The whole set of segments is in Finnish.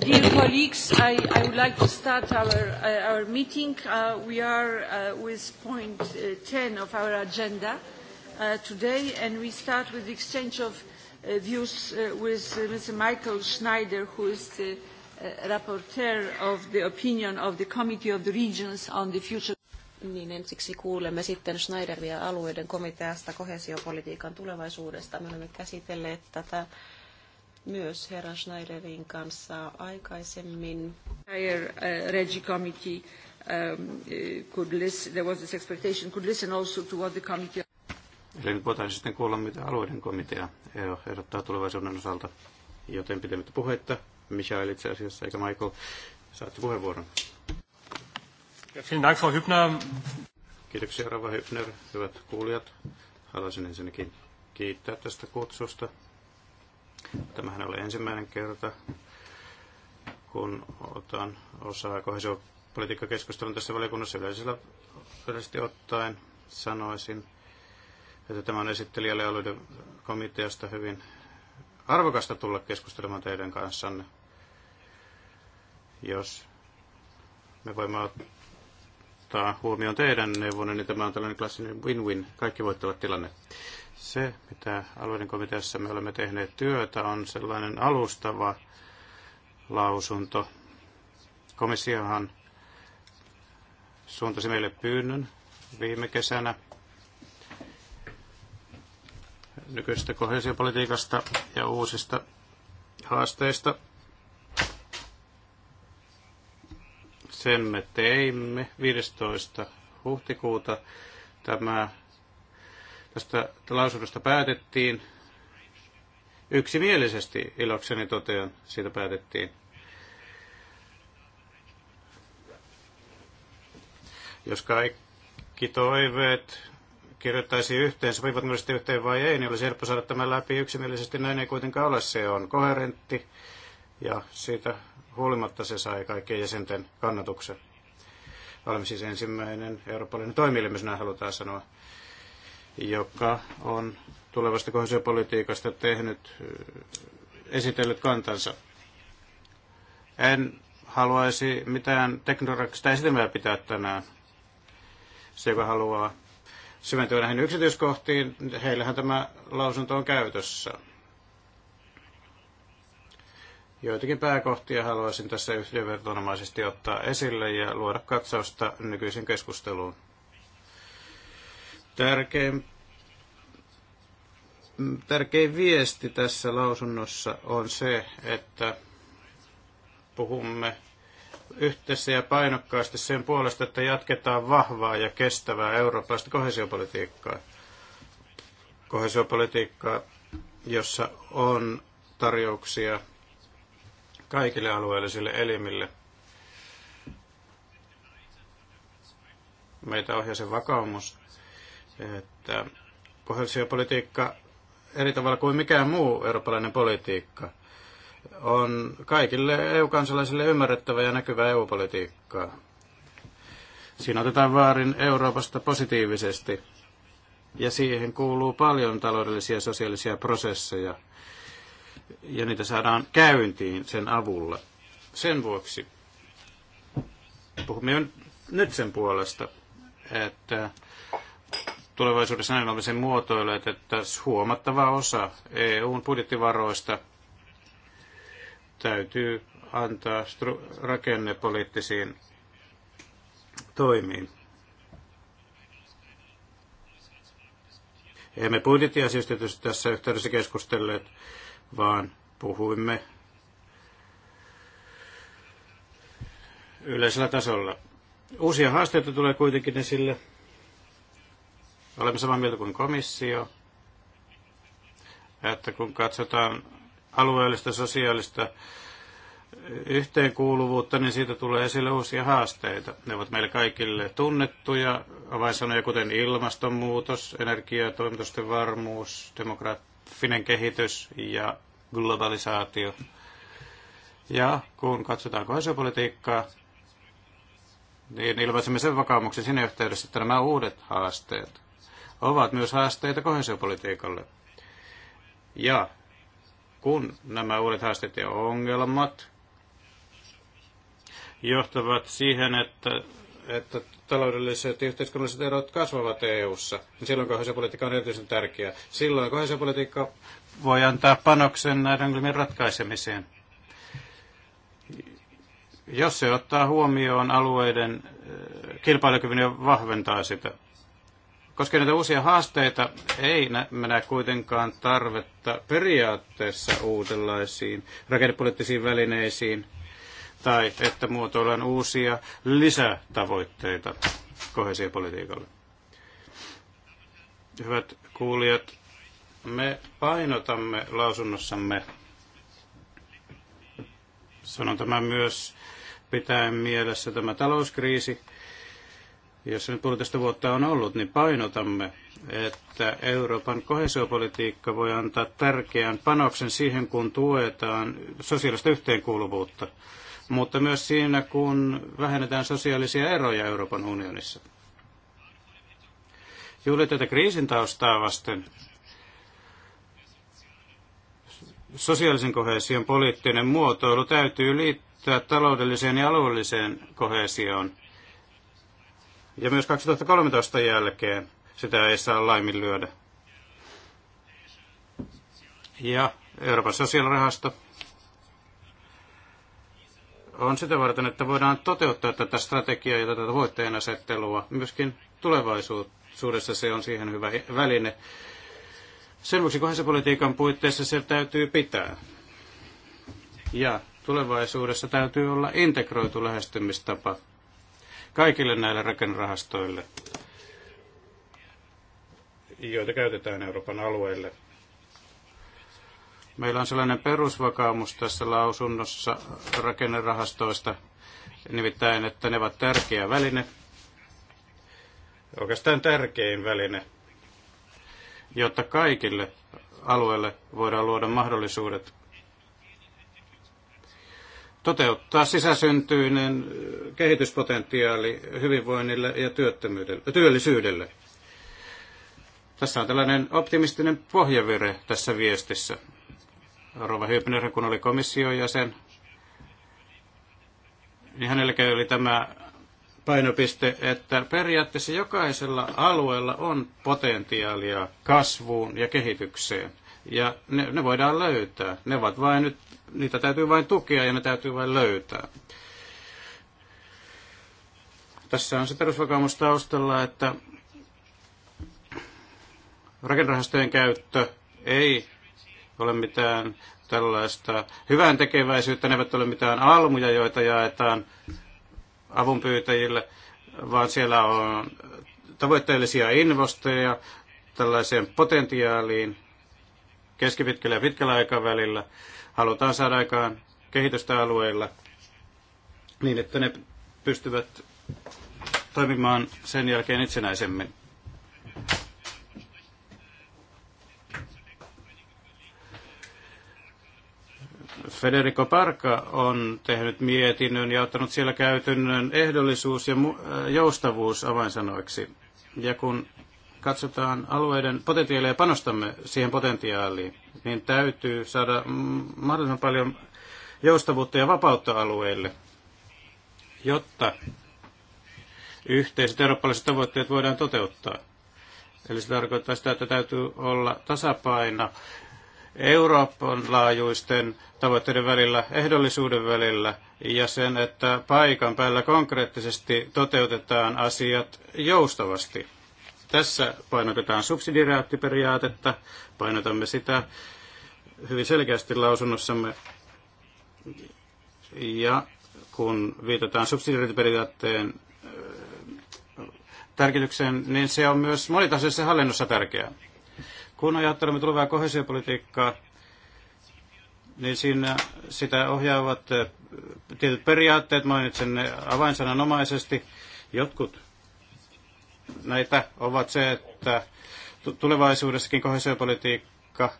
Dear colleagues, I, I would like to start our, uh, our meeting. Uh, we are uh, with point uh, 10 of our agenda uh, today, and we start with the exchange of uh, views uh, with uh, Mr. Michael Schneider, who is the uh, rapporteur of the opinion of the Committee of the Regions on the future. Niin ensiksi kuulemme sitten Schneideria alueiden komiteasta kohesiopolitiikan tulevaisuudesta. Me olemme käsitelleet tätä myös herra Schneiderin kanssa aikaisemmin. Higher, uh, Regi committee um, uh, could listen, there was this expectation, could listen also to what the committee... Eli nyt voitaisiin sitten kuulla, mitä alueiden komitea ehdottaa tulevaisuuden osalta, joten pitemmittä puhetta. Michael itse asiassa, eikä Michael, saatte puheenvuoron. Kiitoksia, Rava Hübner. Hyvät kuulijat, haluaisin ensinnäkin kiittää tästä kutsusta. Tämähän oli ensimmäinen kerta, kun otan osaa kohesiopolitiikkakeskustelun tässä valiokunnassa yleisellä, yleisesti ottaen sanoisin, että tämä on esittelijälle alueiden komiteasta hyvin arvokasta tulla keskustelemaan teidän kanssanne, jos me voimme ottaa huomioon teidän neuvonne, niin tämä on tällainen klassinen win-win, kaikki voittavat tilanne. Se, mitä alueiden komiteassa me olemme tehneet työtä, on sellainen alustava lausunto. Komissiohan suuntasi meille pyynnön viime kesänä nykyisestä kohesiopolitiikasta ja uusista haasteista. Sen me teimme 15. huhtikuuta. Tämä Tästä lausunnosta päätettiin yksimielisesti, ilokseni totean, siitä päätettiin. Jos kaikki toiveet kirjoittaisi yhteen, sopivat myös yhteen vai ei, niin olisi helppo saada tämä läpi yksimielisesti. Näin ei kuitenkaan ole. Se on koherentti ja siitä huolimatta se sai kaikkien jäsenten kannatuksen. Olemme siis ensimmäinen eurooppalainen toimielimys, näin halutaan sanoa joka on tulevasta kohesiopolitiikasta tehnyt, esitellyt kantansa. En haluaisi mitään teknologista esitelmää pitää tänään. Se, joka haluaa syventyä näihin yksityiskohtiin, heillähän tämä lausunto on käytössä. Joitakin pääkohtia haluaisin tässä yhdenvertonomaisesti ottaa esille ja luoda katsausta nykyisen keskusteluun. Tärkein, tärkein viesti tässä lausunnossa on se, että puhumme yhdessä ja painokkaasti sen puolesta, että jatketaan vahvaa ja kestävää eurooppalaista kohesiopolitiikkaa. Kohesiopolitiikkaa, jossa on tarjouksia kaikille alueellisille elimille. Meitä ohjaa se vakaumus, että kohesiopolitiikka eri tavalla kuin mikään muu eurooppalainen politiikka on kaikille EU-kansalaisille ymmärrettävä ja näkyvä EU-politiikkaa. Siinä otetaan vaarin Euroopasta positiivisesti ja siihen kuuluu paljon taloudellisia ja sosiaalisia prosesseja ja niitä saadaan käyntiin sen avulla. Sen vuoksi puhumme nyt sen puolesta, että tulevaisuudessa näin olemme sen muotoilleet, että huomattava osa EUn budjettivaroista täytyy antaa rakennepoliittisiin toimiin. Emme budjettiasioista tietysti tässä yhteydessä keskustelleet, vaan puhuimme yleisellä tasolla. Uusia haasteita tulee kuitenkin esille. Olemme samaa mieltä kuin komissio, että kun katsotaan alueellista sosiaalista yhteenkuuluvuutta, niin siitä tulee esille uusia haasteita. Ne ovat meille kaikille tunnettuja avainsanoja, kuten ilmastonmuutos, energiatoimitusten varmuus, demografinen kehitys ja globalisaatio. Ja kun katsotaan kohesiopolitiikkaa, niin ilmaisemme sen vakaumuksen siinä yhteydessä, että nämä uudet haasteet ovat myös haasteita kohesiopolitiikalle. Ja kun nämä uudet haasteet ja ongelmat johtavat siihen, että, että taloudelliset ja yhteiskunnalliset erot kasvavat EU-ssa, niin silloin kohesiopolitiikka on erityisen tärkeää. Silloin kohesiopolitiikka voi antaa panoksen näiden ongelmien ratkaisemiseen. Jos se ottaa huomioon alueiden eh, kilpailukyvyn ja vahventaa sitä. Koska näitä uusia haasteita ei näe kuitenkaan tarvetta periaatteessa uudenlaisiin rakennepoliittisiin välineisiin tai että muotoillaan uusia lisätavoitteita kohesiopolitiikalle. Hyvät kuulijat, me painotamme lausunnossamme, sanon tämä myös pitäen mielessä tämä talouskriisi, jossa nyt puolitoista vuotta on ollut, niin painotamme, että Euroopan kohesiopolitiikka voi antaa tärkeän panoksen siihen, kun tuetaan sosiaalista yhteenkuuluvuutta, mutta myös siinä, kun vähennetään sosiaalisia eroja Euroopan unionissa. Juuri tätä kriisin taustaa vasten sosiaalisen kohesion poliittinen muotoilu täytyy liittyä taloudelliseen ja alueelliseen kohesioon – ja myös 2013 jälkeen sitä ei saa laiminlyödä. Ja Euroopan sosiaalirahasto on sitä varten, että voidaan toteuttaa tätä strategiaa ja tätä tavoitteen asettelua. Myöskin tulevaisuudessa se on siihen hyvä väline. Sen vuoksi kohdassa politiikan puitteissa se täytyy pitää. Ja tulevaisuudessa täytyy olla integroitu lähestymistapa kaikille näille rakennerahastoille, joita käytetään Euroopan alueelle. Meillä on sellainen perusvakaumus tässä lausunnossa rakennerahastoista, nimittäin, että ne ovat tärkeä väline, oikeastaan tärkein väline, jotta kaikille alueelle voidaan luoda mahdollisuudet toteuttaa sisäsyntyinen kehityspotentiaali hyvinvoinnille ja työllisyydelle. Tässä on tällainen optimistinen pohjavire tässä viestissä. Rova Hyypner, kun oli komission jäsen, niin hänelläkin oli tämä painopiste, että periaatteessa jokaisella alueella on potentiaalia kasvuun ja kehitykseen. Ja ne, ne voidaan löytää. Ne ovat vain nyt niitä täytyy vain tukea ja ne täytyy vain löytää. Tässä on se perusvakaumus taustalla, että rakennerahastojen käyttö ei ole mitään tällaista hyvän tekeväisyyttä, ne eivät ole mitään almuja, joita jaetaan avunpyytäjille, vaan siellä on tavoitteellisia investoja tällaiseen potentiaaliin keskipitkällä ja pitkällä aikavälillä Halutaan saada aikaan kehitystä alueilla niin, että ne pystyvät toimimaan sen jälkeen itsenäisemmin. Federico Parka on tehnyt mietinnön ja ottanut siellä käytännön ehdollisuus ja äh, joustavuus avainsanoiksi. Ja kun katsotaan alueiden potentiaalia ja panostamme siihen potentiaaliin, niin täytyy saada mahdollisimman paljon joustavuutta ja vapautta alueille, jotta yhteiset eurooppalaiset tavoitteet voidaan toteuttaa. Eli se tarkoittaa sitä, että täytyy olla tasapaino Euroopan laajuisten tavoitteiden välillä, ehdollisuuden välillä ja sen, että paikan päällä konkreettisesti toteutetaan asiat joustavasti. Tässä painotetaan subsidiariteettiperiaatetta, painotamme sitä hyvin selkeästi lausunnossamme. Ja kun viitataan subsidiariteettiperiaatteen äh, tärkitykseen, niin se on myös monitasoisessa hallinnossa tärkeää. Kun ajattelemme tulevaa kohesiopolitiikkaa, niin siinä sitä ohjaavat äh, tietyt periaatteet, mainitsen ne avainsananomaisesti, Jotkut näitä ovat se, että tulevaisuudessakin kohesiopolitiikka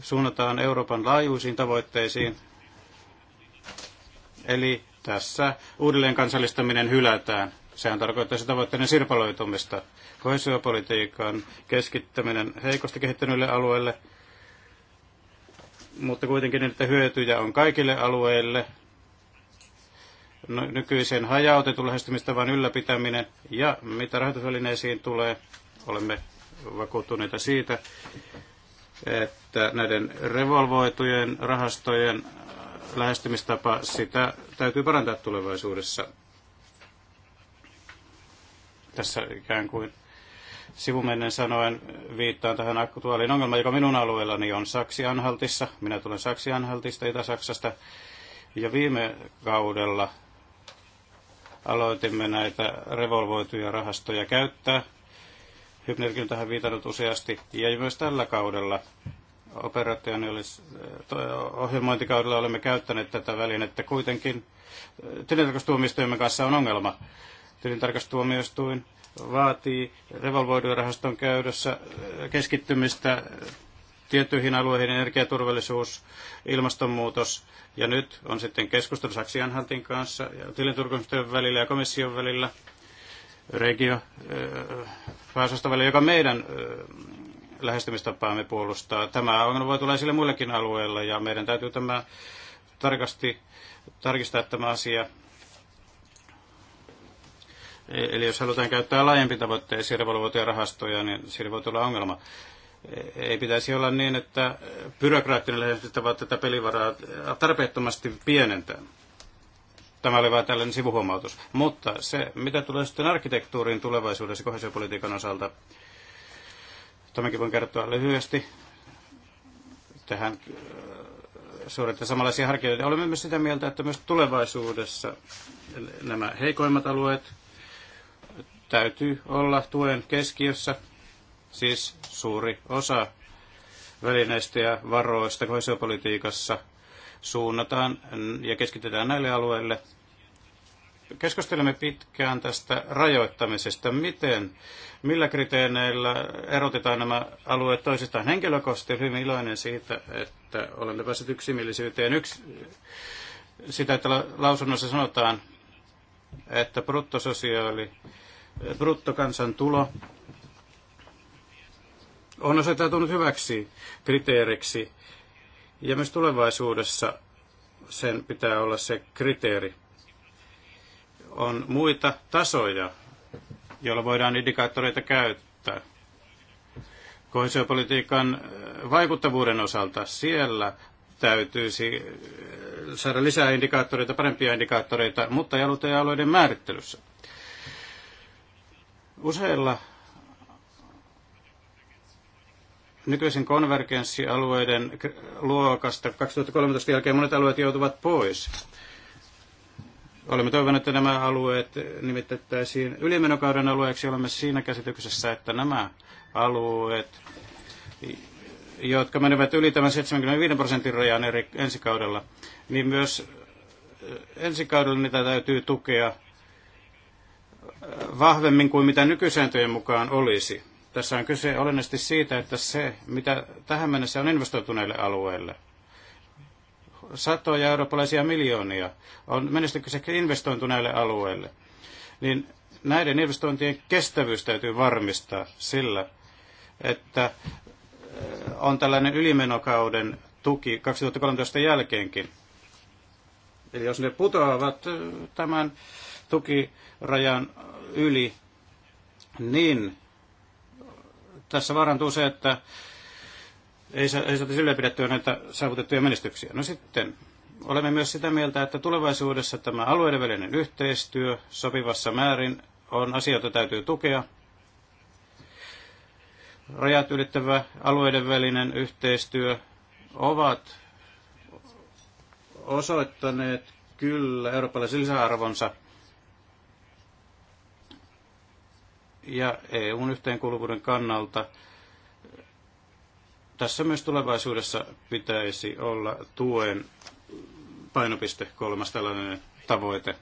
suunnataan Euroopan laajuisiin tavoitteisiin. Eli tässä uudelleen kansallistaminen hylätään. Sehän se tavoitteiden sirpaloitumista. Kohesiopolitiikan keskittäminen heikosti kehittyneille alueille, mutta kuitenkin niitä hyötyjä on kaikille alueille, nykyisen hajautetun lähestymistavan ylläpitäminen ja mitä rahoitusvälineisiin tulee, olemme vakuuttuneita siitä, että näiden revolvoitujen rahastojen äh, lähestymistapa, sitä täytyy parantaa tulevaisuudessa. Tässä ikään kuin sivumennen sanoen viittaan tähän aktuaaliin ongelmaan, joka minun alueellani on Saksi-Anhaltissa. Minä tulen Saksi-Anhaltista, Itä-Saksasta. Ja viime kaudella aloitimme näitä revolvoituja rahastoja käyttää. Hypnerkin on tähän viitannut useasti. Ja myös tällä kaudella ohjelmointikaudella olemme käyttäneet tätä välinettä. Kuitenkin tilintarkastuomioistuimen kanssa on ongelma. Tilintarkastuomioistuin vaatii revolvoidun rahaston käydössä äh, keskittymistä tiettyihin alueihin, energiaturvallisuus, ilmastonmuutos. Ja nyt on sitten keskustelu Saksianhaltin kanssa ja tilinturkumusten välillä ja komission välillä, regio, pääosasta äh, välillä, joka meidän äh, lähestymistapaamme puolustaa. Tämä ongelma voi tulla esille muillekin alueilla ja meidän täytyy tämä tarkasti tarkistaa tämä asia. E- eli jos halutaan käyttää laajempi tavoitteisiin revolvoituja rahastoja, niin siinä voi tulla ongelma. Ei pitäisi olla niin, että byrokraattinen lähestyttävä tätä pelivaraa tarpeettomasti pienentää. Tämä oli vain tällainen sivuhuomautus. Mutta se, mitä tulee sitten arkkitehtuuriin tulevaisuudessa kohesiopolitiikan osalta, tämäkin voin kertoa lyhyesti. Tähän äh, suorittaa samanlaisia harkintoja. Olemme myös sitä mieltä, että myös tulevaisuudessa nämä heikoimmat alueet täytyy olla tuen keskiössä Siis suuri osa välineistä ja varoista kohesiopolitiikassa suunnataan ja keskitetään näille alueille. Keskustelemme pitkään tästä rajoittamisesta, miten, millä kriteereillä erotetaan nämä alueet toisistaan. Henkilökohtaisesti olen hyvin iloinen siitä, että olemme päässeet yksimielisyyteen. Yksi, sitä, että lausunnossa sanotaan, että bruttososiaali, bruttokansantulo on osoittautunut hyväksi kriteeriksi. Ja myös tulevaisuudessa sen pitää olla se kriteeri. On muita tasoja, joilla voidaan indikaattoreita käyttää. Kohesiopolitiikan eh, vaikuttavuuden osalta siellä täytyisi eh, saada lisää indikaattoreita, parempia indikaattoreita, mutta ei alueiden määrittelyssä. Useilla nykyisen konvergenssialueiden luokasta 2013 jälkeen monet alueet joutuvat pois. Olemme toivoneet, että nämä alueet nimitettäisiin ylimenokauden alueeksi. Olemme siinä käsityksessä, että nämä alueet, jotka menevät yli tämän 75 prosentin rajan eri, ensi kaudella, niin myös eh, ensi kaudella niitä täytyy tukea eh, vahvemmin kuin mitä nykysääntöjen mukaan olisi tässä on kyse olennaisesti siitä, että se, mitä tähän mennessä on investoitu näille alueille, satoja eurooppalaisia miljoonia on se investointu näille alueille, niin näiden investointien kestävyys täytyy varmistaa sillä, että eh, on tällainen ylimenokauden tuki 2013 jälkeenkin. Eli jos ne putoavat eh, tämän tukirajan yli, niin tässä vaarantuu se, että ei, sa- ei sille pidettyä näitä saavutettuja menestyksiä. No sitten olemme myös sitä mieltä, että tulevaisuudessa tämä alueiden välinen yhteistyö sopivassa määrin on asia, jota täytyy tukea. Rajat ylittävä alueiden välinen yhteistyö ovat osoittaneet kyllä eurooppalaisen lisäarvonsa – ja EUn yhteenkuuluvuuden kannalta tässä myös tulevaisuudessa pitäisi olla tuen painopiste kolmas tällainen tavoite.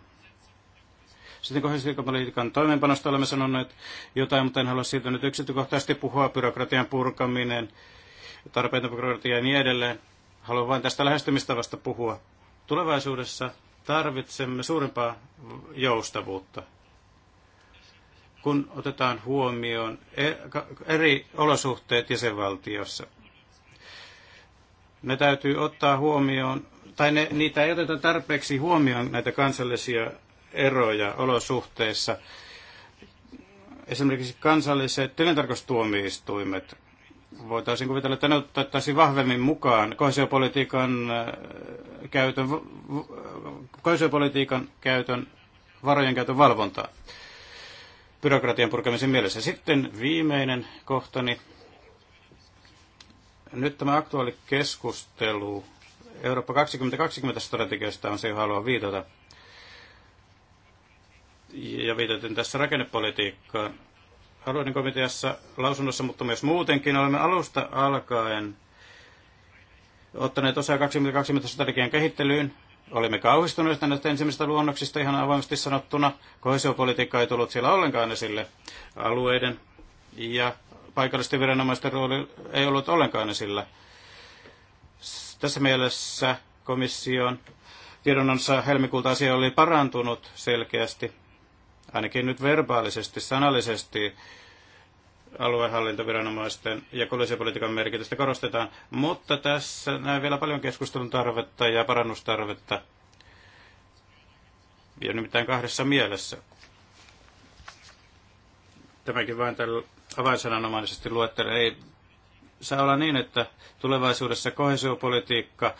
Sitten kohdistikapolitiikan toimeenpanosta olemme sanoneet jotain, mutta en halua siitä nyt yksityiskohtaisesti puhua. Byrokratian purkaminen, tarpeita byrokratia ja niin edelleen. Haluan vain tästä lähestymistavasta puhua. Tulevaisuudessa tarvitsemme suurempaa joustavuutta kun otetaan huomioon e- eri olosuhteet jäsenvaltiossa. Ne täytyy ottaa huomioon, tai ne, niitä ei oteta tarpeeksi huomioon näitä kansallisia eroja olosuhteissa. Esimerkiksi kansalliset tilintarkastustuomioistuimet voitaisiin kuvitella, että ne otettaisiin vahvemmin mukaan kohesiopolitiikan äh, käytön, kohesiopolitiikan käytön, varojen käytön valvontaan byrokratian purkamisen mielessä. Sitten viimeinen kohtani. Nyt tämä aktuaali keskustelu Eurooppa 2020 strategiasta on se, johon haluan viitata. Ja viitaten tässä rakennepolitiikkaan. Alueiden komiteassa lausunnossa, mutta myös muutenkin olemme alusta alkaen ottaneet osaa 2020 strategian kehittelyyn Olimme kauhistuneita näistä ensimmäisistä luonnoksista ihan avoimesti sanottuna. Kohesiopolitiikka ei tullut siellä ollenkaan esille. Alueiden ja paikallisten viranomaisten rooli ei ollut ollenkaan esillä. Tässä mielessä komission tiedonannossa helmikuulta asia oli parantunut selkeästi, ainakin nyt verbaalisesti, sanallisesti aluehallintoviranomaisten ja poliisipolitiikan merkitystä korostetaan, mutta tässä näen vielä paljon keskustelun tarvetta ja parannustarvetta, ja nimittäin kahdessa mielessä. Tämäkin vain tällä avainsananomaisesti luettele. Ei saa olla niin, että tulevaisuudessa kohesiopolitiikka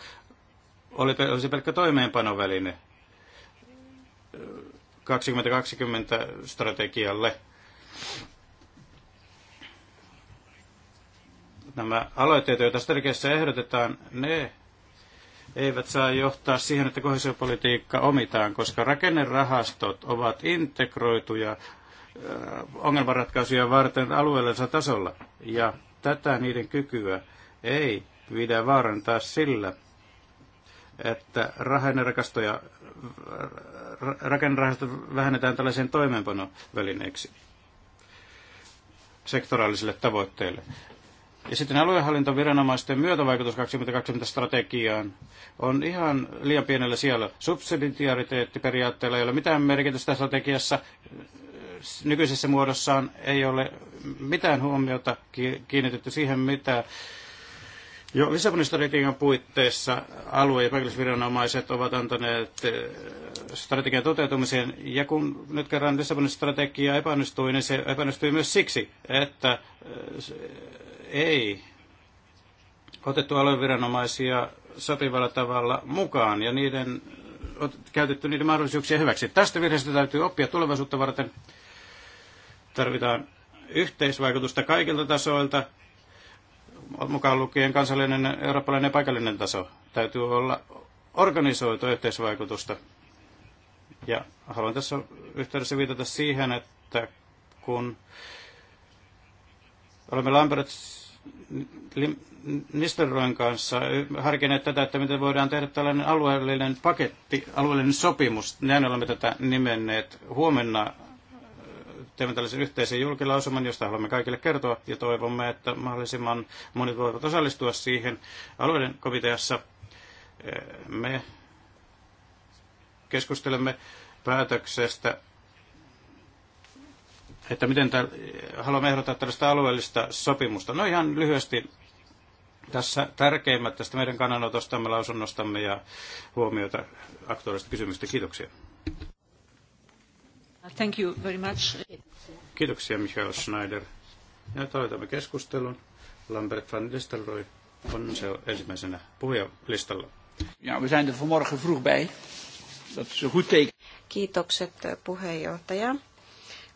oli, olisi pelkkä toimeenpanoväline 2020 strategialle nämä aloitteet, joita strategiassa ehdotetaan, ne eivät saa johtaa siihen, että kohesiopolitiikka omitaan, koska rakennerahastot ovat integroituja ongelmanratkaisuja varten alueellisella tasolla. Ja tätä niiden kykyä ei pidä vaarantaa sillä, että rahainnerakastoja rakennerahasta vähennetään tällaiseen toimeenpanovälineeksi sektoraalisille tavoitteille. Ja sitten aluehallintoviranomaisten myötävaikutus 2020 strategiaan on ihan liian pienellä siellä. Subsidiariteettiperiaatteella ei ole mitään merkitystä strategiassa. Nykyisessä muodossaan ei ole mitään huomiota kiinnitetty siihen, mitä jo Lissabonin strategian puitteissa alue- ja paikallisviranomaiset ovat antaneet eh, strategian toteutumiseen. Ja kun nyt kerran Lissabonin strategia epäonnistui, niin se epäonnistui myös siksi, että eh, ei otettu alueviranomaisia sopivalla tavalla mukaan ja niiden, käytetty niiden mahdollisuuksia hyväksi. Tästä virheestä täytyy oppia tulevaisuutta varten. Tarvitaan yhteisvaikutusta kaikilta tasoilta, mukaan lukien kansallinen, eurooppalainen ja paikallinen taso. Täytyy olla organisoitu yhteisvaikutusta. Ja haluan tässä yhteydessä viitata siihen, että kun olemme Lambert Nistelroin kanssa harkineet tätä, että miten voidaan tehdä tällainen alueellinen paketti, alueellinen sopimus. Näin olemme tätä nimenneet. Huomenna teemme tällaisen yhteisen julkilausuman, josta haluamme kaikille kertoa ja toivomme, että mahdollisimman monet voivat osallistua siihen alueiden komiteassa. Me keskustelemme päätöksestä että miten tämän, haluamme ehdottaa tällaista alueellista sopimusta. No ihan lyhyesti tässä tärkeimmät tästä meidän kannanotostamme, lausunnostamme ja huomiota aktuaalista kysymystä. Kiitoksia. Thank you very much. Kiitoksia Michael Schneider. Ja toivotamme keskustelun. Lambert van Nistelrooy on se ensimmäisenä puhujalistalla. Ja, we zijn er vanmorgen vroeg bij. Dat is een goed teken. Kiitokset eh, puheenjohtaja.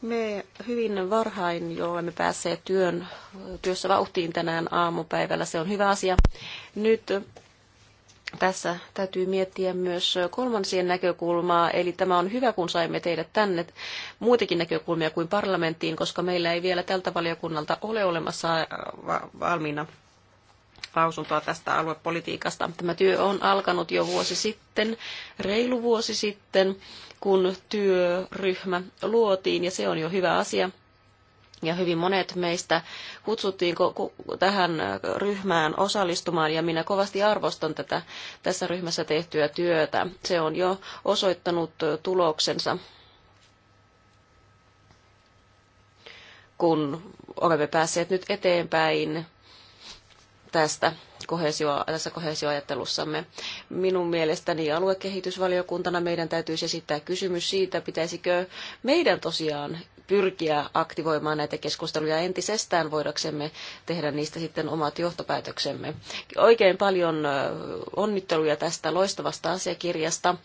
Me hyvin varhain jo olemme päässeet työn, työssä vauhtiin tänään aamupäivällä. Se on hyvä asia. Nyt tässä täytyy miettiä myös kolmansien näkökulmaa, eli tämä on hyvä, kun saimme teidät tänne muitakin näkökulmia kuin parlamenttiin, koska meillä ei vielä tältä valiokunnalta ole olemassa äh, valmiina lausuntoa tästä aluepolitiikasta. Tämä työ on alkanut jo vuosi sitten, reilu vuosi sitten, kun työryhmä luotiin, ja se on jo hyvä asia. Ja hyvin monet meistä kutsuttiin tähän ryhmään osallistumaan, ja minä kovasti arvostan tätä tässä ryhmässä tehtyä työtä. Se on jo osoittanut tuloksensa kun olemme päässeet nyt eteenpäin tästä kohesio, tässä kohesioajattelussamme. Minun mielestäni aluekehitysvaliokuntana meidän täytyisi esittää kysymys siitä, pitäisikö meidän tosiaan pyrkiä aktivoimaan näitä keskusteluja entisestään, voidaksemme tehdä niistä sitten omat johtopäätöksemme. Oikein paljon onnitteluja tästä loistavasta asiakirjasta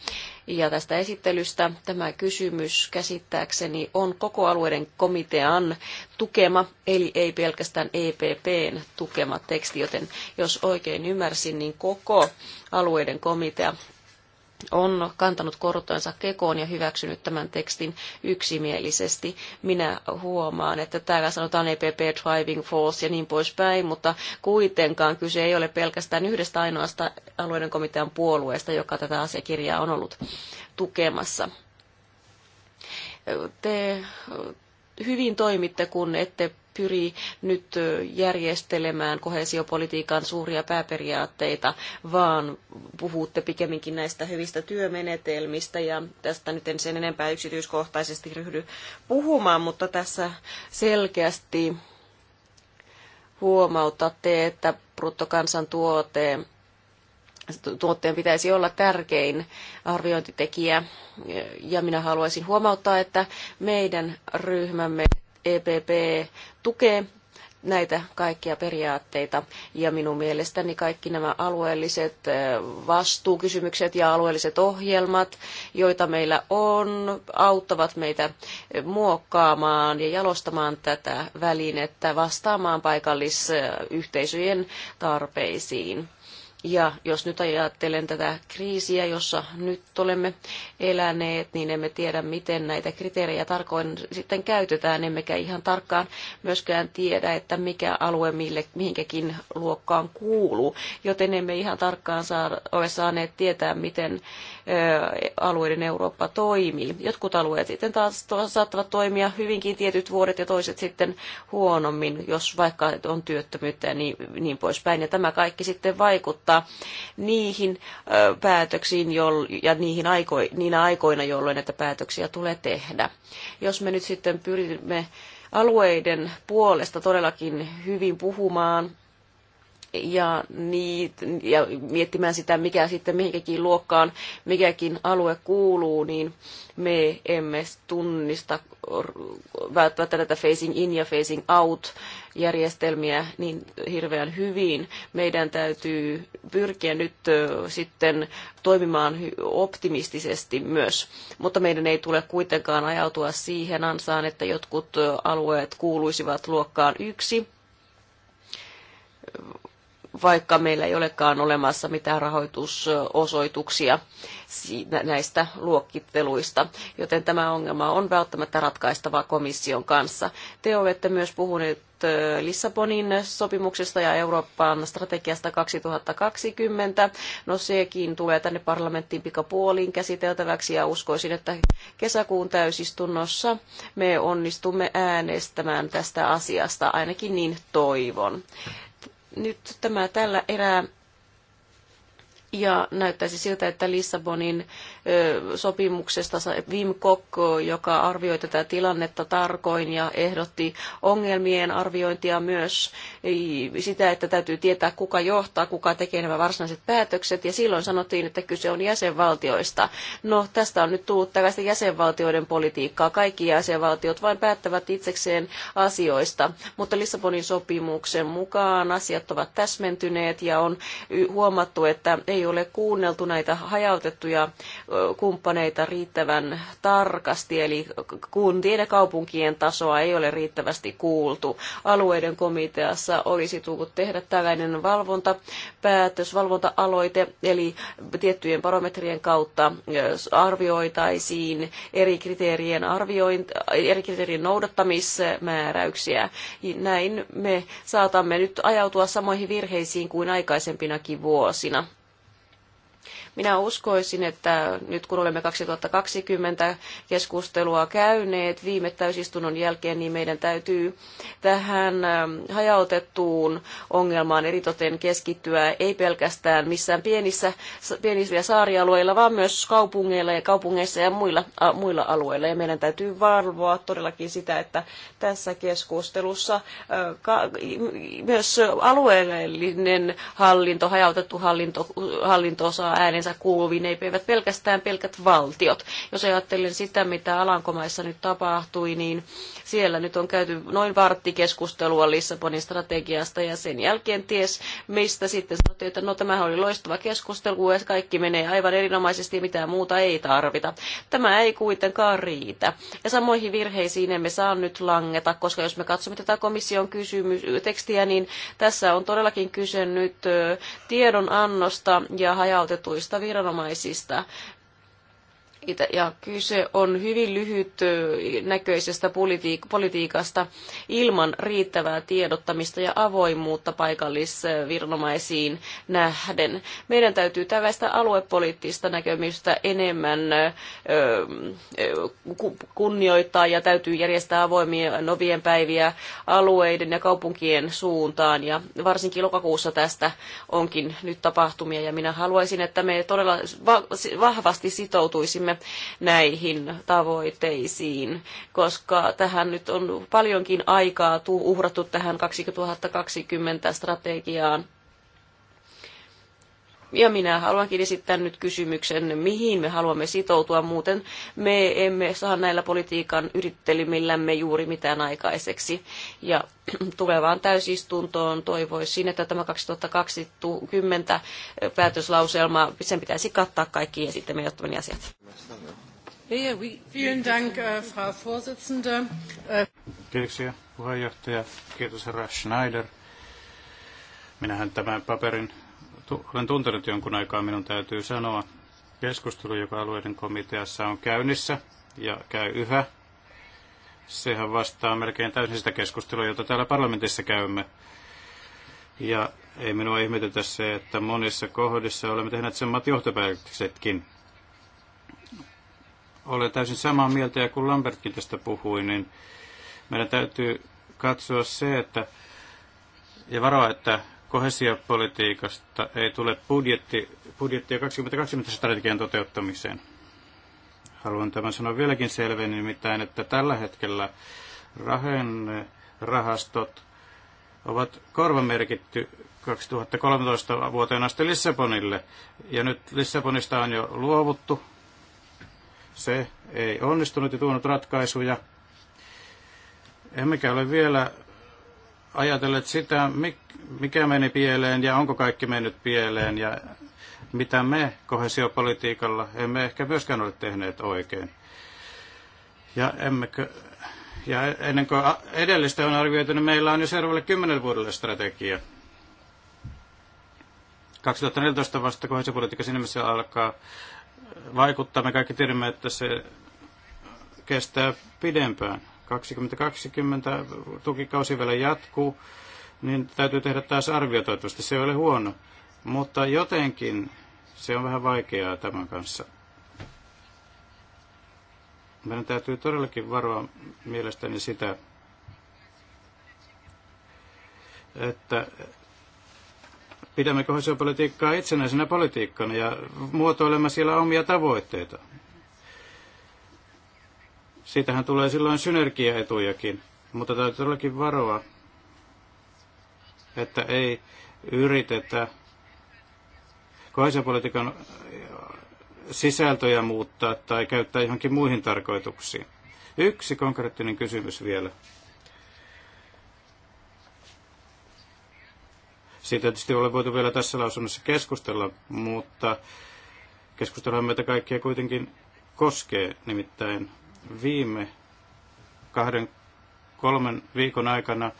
ja tästä esittelystä. Tämä kysymys käsittääkseni on koko alueiden komitean tukema, eli ei pelkästään EPPn tukema teksti, joten jos oikein ymmärsin, niin koko alueiden komitea on kantanut kortonsa kekoon ja hyväksynyt tämän tekstin yksimielisesti. Minä huomaan, että täällä sanotaan EPP Driving Force ja niin poispäin, mutta kuitenkaan kyse ei ole pelkästään yhdestä ainoasta alueiden komitean puolueesta, joka tätä asiakirjaa on ollut tukemassa. Te hyvin toimitte, kun ette pyri nyt järjestelemään kohesiopolitiikan suuria pääperiaatteita, vaan puhutte pikemminkin näistä hyvistä työmenetelmistä ja tästä nyt en sen enempää yksityiskohtaisesti ryhdy puhumaan, mutta tässä selkeästi huomautatte, että bruttokansantuote tuotteen pitäisi olla tärkein arviointitekijä. Ja minä haluaisin huomauttaa, että meidän ryhmämme EPP tukee näitä kaikkia periaatteita. Ja minun mielestäni kaikki nämä alueelliset vastuukysymykset ja alueelliset ohjelmat, joita meillä on, auttavat meitä muokkaamaan ja jalostamaan tätä välinettä vastaamaan paikallisyhteisöjen tarpeisiin. Ja jos nyt ajattelen tätä kriisiä, jossa nyt olemme eläneet, niin emme tiedä, miten näitä kriteerejä tarkoin sitten käytetään, emmekä ihan tarkkaan myöskään tiedä, että mikä alue mille, mihinkäkin luokkaan kuuluu, joten emme ihan tarkkaan saa, ole saaneet tietää, miten alueiden Eurooppa toimii. Jotkut alueet sitten taas saattavat toimia hyvinkin tietyt vuodet ja toiset sitten huonommin, jos vaikka on työttömyyttä ja niin, niin poispäin. Ja tämä kaikki sitten vaikuttaa niihin päätöksiin ja niihin aiko, niinä aikoina, jolloin näitä päätöksiä tulee tehdä. Jos me nyt sitten pyrimme alueiden puolesta todellakin hyvin puhumaan ja, niit, ja miettimään sitä, mikä sitten mihinkäkin luokkaan, mikäkin alue kuuluu, niin me emme tunnista välttämättä näitä facing in ja facing out järjestelmiä niin hirveän hyvin. Meidän täytyy pyrkiä nyt sitten toimimaan optimistisesti myös, mutta meidän ei tule kuitenkaan ajautua siihen ansaan, että jotkut alueet kuuluisivat luokkaan yksi, vaikka meillä ei olekaan olemassa mitään rahoitusosoituksia näistä luokitteluista. Joten tämä ongelma on välttämättä ratkaistava komission kanssa. Te olette myös puhuneet Lissabonin sopimuksesta ja Euroopan strategiasta 2020. No sekin tulee tänne parlamenttiin pikapuoliin käsiteltäväksi ja uskoisin, että kesäkuun täysistunnossa me onnistumme äänestämään tästä asiasta, ainakin niin toivon nyt tämä tällä erää ja näyttäisi siltä, että Lissabonin sopimuksesta. Wim Kok, joka arvioi tätä tilannetta tarkoin ja ehdotti ongelmien arviointia myös sitä, että täytyy tietää, kuka johtaa, kuka tekee nämä varsinaiset päätökset. Ja silloin sanottiin, että kyse on jäsenvaltioista. No, tästä on nyt tullut tällaista jäsenvaltioiden politiikkaa. Kaikki jäsenvaltiot vain päättävät itsekseen asioista. Mutta Lissabonin sopimuksen mukaan asiat ovat täsmentyneet ja on huomattu, että ei ole kuunneltu näitä hajautettuja kumppaneita riittävän tarkasti, eli kuntien ja kaupunkien tasoa ei ole riittävästi kuultu. Alueiden komiteassa olisi tullut tehdä tällainen valvontapäätös, valvonta-aloite, eli tiettyjen barometrien kautta arvioitaisiin eri kriteerien, arviointi eri kriteerien noudattamismääräyksiä. Näin me saatamme nyt ajautua samoihin virheisiin kuin aikaisempinakin vuosina. Minä uskoisin, että nyt kun olemme 2020 keskustelua käyneet viime täysistunnon jälkeen, niin meidän täytyy tähän ähm, hajautettuun ongelmaan eritoten keskittyä ei pelkästään missään pienissä, pienissä saarialueilla, vaan myös kaupungeilla ja kaupungeissa ja muilla, a, muilla alueilla. Ja meidän täytyy valvoa todellakin sitä, että tässä keskustelussa äh, ka, myös alueellinen hallinto, hajautettu hallinto, äh, hallinto saa äänen piirinsä kuuluviin, eivät pelkästään pelkät valtiot. Jos ajattelen sitä, mitä Alankomaissa nyt tapahtui, niin siellä nyt on käyty noin varttikeskustelua Lissabonin strategiasta ja sen jälkeen ties mistä sitten sanottiin, että no tämä oli loistava keskustelu ja kaikki menee aivan erinomaisesti ja mitään muuta ei tarvita. Tämä ei kuitenkaan riitä. Ja samoihin virheisiin emme saa nyt langeta, koska jos me katsomme tätä komission kysymys, tekstiä, niin tässä on todellakin kyse nyt tiedonannosta ja hajautetuista viranomaisista ja kyse on hyvin lyhytnäköisestä politiikasta ilman riittävää tiedottamista ja avoimuutta paikallisviranomaisiin nähden. Meidän täytyy tällaista aluepoliittista näkemystä enemmän kunnioittaa ja täytyy järjestää avoimia novien päiviä alueiden ja kaupunkien suuntaan ja varsinkin lokakuussa tästä onkin nyt tapahtumia ja minä haluaisin, että me todella vahvasti sitoutuisimme näihin tavoitteisiin, koska tähän nyt on paljonkin aikaa uhrattu tähän 2020 strategiaan ja minä haluankin esittää nyt kysymyksen, mihin me haluamme sitoutua, muuten me emme saa näillä politiikan yrittelimillämme juuri mitään aikaiseksi. Ja tulevaan täysistuntoon toivoisin, että tämä 2020 päätöslauselma, sen pitäisi kattaa kaikki esittämme ottamani asiat. Äh, äh, Kiitoksia puheenjohtaja. Kiitos herra Schneider. Minähän tämän paperin olen tuntenut jonkun aikaa, minun täytyy sanoa, keskustelu, joka alueiden komiteassa on käynnissä ja käy yhä. Sehän vastaa melkein täysin sitä keskustelua, jota täällä parlamentissa käymme. Ja ei minua ihmetytä se, että monissa kohdissa olemme tehneet samat johtopäätöksetkin. Olen täysin samaa mieltä, ja kun Lambertkin tästä puhui, niin meidän täytyy katsoa se, että ja varoa, että kohesiopolitiikasta ei tule budjetti, budjetti 2020 strategian toteuttamiseen. Haluan tämän sanoa vieläkin selvemmin, nimittäin, että tällä hetkellä rahastot ovat korvamerkitty 2013 vuoteen asti Lissabonille. Ja nyt Lissabonista on jo luovuttu. Se ei onnistunut ja tuonut ratkaisuja. Emmekä ole vielä ajatelleet sitä, mikä meni pieleen ja onko kaikki mennyt pieleen ja mitä me kohesiopolitiikalla emme ehkä myöskään ole tehneet oikein. Ja, emmekö, ja ennen kuin edellistä on arvioitu, niin meillä on jo seuraavalle kymmenen vuodelle strategia. 2014 vasta kohesiopolitiikka sinne, missä alkaa vaikuttaa. Me kaikki tiedämme, että se kestää pidempään. 2020 tukikausi vielä jatkuu, niin täytyy tehdä taas arvio toivottavasti. Se ei ole huono, mutta jotenkin se on vähän vaikeaa tämän kanssa. Meidän täytyy todellakin varoa mielestäni sitä, että pidämme kohesiopolitiikkaa itsenäisenä politiikkana ja muotoilemme siellä omia tavoitteita. Siitähän tulee silloin synergiaetujakin, mutta täytyy todellakin varoa, että ei yritetä kohesiopolitiikan sisältöjä muuttaa tai käyttää johonkin muihin tarkoituksiin. Yksi konkreettinen kysymys vielä. Siitä tietysti ole voitu vielä tässä lausunnossa keskustella, mutta keskusteluhan meitä kaikkia kuitenkin koskee, nimittäin viime kahden, kolmen viikon aikana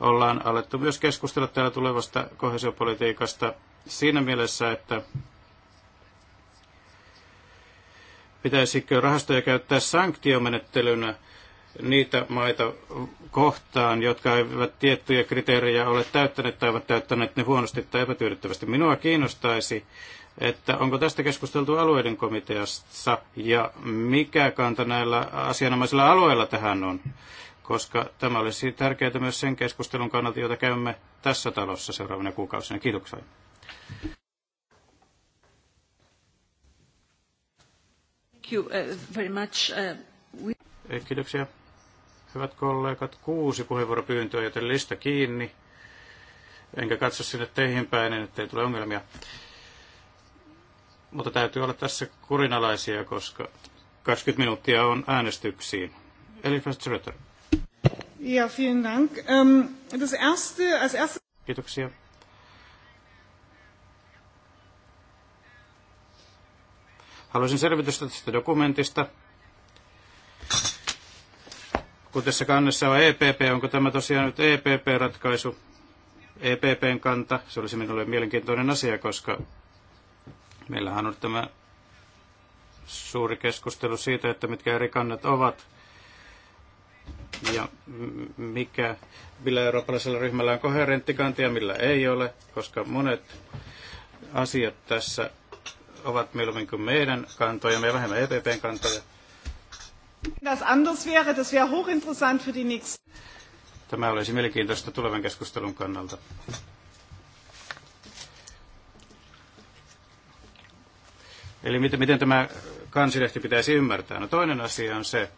ollaan alettu myös keskustella täällä tulevasta kohesiopolitiikasta siinä mielessä, että pitäisikö rahastoja käyttää sanktiomenettelynä niitä maita kohtaan, jotka eivät tiettyjä kriteerejä ole täyttäneet tai ovat täyttäneet ne huonosti tai epätyydyttävästi. Minua kiinnostaisi että onko tästä keskusteltu alueiden komiteassa ja mikä kanta näillä asianomaisilla alueilla tähän on, koska tämä olisi tärkeää myös sen keskustelun kannalta, jota käymme tässä talossa seuraavana kuukausina. Kiitoksia. Uh, uh, eh, kiitoksia. Hyvät kollegat, kuusi puheenvuoropyyntöä, joten lista kiinni. Enkä katso sinne teihin päin, ettei niin tule ongelmia mutta täytyy olla tässä kurinalaisia, koska 20 minuuttia on äänestyksiin. Elisabeth Schröter. Ja, vielen Dank. Um, das erste, als erste... Kiitoksia. Haluaisin selvitystä tästä dokumentista. Kun tässä kannessa on EPP, onko tämä tosiaan nyt EPP-ratkaisu? EPPn kanta, se olisi minulle mielenkiintoinen asia, koska Meillähän on tämä suuri keskustelu siitä, että mitkä eri kannat ovat ja mikä, millä eurooppalaisella ryhmällä on koherentti kanta ja millä ei ole, koska monet asiat tässä ovat mieluummin kuin meidän kantoja, me vähemmän EPPn kantoja. Das anders wäre, das wäre hochinteressant für die Tämä olisi mielenkiintoista tulevan keskustelun kannalta. Eli miten, miten tämä kansilehti pitäisi ymmärtää? No toinen asia on se,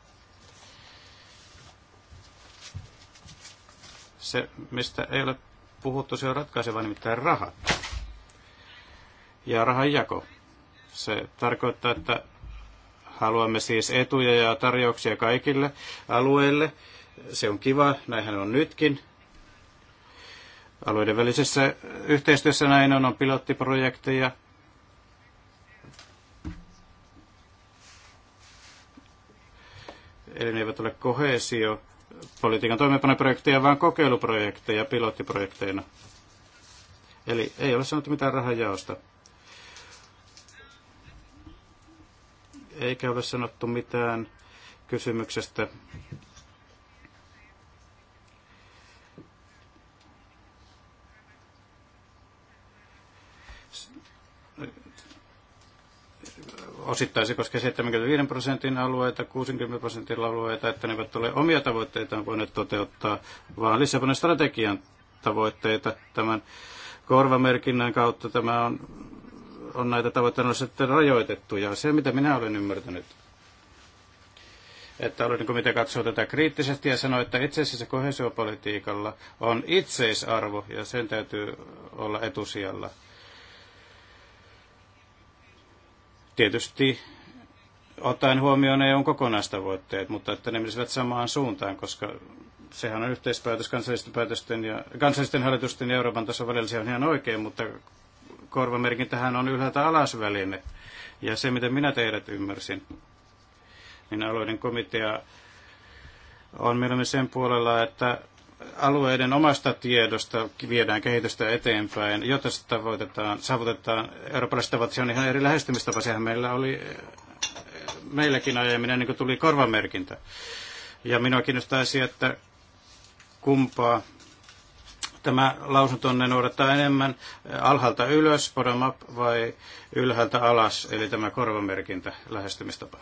se mistä ei ole puhuttu, se on ratkaiseva nimittäin raha. Ja jako. Se tarkoittaa, että haluamme siis etuja ja tarjouksia kaikille alueille. Se on kiva, näinhän on nytkin. Alueiden välisessä yhteistyössä näin on, on pilottiprojekteja, Eli ne eivät ole kohesio politiikan toimeenpanoprojekteja, vaan kokeiluprojekteja pilottiprojekteina. Eli ei ole sanottu mitään rahanjaosta. Eikä ole sanottu mitään kysymyksestä, osittain se koskee 75 prosentin alueita, 60 prosentin alueita, että ne eivät ole omia tavoitteitaan voineet toteuttaa, vaan Lissabonin strategian tavoitteita tämän korvamerkinnän kautta tämä on, on näitä tavoitteita sitten rajoitettu. Ja se, mitä minä olen ymmärtänyt, että olen niin mitä katsoo tätä kriittisesti ja sanoo, että itse asiassa kohesiopolitiikalla on itseisarvo ja sen täytyy olla etusijalla. Tietysti ottaen huomioon EUn kokonaistavoitteet, mutta että ne menisivät samaan suuntaan, koska sehän on yhteispäätös kansallisten, päätösten ja, kansallisten hallitusten ja Euroopan tason välillä, se on ihan oikein, mutta korvamerkintähän on ylhäältä alas väline. Ja se, miten minä teidät ymmärsin, niin alueiden komitea on mieluummin sen puolella, että alueiden omasta tiedosta viedään kehitystä eteenpäin, jotta se tavoitetaan, saavutetaan eurooppalaiset tavat. Se on ihan eri lähestymistapa. Sehän meillä oli meilläkin aiemmin, ennen niin kuin tuli korvamerkintä. Ja minua kiinnostaisi, että kumpaa tämä lausuntonne noudattaa enemmän alhaalta ylös, bottom up, vai ylhäältä alas, eli tämä korvamerkintä lähestymistapa.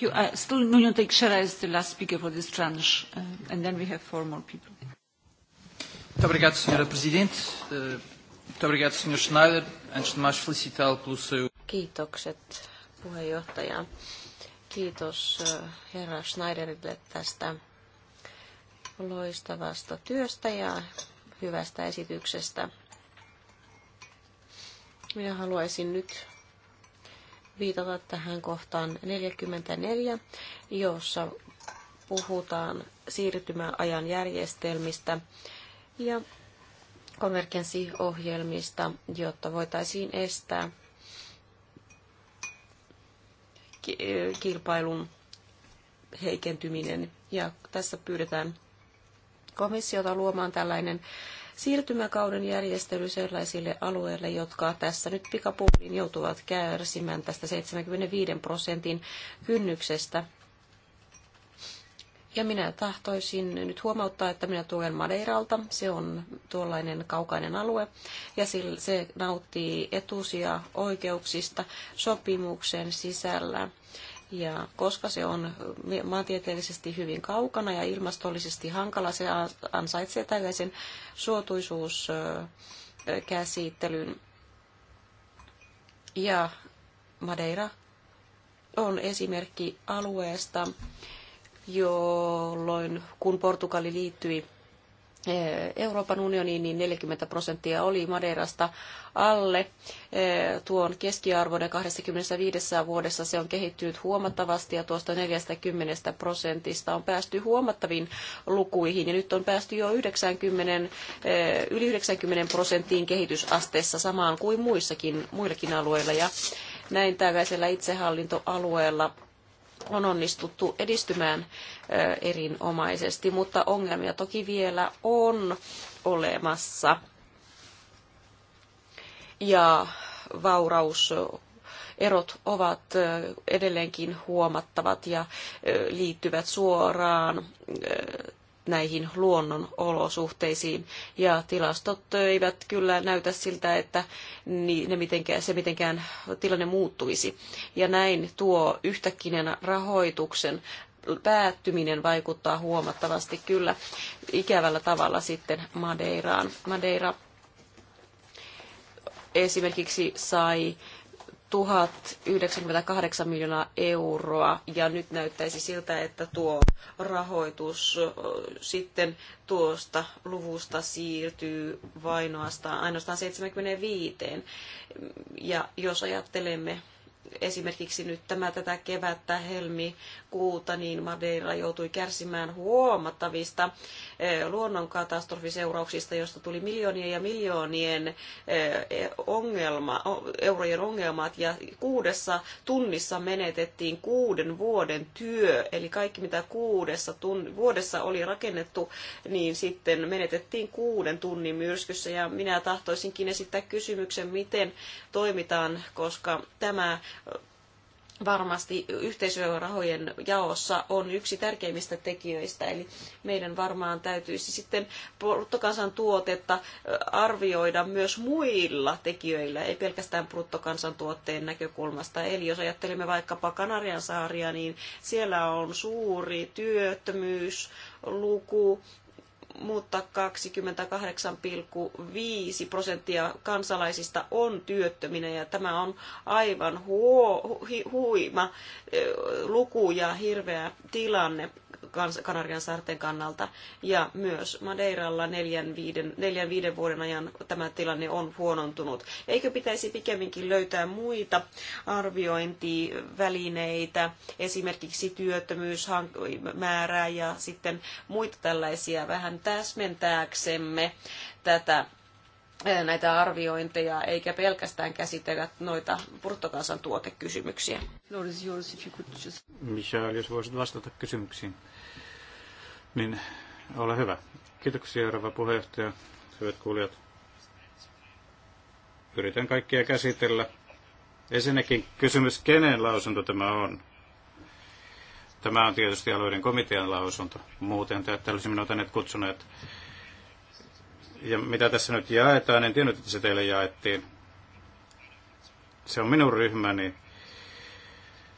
You, uh, still Nuno Teixeira is the last speaker for this tranche, uh, and then we have four more people. Muito obrigado, Sra. Presidente. Uh, muito obrigado, Sr. Schneider. Antes de mais, felicitá-lo pelo seu... Kiitokset puheenjohtaja. Kiitos uh, herra Schneiderille tästä loistavasta työstä ja hyvästä esityksestä. Minä haluaisin nyt viitata tähän kohtaan 44, jossa puhutaan siirtymäajan järjestelmistä ja konvergenssiohjelmista, jotta voitaisiin estää kilpailun heikentyminen. Ja tässä pyydetään komissiota luomaan tällainen siirtymäkauden järjestely sellaisille alueille, jotka tässä nyt pikapuoliin joutuvat kärsimään tästä 75 prosentin kynnyksestä. Ja minä tahtoisin nyt huomauttaa, että minä tuen Madeiralta. Se on tuollainen kaukainen alue ja se nauttii etusia oikeuksista sopimuksen sisällä ja koska se on maantieteellisesti hyvin kaukana ja ilmastollisesti hankala, se ansaitsee tällaisen suotuisuuskäsittelyn. Ja Madeira on esimerkki alueesta, jolloin kun Portugali liittyi Eh, Euroopan unioniin, niin 40 prosenttia oli Madeirasta alle eh, tuon keskiarvon 25 vuodessa se on kehittynyt huomattavasti ja tuosta 40 prosentista on päästy huomattaviin lukuihin ja nyt on päästy jo 90, eh, yli 90 prosenttiin kehitysasteessa samaan kuin muissakin, muillakin alueilla ja näin tällaisella itsehallintoalueella on onnistuttu edistymään erinomaisesti, mutta ongelmia toki vielä on olemassa. Ja vaurauserot ovat edelleenkin huomattavat ja liittyvät suoraan näihin luonnonolosuhteisiin. Ja tilastot eivät kyllä näytä siltä, että ne mitenkään, se mitenkään tilanne muuttuisi. Ja näin tuo yhtäkkinen rahoituksen päättyminen vaikuttaa huomattavasti kyllä ikävällä tavalla sitten Madeiraan. Madeira esimerkiksi sai 1098 miljoonaa euroa ja nyt näyttäisi siltä, että tuo rahoitus sitten tuosta luvusta siirtyy vainoastaan ainoastaan 75. Ja jos ajattelemme esimerkiksi nyt tämä tätä kevättä helmikuuta, niin Madeira joutui kärsimään huomattavista luonnonkatastrofiseurauksista, josta tuli miljoonien ja miljoonien e, ongelma, eurojen ongelmat ja kuudessa tunnissa menetettiin kuuden vuoden työ, eli kaikki mitä kuudessa tunn, vuodessa oli rakennettu, niin sitten menetettiin kuuden tunnin myrskyssä ja minä tahtoisinkin esittää kysymyksen, miten toimitaan, koska tämä varmasti yhteisörahojen jaossa on yksi tärkeimmistä tekijöistä. Eli meidän varmaan täytyisi sitten bruttokansantuotetta arvioida myös muilla tekijöillä, ei pelkästään bruttokansantuotteen näkökulmasta. Eli jos ajattelemme vaikkapa Kanarian saaria, niin siellä on suuri työttömyysluku mutta 28,5 prosenttia kansalaisista on työttöminä ja tämä on aivan huo, huima luku ja hirveä tilanne Kanarian saarten kannalta. Ja myös Madeiralla neljän viiden, neljän viiden vuoden ajan tämä tilanne on huonontunut. Eikö pitäisi pikemminkin löytää muita arviointivälineitä, esimerkiksi työttömyysmäärää ja sitten muita tällaisia vähän täsmentääksemme tätä eh, näitä arviointeja, eikä pelkästään käsitellä noita bruttokansantuotekysymyksiä. Michel, jos voisit vastata kysymyksiin, niin ole hyvä. Kiitoksia, rouva puheenjohtaja, hyvät kuulijat. Yritän kaikkia käsitellä. Ensinnäkin kysymys, kenen lausunto tämä on? Tämä on tietysti alueiden komitean lausunto. Muuten te olisi minua kutsuneet. Ja mitä tässä nyt jaetaan, en tiennyt, että se teille jaettiin. Se on minun ryhmäni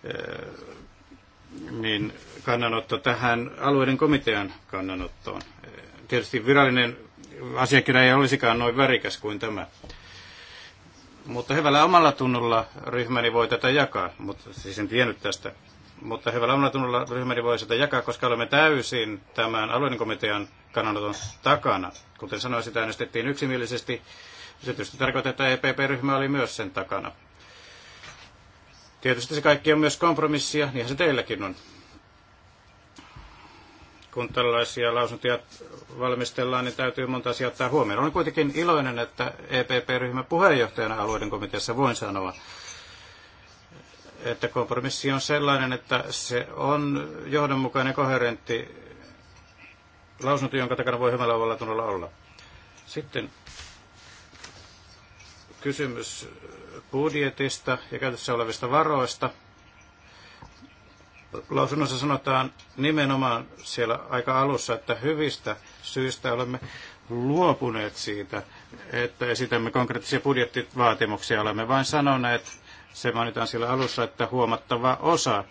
eh, niin kannanotto tähän alueiden komitean kannanottoon. Eh, tietysti virallinen asiakirja ei olisikaan noin värikäs kuin tämä. Mutta hyvällä omalla tunnolla ryhmäni voi tätä jakaa, mutta siis en tiennyt tästä mutta hyvällä omantunnolla ryhmäni voi sitä jakaa, koska olemme täysin tämän alueiden komitean kannanoton takana. Kuten sanoin, sitä äänestettiin yksimielisesti. Se tietysti tarkoittaa, että EPP-ryhmä oli myös sen takana. Tietysti se kaikki on myös kompromissia, niinhän se teilläkin on. Kun tällaisia lausuntoja valmistellaan, niin täytyy monta asiaa ottaa huomioon. Olen kuitenkin iloinen, että epp ryhmä puheenjohtajana alueiden komiteassa voin sanoa, että kompromissi on sellainen, että se on johdonmukainen koherentti lausunto, jonka takana voi hyvällä olla tunnolla olla. Sitten kysymys budjetista ja käytössä olevista varoista. Lausunnossa sanotaan nimenomaan siellä aika alussa, että hyvistä syistä olemme luopuneet siitä, että esitämme konkreettisia budjettivaatimuksia. Olemme vain sanoneet, se mainitaan siellä alussa, että huomattava osa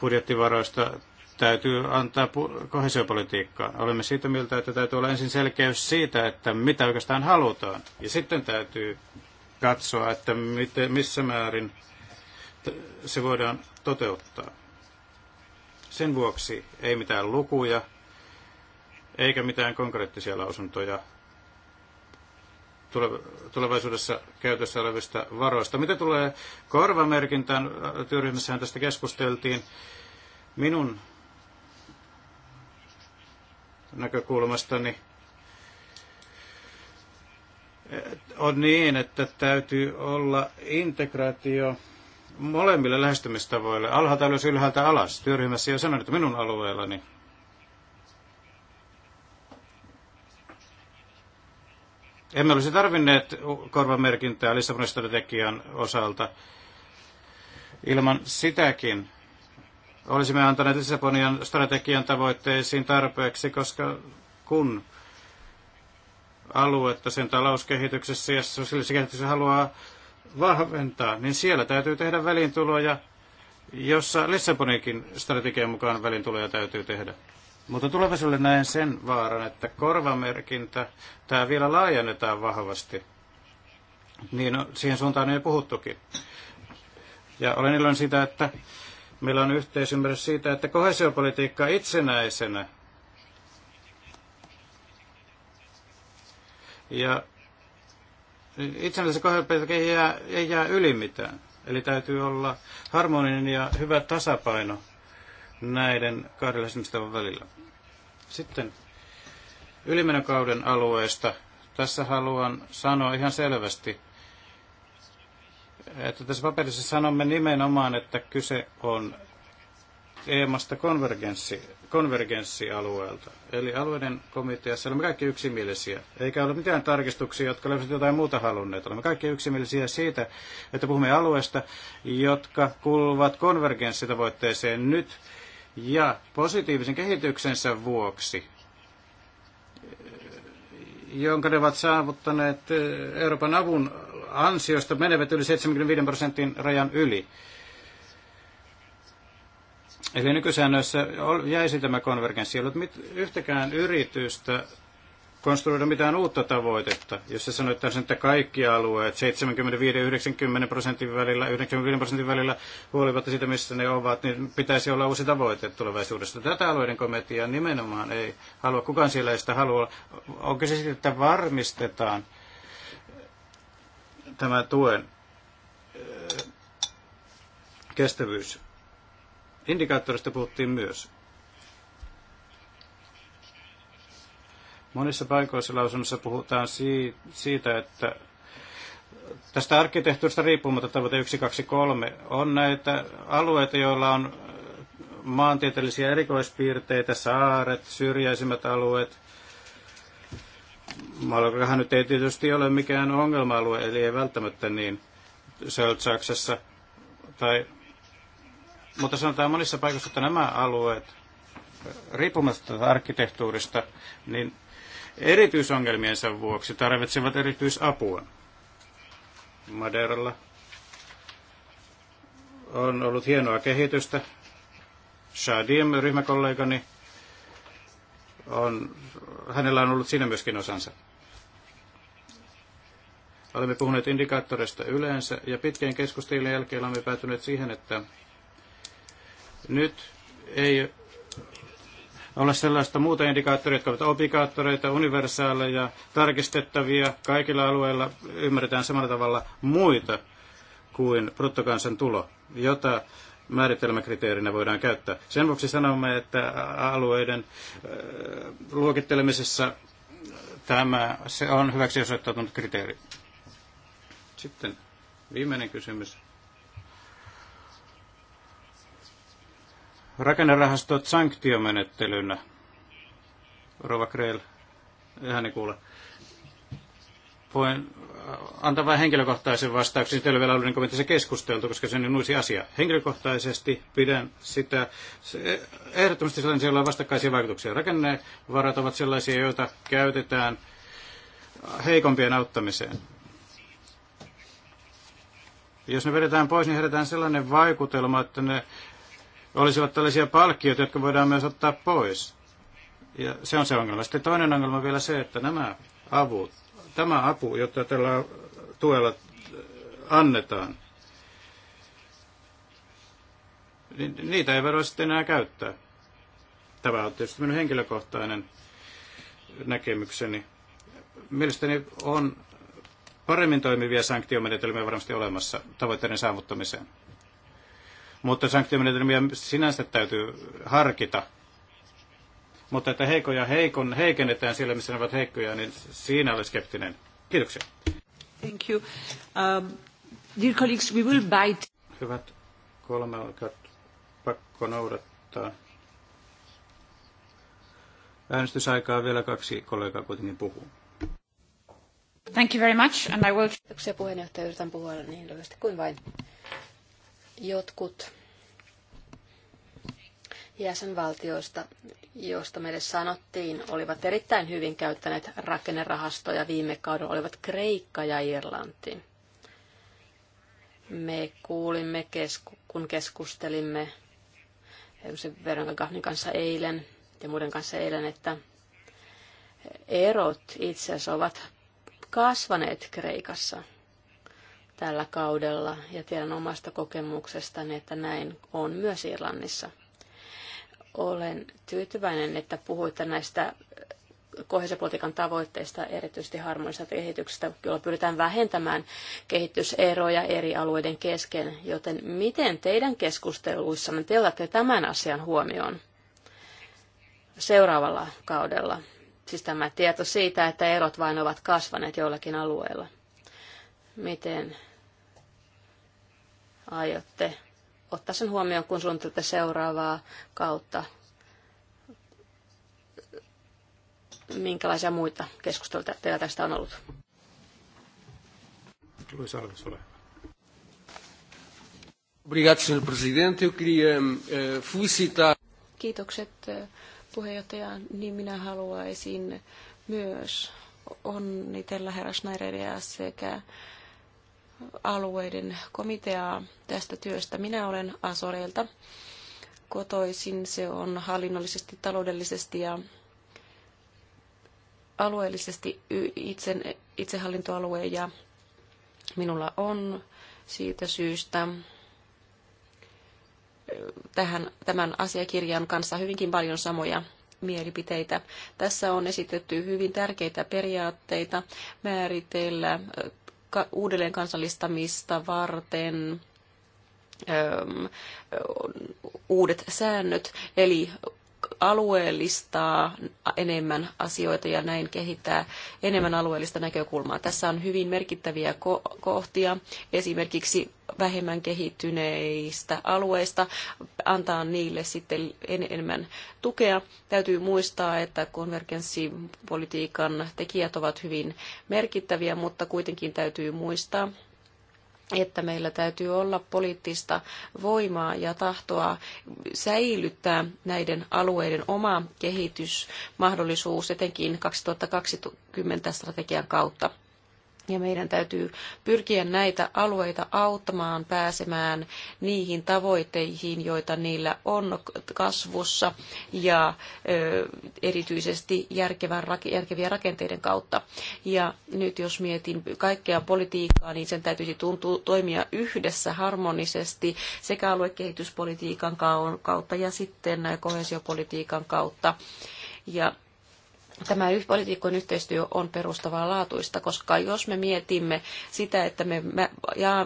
budjettivaroista täytyy antaa kohesiopolitiikkaan. Olemme siitä mieltä, että täytyy olla ensin selkeys siitä, että mitä oikeastaan halutaan. Ja sitten täytyy katsoa, että miten, missä määrin se voidaan toteuttaa. Sen vuoksi ei mitään lukuja eikä mitään konkreettisia lausuntoja tulevaisuudessa käytössä olevista varoista. Mitä tulee korvamerkintään, työryhmässähän tästä keskusteltiin. Minun näkökulmastani on niin, että täytyy olla integraatio molemmille lähestymistavoille, alhaalta ylös, ylhäältä alas. Työryhmässä jo sanoin, että minun alueellani Emme olisi tarvinneet korvamerkintää Lissabonin strategian osalta. Ilman sitäkin olisimme antaneet Lissabonin strategian tavoitteisiin tarpeeksi, koska kun aluetta sen talouskehityksessä ja sosiaalisessa kehityksessä haluaa vahventaa, niin siellä täytyy tehdä välintuloja, jossa Lissaboninkin strategian mukaan välintuloja täytyy tehdä. Mutta tulevaisuudelle näen sen vaaran, että korvamerkintä, tämä vielä laajennetaan vahvasti. Niin no, siihen suuntaan ei puhuttukin. Ja olen iloinen siitä, että meillä on yhteisymmärrys siitä, että kohesiopolitiikka itsenäisenä ja itsenäisen kohesiopolitiikka ei jää, ei jää yli mitään. Eli täytyy olla harmoninen ja hyvä tasapaino näiden kahdella esimerkiksi välillä. Sitten ylimenokauden alueesta. Tässä haluan sanoa ihan selvästi, että tässä paperissa sanomme nimenomaan, että kyse on teemasta konvergenssi, konvergenssialueelta. Eli alueiden komiteassa olemme kaikki yksimielisiä, eikä ole mitään tarkistuksia, jotka olisivat jotain muuta halunneet. Olemme kaikki yksimielisiä siitä, että puhumme alueesta, jotka kuuluvat konvergenssitavoitteeseen nyt ja positiivisen kehityksensä vuoksi, jonka ne ovat saavuttaneet eh, Euroopan avun ansiosta, menevät yli 75 prosentin rajan yli. Eli nykysäännöissä jäisi tämä konvergenssi, ei yhtäkään yritystä konstruoida mitään uutta tavoitetta, jos se sanotaan, että kaikki alueet 75-90 prosentin välillä, 95 prosentin välillä huolimatta siitä, missä ne ovat, niin pitäisi olla uusi tavoite tulevaisuudesta. Tätä alueiden komitea nimenomaan ei halua, kukaan siellä ei sitä halua. Onko se sitten, että varmistetaan tämä tuen äh, kestävyys? Indikaattorista puhuttiin myös. Monissa paikoissa lausunnossa puhutaan siitä, että tästä arkkitehtuurista riippumatta tavoite 1, 2, 3 on näitä alueita, joilla on maantieteellisiä erikoispiirteitä, saaret, syrjäisimmät alueet. Malkahan nyt ei tietysti ole mikään ongelma-alue, eli ei välttämättä niin Söltsaksessa. Tai, mutta sanotaan monissa paikoissa, että nämä alueet, riippumatta arkkitehtuurista, niin erityisongelmiensa vuoksi tarvitsevat erityisapua. Maderalla on ollut hienoa kehitystä. Shadim, ryhmäkollegani, on, hänellä on ollut siinä myöskin osansa. Olemme puhuneet indikaattoreista yleensä ja pitkien keskustelujen jälkeen olemme päätyneet siihen, että nyt ei olla sellaista muuta indikaattoria, jotka ovat obligaattoreita, universaaleja, tarkistettavia, kaikilla alueilla ymmärretään samalla tavalla muita kuin bruttokansantulo, jota määritelmäkriteerinä voidaan käyttää. Sen vuoksi sanomme, että alueiden äh, luokittelemisessa tämä se on hyväksi osoittautunut kriteeri. Sitten viimeinen kysymys. Rakennerahastot sanktiomenettelynä. Rova Kreel, eihän ei kuule. Voin äh, antaa vain henkilökohtaisen vastauksen. ole vielä alueiden komiteassa keskusteltu, koska se on niin uusi asia. Henkilökohtaisesti pidän sitä ehdottomasti sellaisia, joilla on vastakkaisia vaikutuksia. Rakennevarat ovat sellaisia, joita käytetään heikompien auttamiseen. Jos ne vedetään pois, niin herätään sellainen vaikutelma, että ne olisivat tällaisia palkkioita, jotka voidaan myös ottaa pois. Ja se on se ongelma. Sitten toinen ongelma vielä se, että nämä avut, tämä apu, jota tällä tuella äh, annetaan, niin niitä ei voida sitten enää käyttää. Tämä on tietysti minun henkilökohtainen näkemykseni. Mielestäni on paremmin toimivia sanktiomenetelmiä varmasti olemassa tavoitteiden saavuttamiseen. Mutta sanktiomenetelmiä sinänsä täytyy harkita. Mutta että heikoja heikon, heikennetään siellä, missä ne ovat heikkoja, niin siinä olen skeptinen. Kiitoksia. Thank you. Um, dear colleagues, we will bite. Hyvät kolme kolmelkat, pakko noudattaa. Äänestysaikaa vielä kaksi kollegaa kuitenkin puhuu. Thank you very much, and I will... Kiitoksia puheenjohtaja. Yritän puhua niin lyhyesti kuin vain. Jotkut jäsenvaltioista, joista meille sanottiin, olivat erittäin hyvin käyttäneet rakennerahastoja viime kaudella, olivat Kreikka ja Irlanti. Me kuulimme, kesku, kun keskustelimme Veronika kanssa eilen ja muiden kanssa eilen, että erot itse asiassa ovat kasvaneet Kreikassa – tällä kaudella ja tiedän omasta kokemuksestani, että näin on myös Irlannissa. Olen tyytyväinen, että puhuitte näistä äh, kohesiopolitiikan tavoitteista, erityisesti harmonisesta kehityksestä, jolla pyritään vähentämään kehityseroja eri alueiden kesken. Joten miten teidän keskusteluissanne te otatte tämän asian huomioon seuraavalla kaudella? Siis tämä tieto siitä, että erot vain ovat kasvaneet joillakin alueilla miten aiotte ottaa sen huomioon, kun suunnittelette seuraavaa kautta? Minkälaisia muita keskusteluita teillä tästä on ollut? Luis Alves, ole Obrigado, Sr. Presidente. Eu queria eh, felicitar... Kiitokset eh, puheenjohtaja. Niin minä haluaisin myös onnitella herra Schneideria sekä alueiden komiteaa tästä työstä. Minä olen Asoreilta kotoisin. Se on hallinnollisesti, taloudellisesti ja alueellisesti itsen, itsehallintoalue ja minulla on siitä syystä tähän, tämän asiakirjan kanssa hyvinkin paljon samoja mielipiteitä. Tässä on esitetty hyvin tärkeitä periaatteita määritellä uudelleen kansallistamista varten uudet säännöt, eli alueellistaa enemmän asioita ja näin kehittää enemmän alueellista näkökulmaa. Tässä on hyvin merkittäviä ko- kohtia, esimerkiksi vähemmän kehittyneistä alueista, antaa niille sitten enemmän tukea. Täytyy muistaa, että konvergenssipolitiikan tekijät ovat hyvin merkittäviä, mutta kuitenkin täytyy muistaa, että meillä täytyy olla poliittista voimaa ja tahtoa säilyttää näiden alueiden oma kehitysmahdollisuus, etenkin 2020 strategian kautta. Ja meidän täytyy pyrkiä näitä alueita auttamaan pääsemään niihin tavoitteihin, joita niillä on kasvussa ja erityisesti järkevän, järkevien rakenteiden kautta. Ja nyt jos mietin kaikkea politiikkaa, niin sen täytyisi tuntua, toimia yhdessä harmonisesti sekä aluekehityspolitiikan kautta ja sitten kohesiopolitiikan kautta. Ja tämä poliitikkojen yhteistyö on perustavaa laatuista, koska jos me mietimme sitä, että me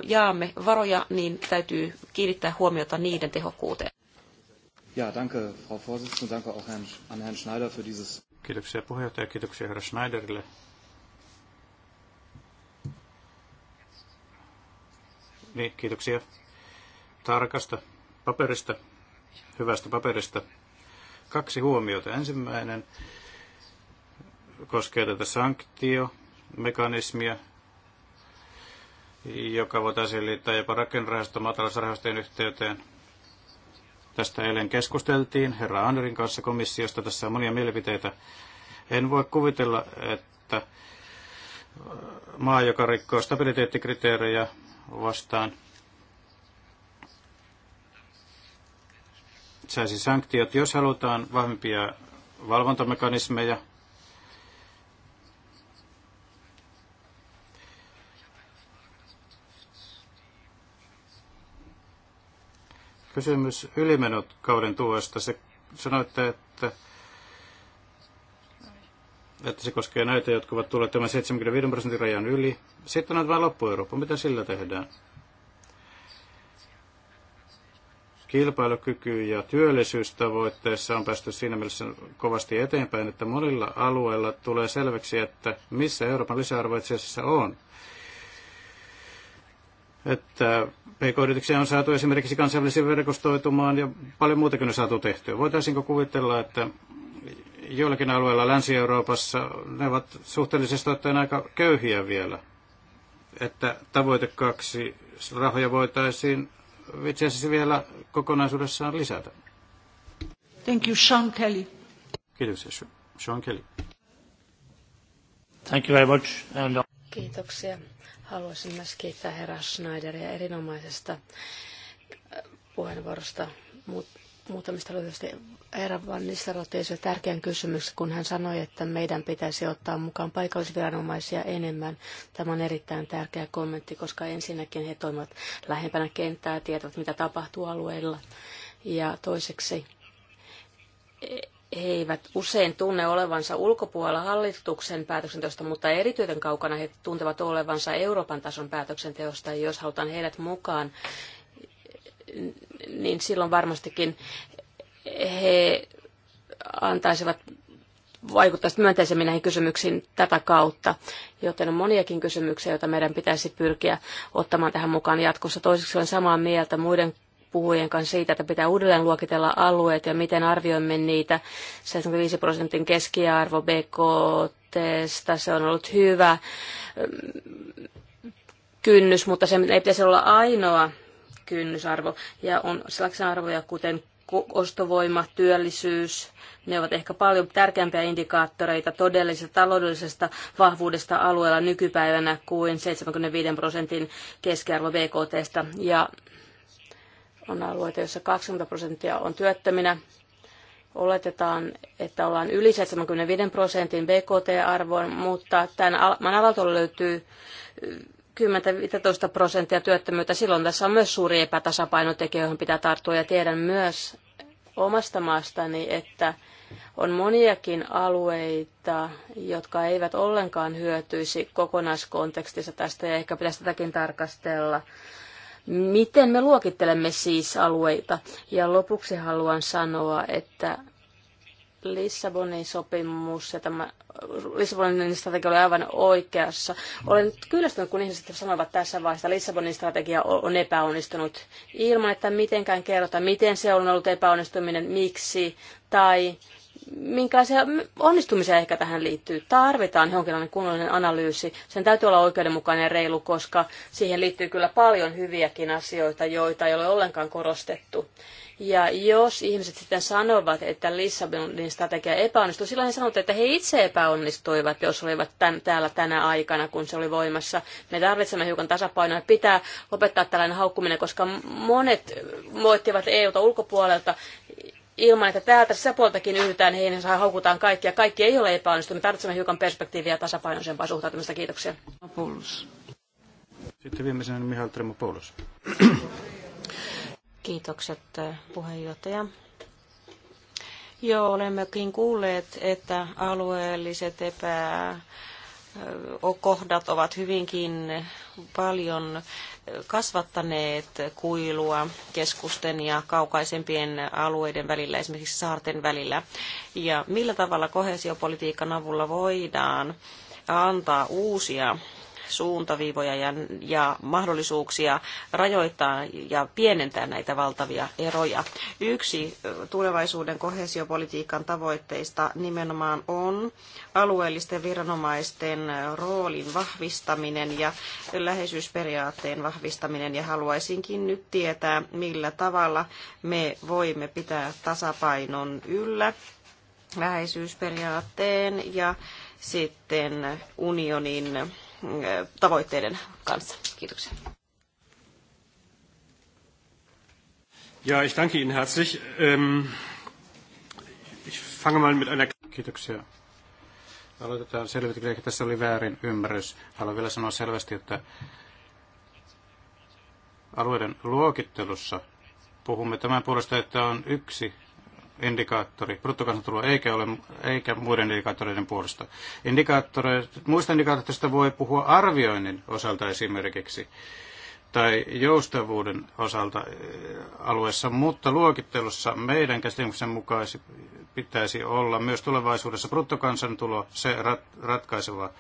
jaamme varoja, niin täytyy kiinnittää huomiota niiden tehokkuuteen. Ja, danke, Frau Vorsitzende, danke auch Herrn, an Herrn Schneider für dieses... Kiitoksia puheenjohtaja, kiitoksia herra Schneiderille. Niin, kiitoksia tarkasta paperista, hyvästä paperista. Kaksi huomiota. Ensimmäinen, koskee tätä sanktiomekanismia, joka voitaisiin liittää jopa rakennerahaston maatalousrahastojen yhteyteen. Tästä eilen keskusteltiin herra Anderin kanssa komissiosta. Tässä on monia mielipiteitä. En voi kuvitella, että maa, joka rikkoo stabiliteettikriteerejä vastaan, saisi sanktiot, jos halutaan vahvempia valvontamekanismeja, Kysymys ylimenokauden tuosta. Se sanoitte, että, että se koskee näitä, jotka ovat tulleet tämän 75 prosentin rajan yli. Sitten on vain loppu-Eurooppa. Mitä sillä tehdään? kilpailukyky- ja työllisyystavoitteissa on päästy siinä mielessä kovasti eteenpäin, että monilla alueilla tulee selväksi, että missä Euroopan lisäarvo itse asiassa on että PK-yrityksiä on saatu esimerkiksi kansainvälisiin verkostoitumaan ja paljon muutakin on saatu tehtyä. Voitaisiinko kuvitella, että joillakin alueilla Länsi-Euroopassa ne ovat suhteellisesti ottaen aika köyhiä vielä, että tavoite kaksi rahoja voitaisiin itse asiassa vielä kokonaisuudessaan lisätä. Thank you, Sean Kelly. Kiitos, Sean Kelly. Thank you very much. And... Kiitoksia. Haluaisin myös kiittää herra Schneideria erinomaisesta äh, puheenvuorosta, mutta muutamista lyhyesti. Herra Van Nistelrooy teki tärkeän kysymyksen, kun hän sanoi, että meidän pitäisi ottaa mukaan paikallisviranomaisia enemmän. Tämä on erittäin tärkeä kommentti, koska ensinnäkin he toimivat lähempänä kenttää, tietävät mitä tapahtuu alueilla. Ja toiseksi eivät usein tunne olevansa ulkopuolella hallituksen päätöksenteosta, mutta erityisen kaukana he tuntevat olevansa Euroopan tason päätöksenteosta, ja jos halutaan heidät mukaan, niin silloin varmastikin he antaisivat vaikuttaisivat myönteisemmin näihin kysymyksiin tätä kautta, joten on moniakin kysymyksiä, joita meidän pitäisi pyrkiä ottamaan tähän mukaan jatkossa. Toiseksi olen samaa mieltä muiden puhujien kanssa siitä, että pitää uudelleen luokitella alueet ja miten arvioimme niitä. 75 prosentin keskiarvo BKTstä, se on ollut hyvä mm, kynnys, mutta se ei pitäisi olla ainoa kynnysarvo. Ja on sellaisia arvoja, kuten ostovoima, työllisyys, ne ovat ehkä paljon tärkeämpiä indikaattoreita todellisesta taloudellisesta vahvuudesta alueella nykypäivänä kuin 75 prosentin keskiarvo BKTstä. Ja on alueita, joissa 20 prosenttia on työttöminä. Oletetaan, että ollaan yli 75 prosentin BKT-arvoon, mutta tämän alalta löytyy 10-15 eh, prosenttia työttömyyttä. Silloin tässä on myös suuri epätasapainotekijä, johon pitää tarttua. Ja tiedän myös omasta maastani, että on moniakin alueita, jotka eivät ollenkaan hyötyisi kokonaiskontekstissa tästä ja ehkä pitäisi tätäkin tarkastella Miten me luokittelemme siis alueita? Ja lopuksi haluan sanoa, että Lissabonin sopimus ja tämä Lissabonin strategia oli aivan oikeassa. Olen kyllästynyt, kun ihmiset sanovat tässä vaiheessa, että Lissabonin strategia on epäonnistunut ilman, että mitenkään kerrotaan, miten se on ollut epäonnistuminen, miksi tai minkälaisia onnistumisia ehkä tähän liittyy. Tarvitaan jonkinlainen kunnollinen analyysi. Sen täytyy olla oikeudenmukainen ja reilu, koska siihen liittyy kyllä paljon hyviäkin asioita, joita ei ole ollenkaan korostettu. Ja jos ihmiset sitten sanovat, että Lissabonin strategia epäonnistui, silloin he sanovat, että he itse epäonnistuivat, jos olivat tämän, täällä tänä aikana, kun se oli voimassa. Me tarvitsemme hiukan tasapainoa. Pitää lopettaa tällainen haukkuminen, koska monet moittivat EUta ulkopuolelta ilman, että täältä sisäpuoltakin yhdytään heihin ja saa haukutaan kaikkia. Kaikki ei ole epäonnistunut. Me tarvitsemme hiukan perspektiiviä ja tasapainoisempaa suhtautumista. Kiitoksia. Paulus. Sitten viimeisenä Mihail Tremopoulos. Kiitokset eh, puheenjohtaja. Joo, olemmekin kuulleet, että alueelliset epä kohdat ovat hyvinkin paljon kasvattaneet kuilua keskusten ja kaukaisempien alueiden välillä, esimerkiksi saarten välillä. Ja millä tavalla kohesiopolitiikan avulla voidaan antaa uusia suuntaviivoja ja, ja mahdollisuuksia rajoittaa ja pienentää näitä valtavia eroja. Yksi tulevaisuuden kohesiopolitiikan tavoitteista nimenomaan on alueellisten viranomaisten roolin vahvistaminen ja läheisyysperiaatteen vahvistaminen ja haluaisinkin nyt tietää, millä tavalla me voimme pitää tasapainon yllä läheisyysperiaatteen ja sitten unionin tavoitteiden kanssa. Kiitoksia. Ja, ich danke Ihnen herzlich. Ähm, ich fange mal mit einer... Kiitoksia. Aloitetaan selvityksiä. että tässä oli väärin ymmärrys. Haluan vielä sanoa selvästi, että alueiden luokittelussa puhumme tämän puolesta, että on yksi indikaattori bruttokansantulo eikä, ole, eikä muiden indikaattoreiden puolesta. Indikaattoreista, muista indikaattoreista voi puhua arvioinnin osalta esimerkiksi tai joustavuuden osalta äh, alueessa, mutta luokittelussa meidän käsityksen mukaan pitäisi olla myös tulevaisuudessa bruttokansantulo se rat- ratkaiseva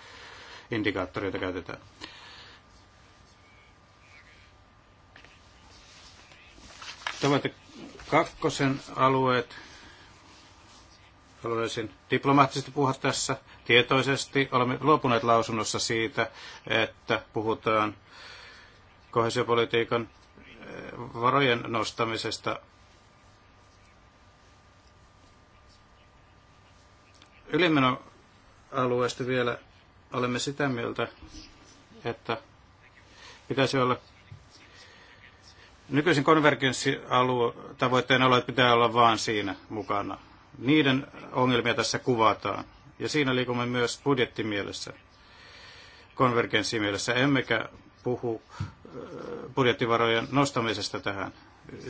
indikaattori, jota käytetään. Tavoite kakkosen alueet haluaisin diplomaattisesti puhua tässä. Tietoisesti olemme luopuneet lausunnossa siitä, että puhutaan kohesiopolitiikan eh, varojen nostamisesta ylimenoalueesta vielä olemme sitä mieltä, että pitäisi olla nykyisin konvergenssialue tavoitteen alueet pitää olla vaan siinä mukana. Niiden ongelmia tässä kuvataan. Ja siinä liikumme myös budjettimielessä, konvergenssimielessä, emmekä puhu budjettivarojen nostamisesta tähän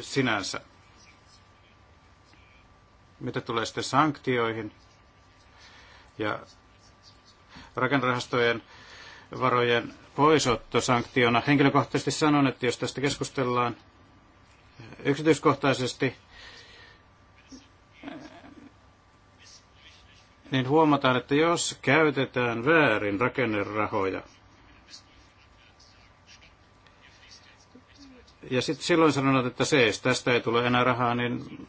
sinänsä. Mitä tulee sitten sanktioihin ja rakennerahastojen varojen poisotto sanktiona. Henkilökohtaisesti sanon, että jos tästä keskustellaan yksityiskohtaisesti, niin huomataan, että jos käytetään väärin rakennerahoja, ja sitten silloin sanotaan, että sees, tästä ei tule enää rahaa, niin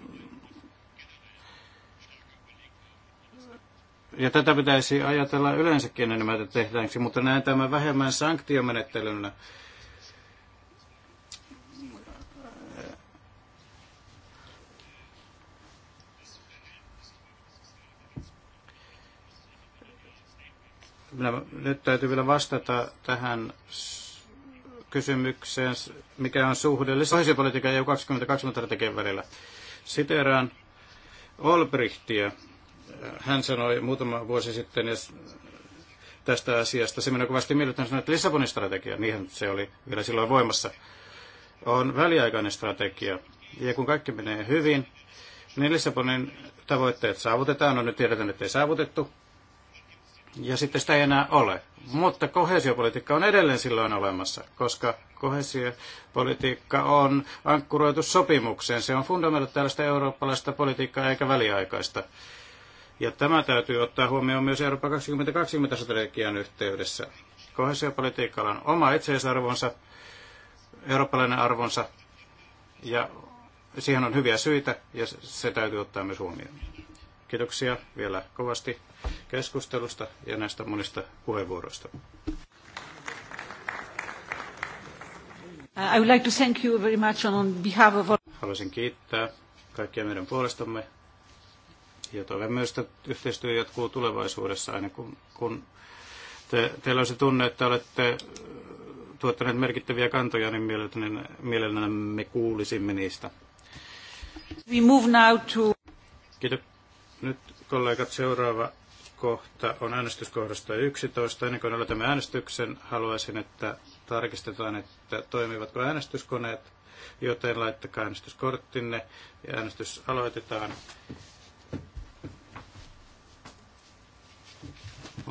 ja tätä pitäisi ajatella yleensäkin enemmän, niin että tehdäänkö, mutta näen tämän vähemmän sanktiomenettelynä Minä, nyt täytyy vielä vastata tähän kysymykseen, mikä on suhde lisäpolitiikan ja 2020 strategian välillä. Siteraan Olbrichtia. Hän sanoi muutama vuosi sitten tästä asiasta. Se minä kovasti miellyttäen sanoi, että Lissabonin strategia, niinhän se oli vielä silloin voimassa, on väliaikainen strategia. Ja kun kaikki menee hyvin, niin Lissabonin tavoitteet saavutetaan. No nyt tiedetään, että ei saavutettu ja sitten sitä ei enää ole. Mutta kohesiopolitiikka on edelleen silloin olemassa, koska kohesiopolitiikka on ankkuroitu sopimukseen. Se on tällaista eurooppalaista politiikkaa eikä väliaikaista. Ja tämä täytyy ottaa huomioon myös Eurooppa 2020 strategian yhteydessä. Kohesiopolitiikalla on oma itseisarvonsa, eurooppalainen arvonsa, ja siihen on hyviä syitä, ja se täytyy ottaa myös huomioon. Kiitoksia vielä kovasti keskustelusta ja näistä monista puheenvuoroista. I would like to thank you very much on behalf of... Haluaisin kiittää kaikkia meidän puolestamme ja toivon myös, että yhteistyö jatkuu tulevaisuudessa aina kun, kun te, teillä on se tunne, että olette äh, tuottaneet merkittäviä kantoja, niin mielellämme kuulisimme niistä. We move now to... Kiitos. Nyt kollegat, seuraava kohta on äänestyskohdasta 11. Ennen kuin aloitamme äänestyksen, haluaisin, että tarkistetaan, että toimivatko äänestyskoneet, joten laittakaa äänestyskorttinne ja äänestys aloitetaan.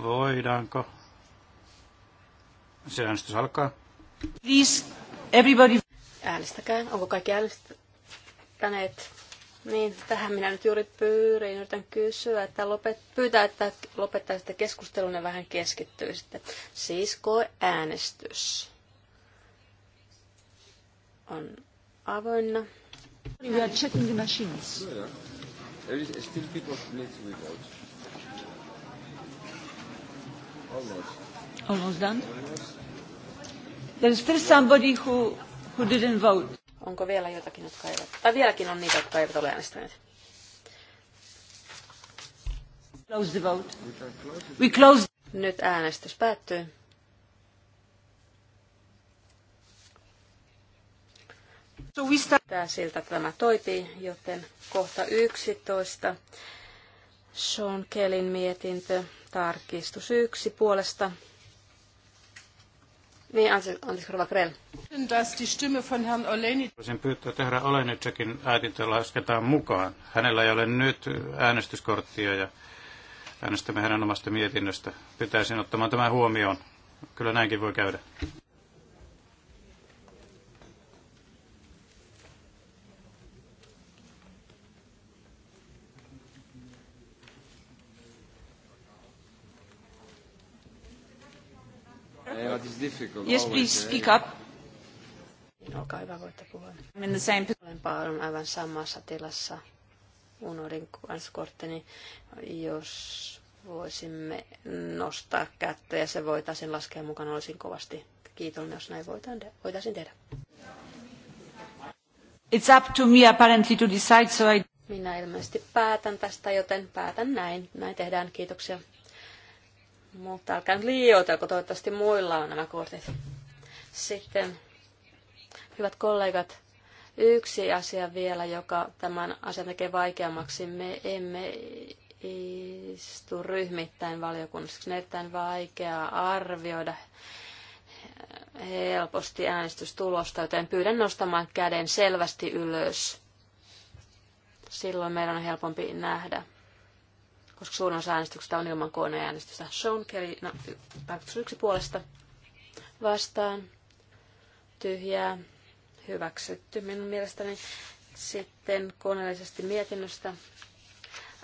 Voidaanko? Se äänestys alkaa. Please, everybody. Äänestäkää. Onko kaikki äänestäneet? Niin, tähän minä nyt juuri pyyrin. Yritän kysyä, että lopet, pyytää, että lopettaisitte keskustelun ja vähän keskittyisitte. Siis äänestys on avoinna. We are checking the machines. No, There is still people need to vote. Almost. Almost done. There is still somebody who, who didn't vote. Onko vielä jotakin, jotka eivät... Tai vieläkin on niitä, jotka eivät ole äänestäneet. Close the vote. We close. Nyt äänestys päättyy. Tää siltä tämä toimii, joten kohta 11. Sean Kelin mietintö, tarkistus 1 puolesta niin, anteeksi, Rova Krell. Voisin pyytää, että herra Olenitsäkin äitintä lasketaan mukaan. Hänellä ei ole nyt äänestyskorttia ja äänestämme hänen omasta mietinnöstä. Pitäisin ottamaan tämän huomioon. Kyllä näinkin voi käydä. Yes, please speak eh? up. Olkaa hyvä, voitte puhua. In the same... Olen paljon aivan samassa tilassa. Unohdin kortteni, jos voisimme nostaa kättä ja se voitaisiin laskea mukana. Olisin kovasti kiitollinen, jos näin voitaisiin tehdä. It's up to me apparently to decide, so I... Minä ilmeisesti päätän tästä, joten päätän näin. Näin tehdään. Kiitoksia. Mutta älkää nyt liioitelko, toivottavasti muilla on nämä kortit. Sitten, hyvät kollegat, yksi asia vielä, joka tämän asian tekee vaikeammaksi. Me emme istu ryhmittäin valiokunnassa, on erittäin vaikeaa arvioida helposti äänestystulosta, joten pyydän nostamaan käden selvästi ylös. Silloin meidän on helpompi nähdä koska suurin osa äänestyksestä on ilman äänestystä. Sean Kelly, no, tarkoitus yksi puolesta vastaan, tyhjää, hyväksytty minun mielestäni. Sitten koneellisesti mietinnöstä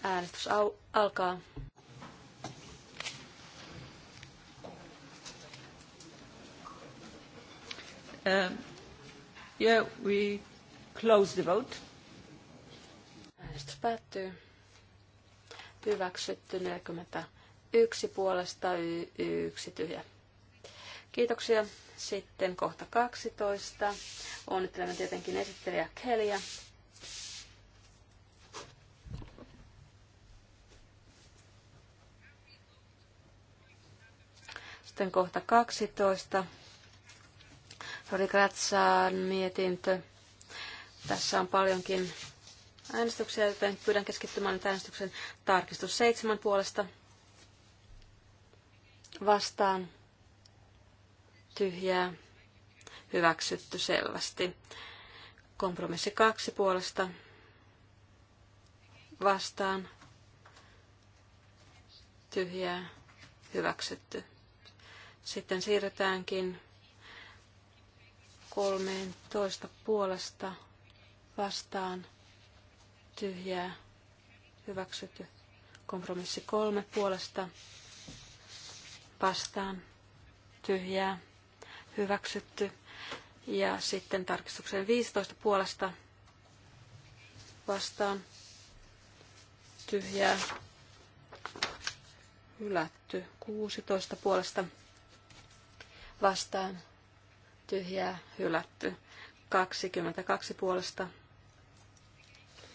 äänestys au- alkaa. Uh, yeah, we close the vote. Äänestys päättyy hyväksytty 41 puolesta y- yksi tyhjä. Kiitoksia. Sitten kohta 12. Onnittelemme tietenkin esittelijä Kelia. Sitten kohta 12. Rodi Kratsan mietintö. Tässä on paljonkin äänestyksiä, joten pyydän keskittymään nyt äänestyksen tarkistus seitsemän puolesta. Vastaan tyhjää, hyväksytty selvästi. Kompromissi kaksi puolesta vastaan tyhjää, hyväksytty. Sitten siirrytäänkin 13 puolesta vastaan tyhjää, hyväksytty. Kompromissi kolme puolesta vastaan, tyhjää, hyväksytty. Ja sitten tarkistuksen 15 puolesta vastaan, tyhjää, hylätty. 16 puolesta vastaan, tyhjää, hylätty. 22 puolesta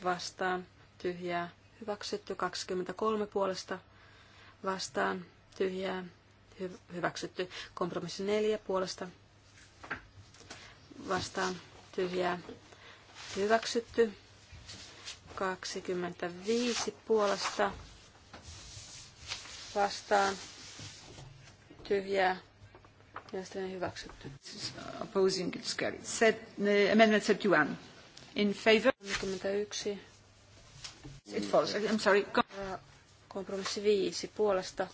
vastaan tyhjää hyväksytty. 23 puolesta vastaan tyhjää hy- hyväksytty. Kompromissi 4 puolesta vastaan tyhjää hyväksytty. 25 puolesta vastaan tyhjää ja sitten hyväksytty. Uh, opposing it's carried. Set, uh, amendment 31. In favor. 31. It falls. I'm sorry. Kompromissi viisi puolesta.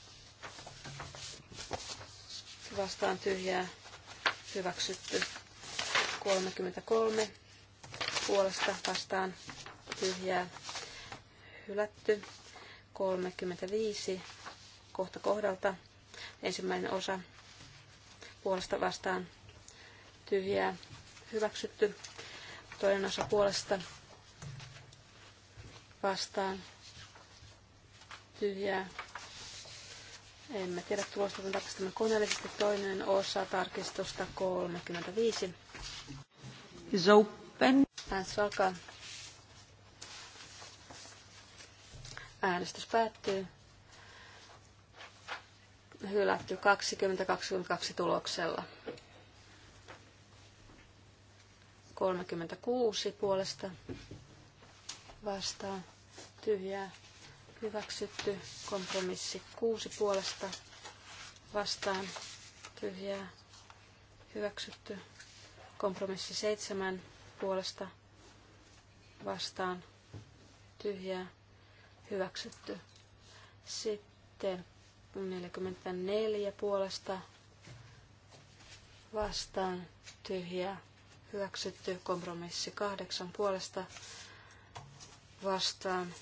Vastaan tyhjää. Hyväksytty. 33 puolesta vastaan tyhjää. Hylätty. 35 kohta kohdalta. Ensimmäinen osa puolesta vastaan tyhjää. Hyväksytty Toinen osa puolesta vastaan tyhjää. Emme tiedä tulosta, kun tarkistamme koneellisesti toinen osa tarkistusta 35. Is open. Äänestys alkaa. Äänestys päättyy. Hylätty 20-22 tuloksella. 36 puolesta vastaan tyhjää hyväksytty. Kompromissi 6 puolesta vastaan tyhjää hyväksytty. Kompromissi 7 puolesta vastaan tyhjää hyväksytty. Sitten 44 puolesta vastaan tyhjää hyväksytty. Kompromissi kahdeksan puolesta vastaan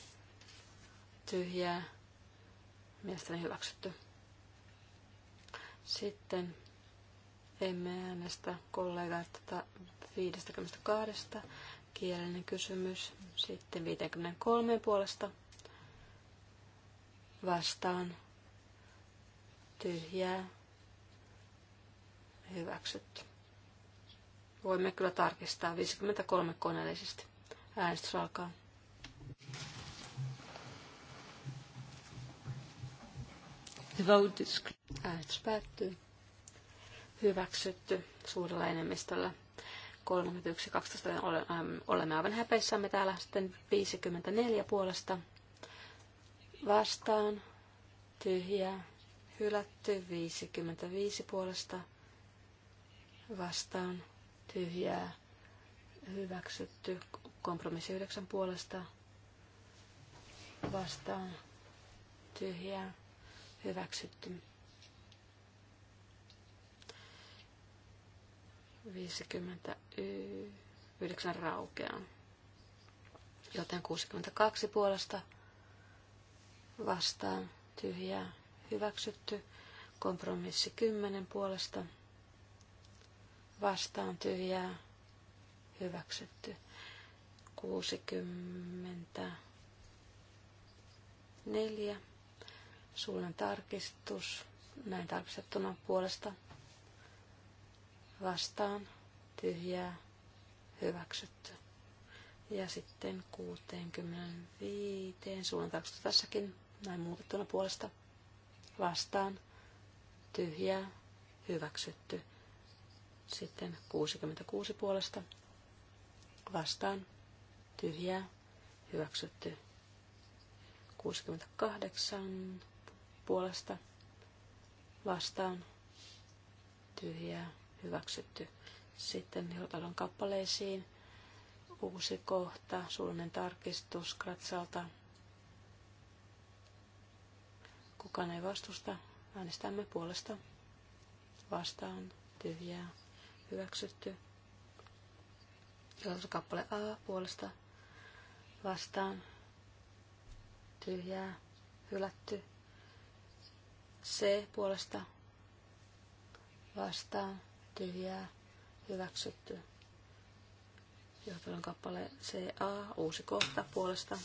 tyhjää mielestäni hyväksytty. Sitten emme äänestä kollega 52 Kielinen kysymys. Sitten 53 puolesta vastaan tyhjää hyväksytty. Voimme kyllä tarkistaa 53 koneellisesti. Äänestys alkaa. The vote is... Äänestys päättyy. Hyväksytty suurella enemmistöllä. 31.12. Ähm, olemme aivan häpeissämme täällä sitten 54 puolesta vastaan, tyhjää, hylätty 55 puolesta vastaan, tyhjää hyväksytty. Kompromissi yhdeksän puolesta vastaan tyhjää hyväksytty. 59 raukeaa. Joten 62 puolesta vastaan tyhjää hyväksytty. Kompromissi 10 puolesta vastaan tyhjää hyväksytty. 64. Suunnan tarkistus näin tarkistettuna puolesta vastaan tyhjää hyväksytty. Ja sitten 65 suunnan tarkistus tässäkin näin muutettuna puolesta vastaan tyhjää hyväksytty. Sitten 66 puolesta vastaan tyhjää hyväksytty. 68 puolesta vastaan tyhjää hyväksytty. Sitten Hiltalon kappaleisiin uusi kohta, suullinen tarkistus Kratsalta. Kukaan ei vastusta. Äänestämme puolesta. Vastaan tyhjää hyväksytty. Jos kappale A puolesta vastaan tyhjää hylätty. C puolesta vastaan tyhjää hyväksytty. Johtelun kappale CA, uusi kohta puolesta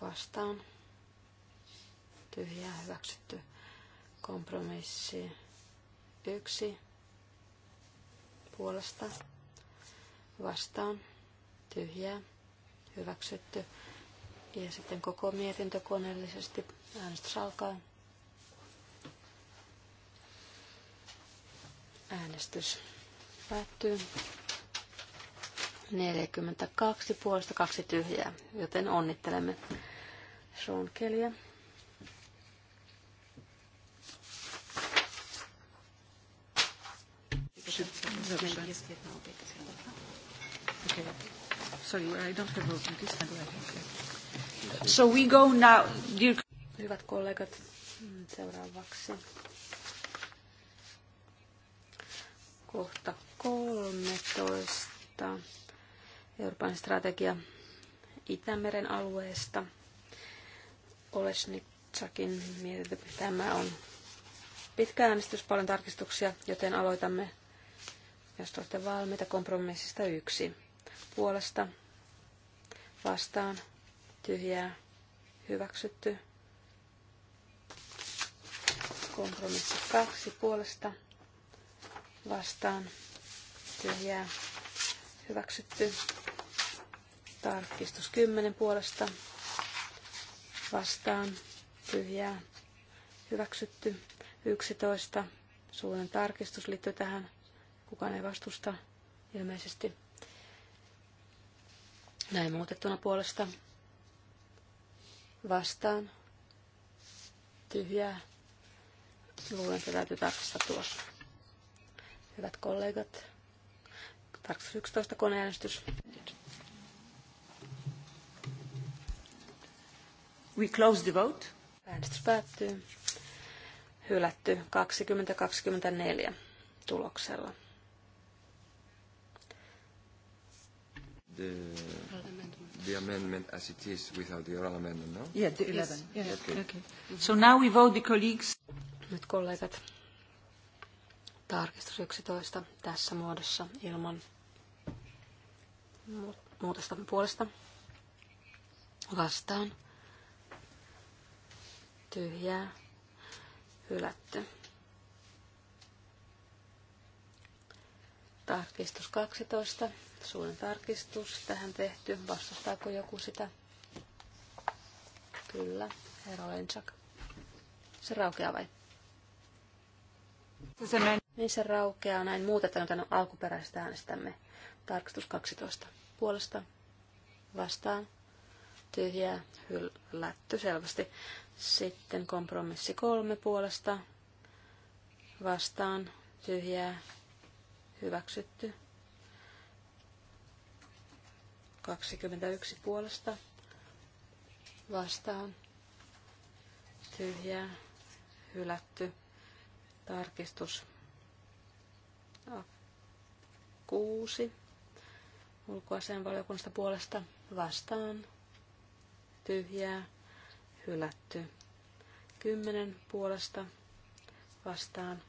vastaan tyhjää hyväksytty kompromissi yksi puolesta vastaan tyhjää hyväksytty. Ja sitten koko mietintö koneellisesti äänestys alkaa. Äänestys päättyy. 42 puolesta kaksi tyhjää, joten onnittelemme Sean Kellyä this now because Okay. Sorry, I don't have open this one. Okay. So we go now. Dear... Hyvät kollegat, seuraavaksi kohta 13. Euroopan strategia Itämeren alueesta. Olesnitsakin mietintö. Tämä on pitkä äänestys, paljon tarkistuksia, joten aloitamme jos olette valmiita kompromissista yksi. Puolesta vastaan tyhjää hyväksytty. Kompromissi kaksi puolesta vastaan tyhjää hyväksytty. Tarkistus kymmenen puolesta vastaan tyhjää hyväksytty. 11 suunnan tarkistus liittyy tähän Kukaan ei vastusta ilmeisesti. Näin muutettuna puolesta vastaan tyhjää. Luulen, että täytyy tarkastaa tuossa. Hyvät kollegat, tarkastus 11 koneäänestys. We close the vote. Äänestys päättyy. Hylätty 2024 tuloksella. the, the amendment as it is without the oral amendment, no? Yeah, the 11. Yes. Yeah. Okay. okay. Mm-hmm. So now we vote the colleagues. Nyt kollegat. Tarkistus 11 tässä muodossa ilman muutosta puolesta. Vastaan. Tyhjää. Hylätty. Tarkistus 12 suuren tarkistus tähän tehty. Vastustaako joku sitä? Kyllä, herra Lensak. Se raukeaa vai? Se meni. niin se raukeaa näin muutetaan tämän alkuperäistä äänestämme. Tarkistus 12. Puolesta vastaan tyhjää hylätty selvästi. Sitten kompromissi kolme puolesta vastaan tyhjää hyväksytty. 21 puolesta vastaan tyhjää hylätty tarkistus 6 ulkoasianvaliokunnasta puolesta vastaan tyhjää hylätty 10 puolesta vastaan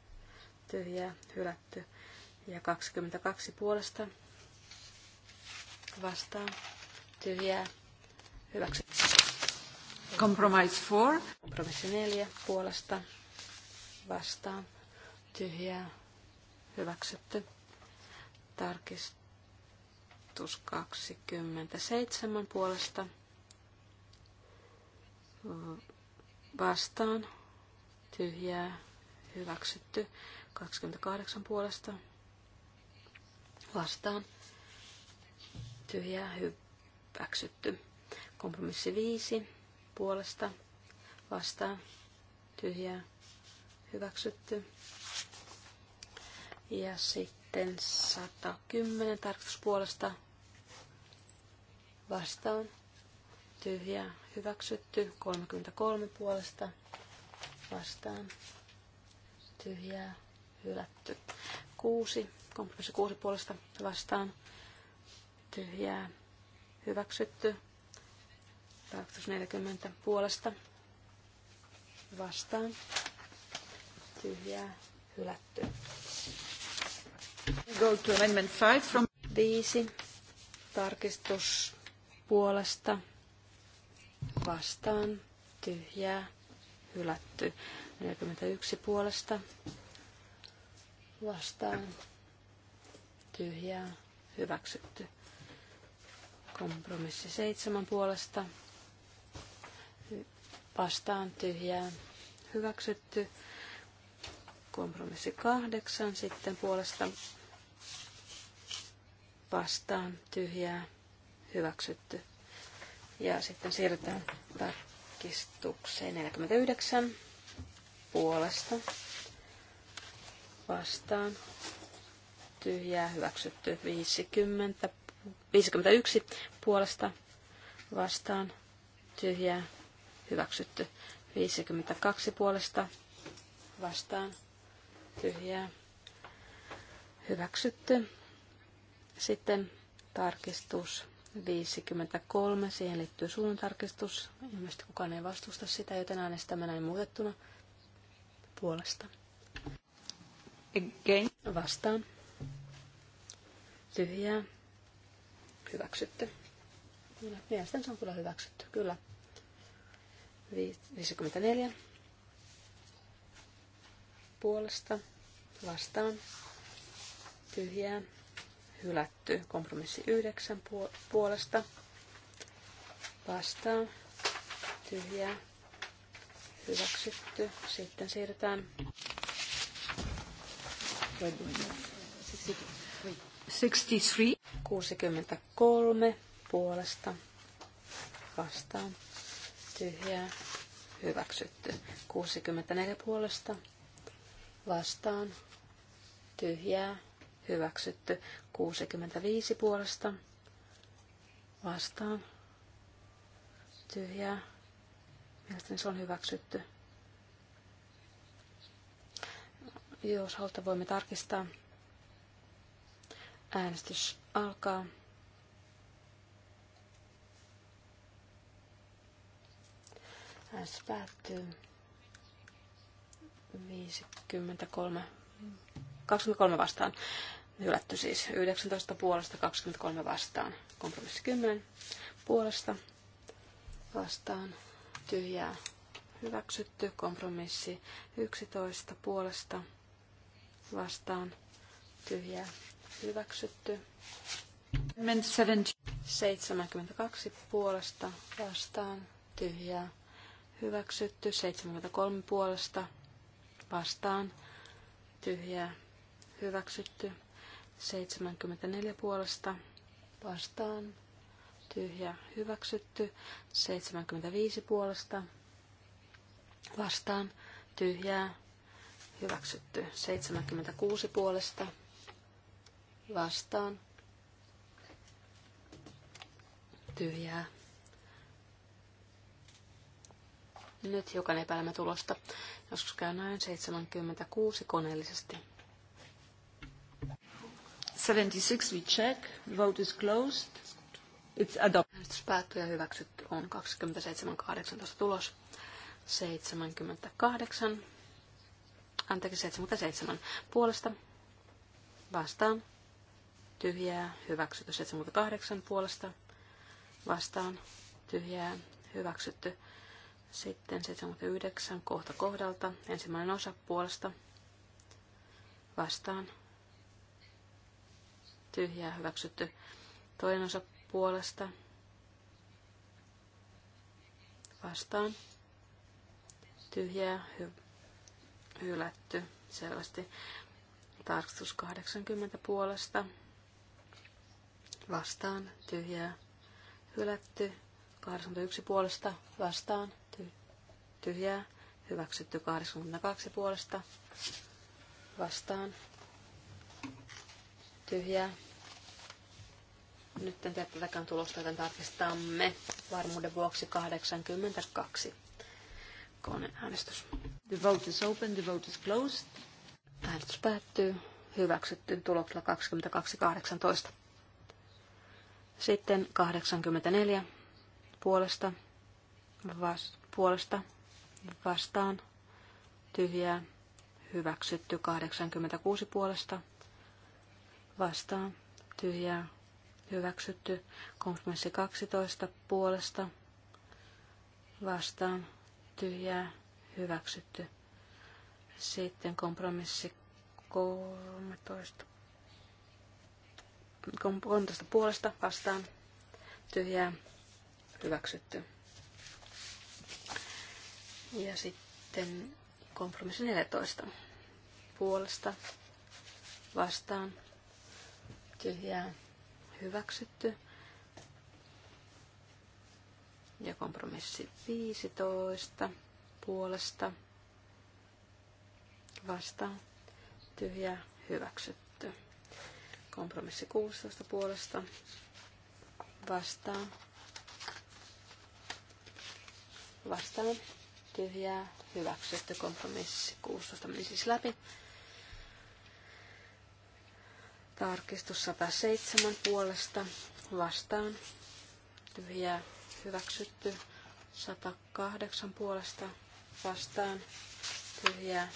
tyhjää hylätty ja 22 puolesta Vastaan. Tyhjää. Hyväksy. Compromise 4. Kompromissi 4. Puolesta. Vastaan. Tyhjää. Hyväksytty. Tarkistus 27 puolesta. Vastaan. Tyhjää. Hyväksytty. 28 puolesta. Vastaan tyhjä hyväksytty. Kompromissi viisi puolesta vastaan tyhjä hyväksytty. Ja sitten 110 tarkastuspuolesta vastaan tyhjä hyväksytty. 33 puolesta vastaan tyhjää hylätty. 6, kompromissi 6 puolesta vastaan tyhjää hyväksytty. Tarkoitus 40 puolesta vastaan tyhjää hylätty. Go to amendment 5 from 5 tarkistus puolesta vastaan tyhjää hylätty. 41 puolesta vastaan tyhjää hyväksytty. Kompromissi seitsemän puolesta. Vastaan tyhjää. Hyväksytty. Kompromissi kahdeksan sitten puolesta. Vastaan tyhjää. Hyväksytty. Ja sitten siirrytään tarkistukseen 49 puolesta. Vastaan tyhjää hyväksytty 50 51 puolesta vastaan tyhjää hyväksytty. 52 puolesta vastaan tyhjää hyväksytty. Sitten tarkistus 53. Siihen liittyy suunnan tarkistus. Ilmeisesti kukaan ei vastusta sitä, joten äänestämme näin muutettuna puolesta. Again. Vastaan. Tyhjää hyväksytty. Mielestäni se on kyllä hyväksytty, kyllä. 54 puolesta vastaan tyhjää hylätty. Kompromissi 9 puolesta vastaan tyhjää hyväksytty. Sitten siirrytään 63 63 puolesta vastaan tyhjää hyväksytty. 64 puolesta vastaan tyhjää hyväksytty. 65 puolesta vastaan tyhjää. Mielestäni se on hyväksytty. Jos haluta voimme tarkistaa. Äänestys alkaa. Äänestys päättyy. 53. 23 vastaan. Hylätty siis 19 puolesta, 23 vastaan. Kompromissi 10 puolesta vastaan. Tyhjää hyväksytty. Kompromissi 11 puolesta vastaan. Tyhjää Hyväksytty. 72 puolesta vastaan tyhjää. Hyväksytty. 73 puolesta vastaan tyhjää. Hyväksytty. 74 puolesta vastaan tyhjä hyväksytty. 75 puolesta vastaan tyhjää hyväksytty. 76 puolesta vastaan tyhjää. Nyt hiukan epäilemme tulosta. Joskus käy näin 76 koneellisesti. 76 we check. Vote is closed. It's adopted. Äänestys päättyy ja hyväksytty on 27.18 tulos. 78. Anteeksi, 77 puolesta. Vastaan tyhjää, hyväksytty 78 puolesta vastaan, tyhjää, hyväksytty. Sitten 79 kohta kohdalta, ensimmäinen osa puolesta vastaan, tyhjää, hyväksytty. Toinen osa puolesta vastaan, tyhjää, hy- hylätty selvästi. Tarkastus 80 puolesta vastaan, tyhjää, hylätty. 81 puolesta vastaan, tyhjää, hyväksytty. 82 puolesta vastaan, tyhjää. Nyt en tiedä tätäkään tulosta, joten tarkistamme varmuuden vuoksi 82. äänestys. The vote is open, the vote is closed. Äänestys päättyy. Hyväksytty tuloksella 22.18. Sitten 84 puolesta, vas, puolesta vastaan tyhjää hyväksytty 86 puolesta vastaan tyhjää hyväksytty kompromissi 12 puolesta vastaan tyhjää hyväksytty. Sitten kompromissi 13 kolmetoista puolesta vastaan tyhjää hyväksytty. Ja sitten kompromissi 14 puolesta vastaan tyhjää hyväksytty. Ja kompromissi 15 puolesta vastaan tyhjää hyväksytty. Kompromissi 16 puolesta vastaan. Vastaan. Tyhjää. Hyväksytty. Kompromissi 16 meni siis läpi. Tarkistus 107 puolesta vastaan. Tyhjää. Hyväksytty. 108 puolesta vastaan. Tyhjää.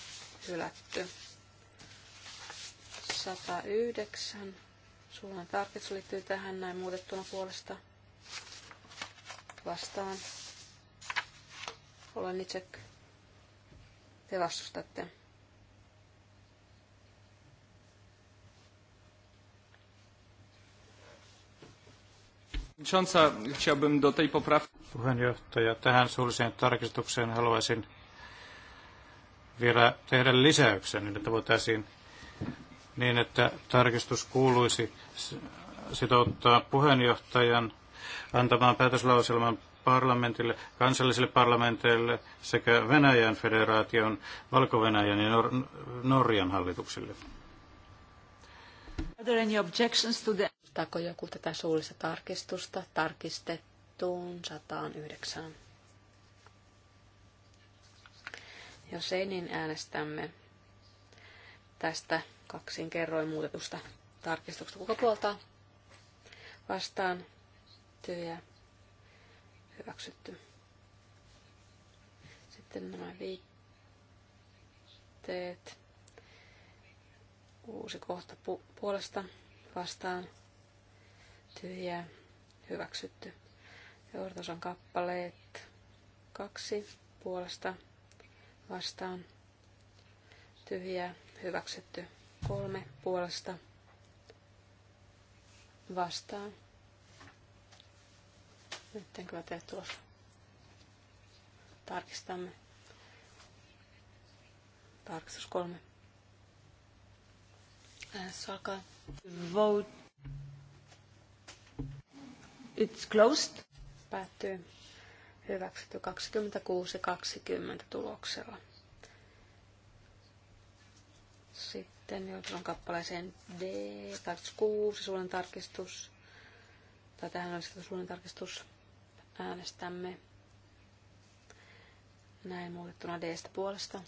Hylätty. 109. Suunnan tarkistus liittyy tähän näin muutettuna puolesta vastaan. Olen itse. Te vastustatte. Puheenjohtaja, tähän suulliseen tarkistukseen haluaisin vielä tehdä lisäyksen, niin että voitaisiin niin, että tarkistus kuuluisi sitouttaa puheenjohtajan antamaan päätöslauselman parlamentille, kansallisille parlamenteille sekä Venäjän federaation, Valko-Venäjän ja Nor- Norjan hallituksille. Tako joku tätä suullista tarkistusta tarkistettuun 109? Jos ei, niin äänestämme tästä kaksin kerroin muutetusta tarkistuksesta. Kuka puoltaa? Vastaan. tyhjä Hyväksytty. Sitten nämä viitteet. Uusi kohta pu- puolesta. Vastaan. tyhjä Hyväksytty. Johdosan kappaleet. Kaksi puolesta. Vastaan. tyhjä Hyväksytty Kolme puolesta vastaan. Nyt en kyllä tee tulossa. Tarkistamme. Tarkistus kolme. Äänestys alkaa. Vote. It's closed. Päättyy hyväksytty 26-20 tuloksella. Sitten sitten on kappaleeseen D, 26, suullinen tarkistus. Tai tähän olisi suullinen tarkistus. Äänestämme näin muutettuna d puolesta.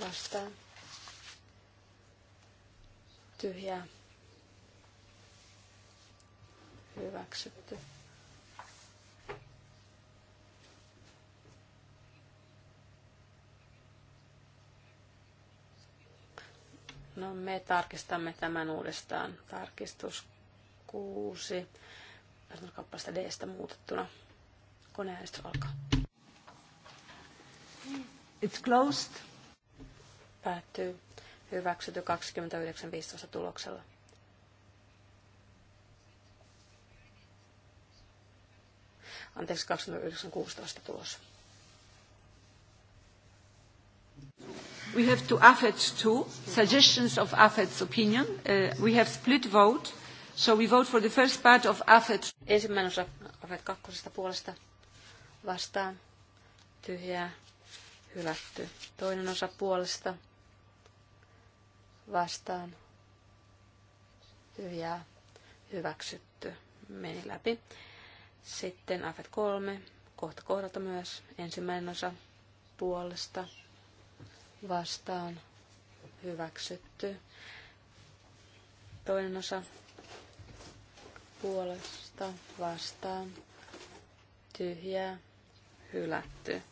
Vastaan. Tyhjää. Hyväksytty. No me tarkistamme tämän uudestaan. Tarkistus 6. Kappasta D-stä muutettuna. Koneäänestys alkaa. It's closed. Päättyy. Hyväksytty 29.15 tuloksella. Anteeksi, 29.16 tulos. We have to AFET two suggestions of AFET's opinion. Uh, we have split vote, so we vote for the first part of AFET. Ensimmäinen osa AFET kakkosesta puolesta vastaan. Tyhjää, hylätty. Toinen osa puolesta vastaan. Tyhjää, hyväksytty. Meni läpi. Sitten AFET 3, kohta kohdalta myös. Ensimmäinen osa puolesta vastaan hyväksytty. Toinen osa puolesta vastaan tyhjää hylätty.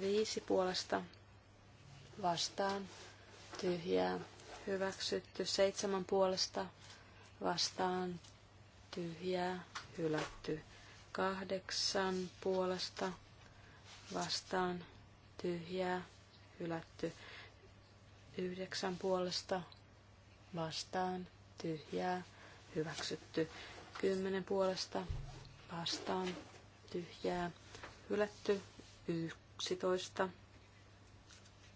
Viisi puolesta vastaan tyhjää hyväksytty. Seitsemän puolesta vastaan tyhjää hylätty. Kahdeksan puolesta vastaan tyhjää hylätty. Yhdeksän puolesta vastaan tyhjää hyväksytty. Kymmenen puolesta vastaan tyhjää hylätty. Yksitoista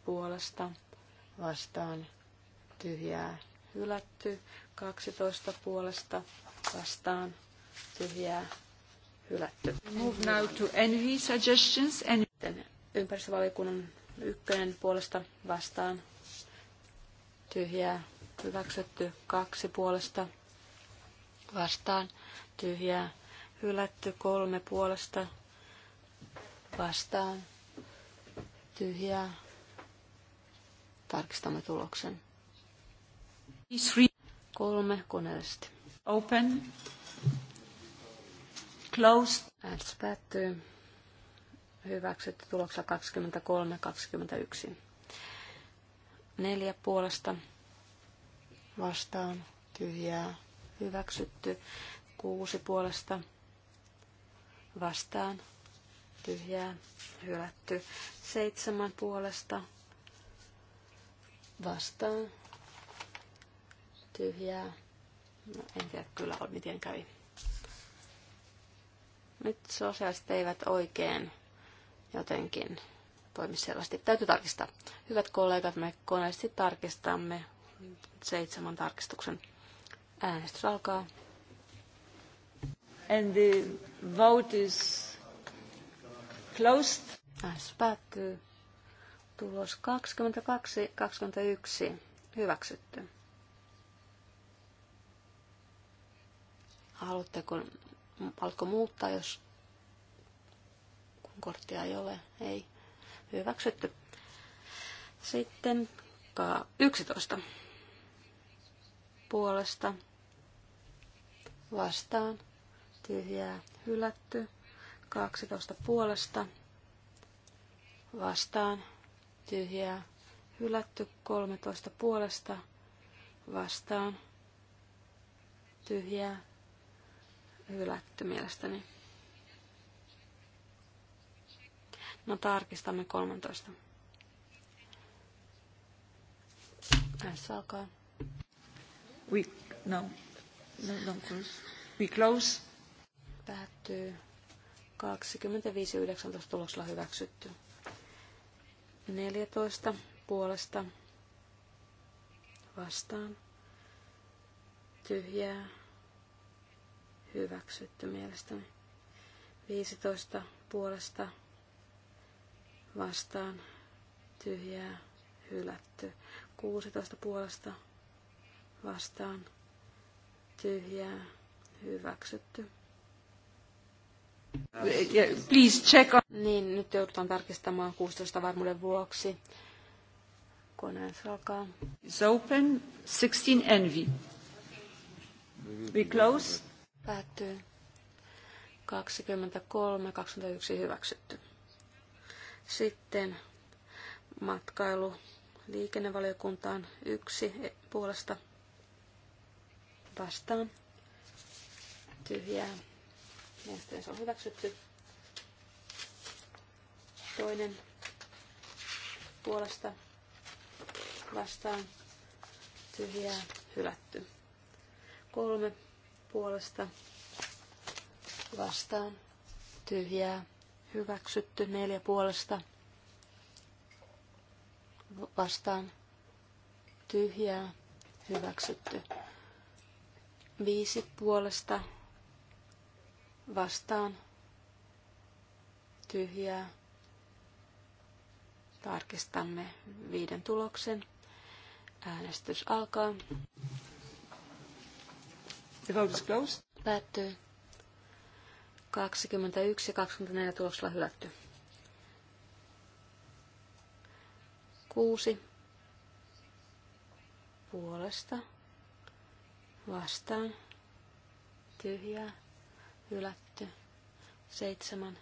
puolesta vastaan tyhjää hylätty. 12 puolesta vastaan tyhjää hylätty. Move now to suggestions ympäristövaliokunnan Ykkönen puolesta vastaan. Tyhjää. Hyväksytty. Kaksi puolesta vastaan. Tyhjää. Hylätty. Kolme puolesta vastaan. Tyhjää. Tarkistamme tuloksen. Kolme koneellisesti. Open. Closed. Äänestys päättyy hyväksytty tuloksella 23-21. Neljä puolesta vastaan tyhjää hyväksytty. Kuusi puolesta vastaan tyhjää hylätty. Seitsemän puolesta vastaan tyhjää. No, en tiedä kyllä miten kävi. Nyt sosiaaliset eivät oikein jotenkin toimi selvästi. Täytyy tarkistaa. Hyvät kollegat, me koneellisesti tarkistamme seitsemän tarkistuksen. Äänestys alkaa. And the vote is closed. Äänestys päättyy. Tulos 22-21. Hyväksytty. Haluatteko, haluatko muuttaa, jos korttia ei ole. Ei. Hyväksytty. Sitten 11 puolesta vastaan tyhjää hylätty. 12 puolesta vastaan tyhjää hylätty. 13 puolesta vastaan tyhjää hylätty mielestäni. No tarkistamme 13. S alkaa. We, no, no, no close. We close. Päättyy 25.19 tuloksella hyväksytty. 14 puolesta vastaan. Tyhjää. Hyväksytty mielestäni. 15 puolesta vastaan tyhjää hylätty. 16 puolesta vastaan tyhjää hyväksytty. Please check on. Niin, nyt joudutaan tarkistamaan 16 varmuuden vuoksi. Koneen alkaa. It's open, 16 envy. We close. Päättyy. 23, 21 hyväksytty. Sitten matkailu liikennevaliokuntaan yksi puolesta vastaan. Tyhjää. Mielestäni se on hyväksytty. Toinen puolesta vastaan. Tyhjää. Hylätty. Kolme puolesta vastaan. Tyhjää. Hyväksytty neljä puolesta. Vastaan tyhjää. Hyväksytty. Viisi puolesta. Vastaan tyhjää. Tarkistamme viiden tuloksen. Äänestys alkaa. The vote is closed. Päättyy. 21 ja 24 tuloksella hylätty. 6 puolesta vastaan tyhjää hylätty. 7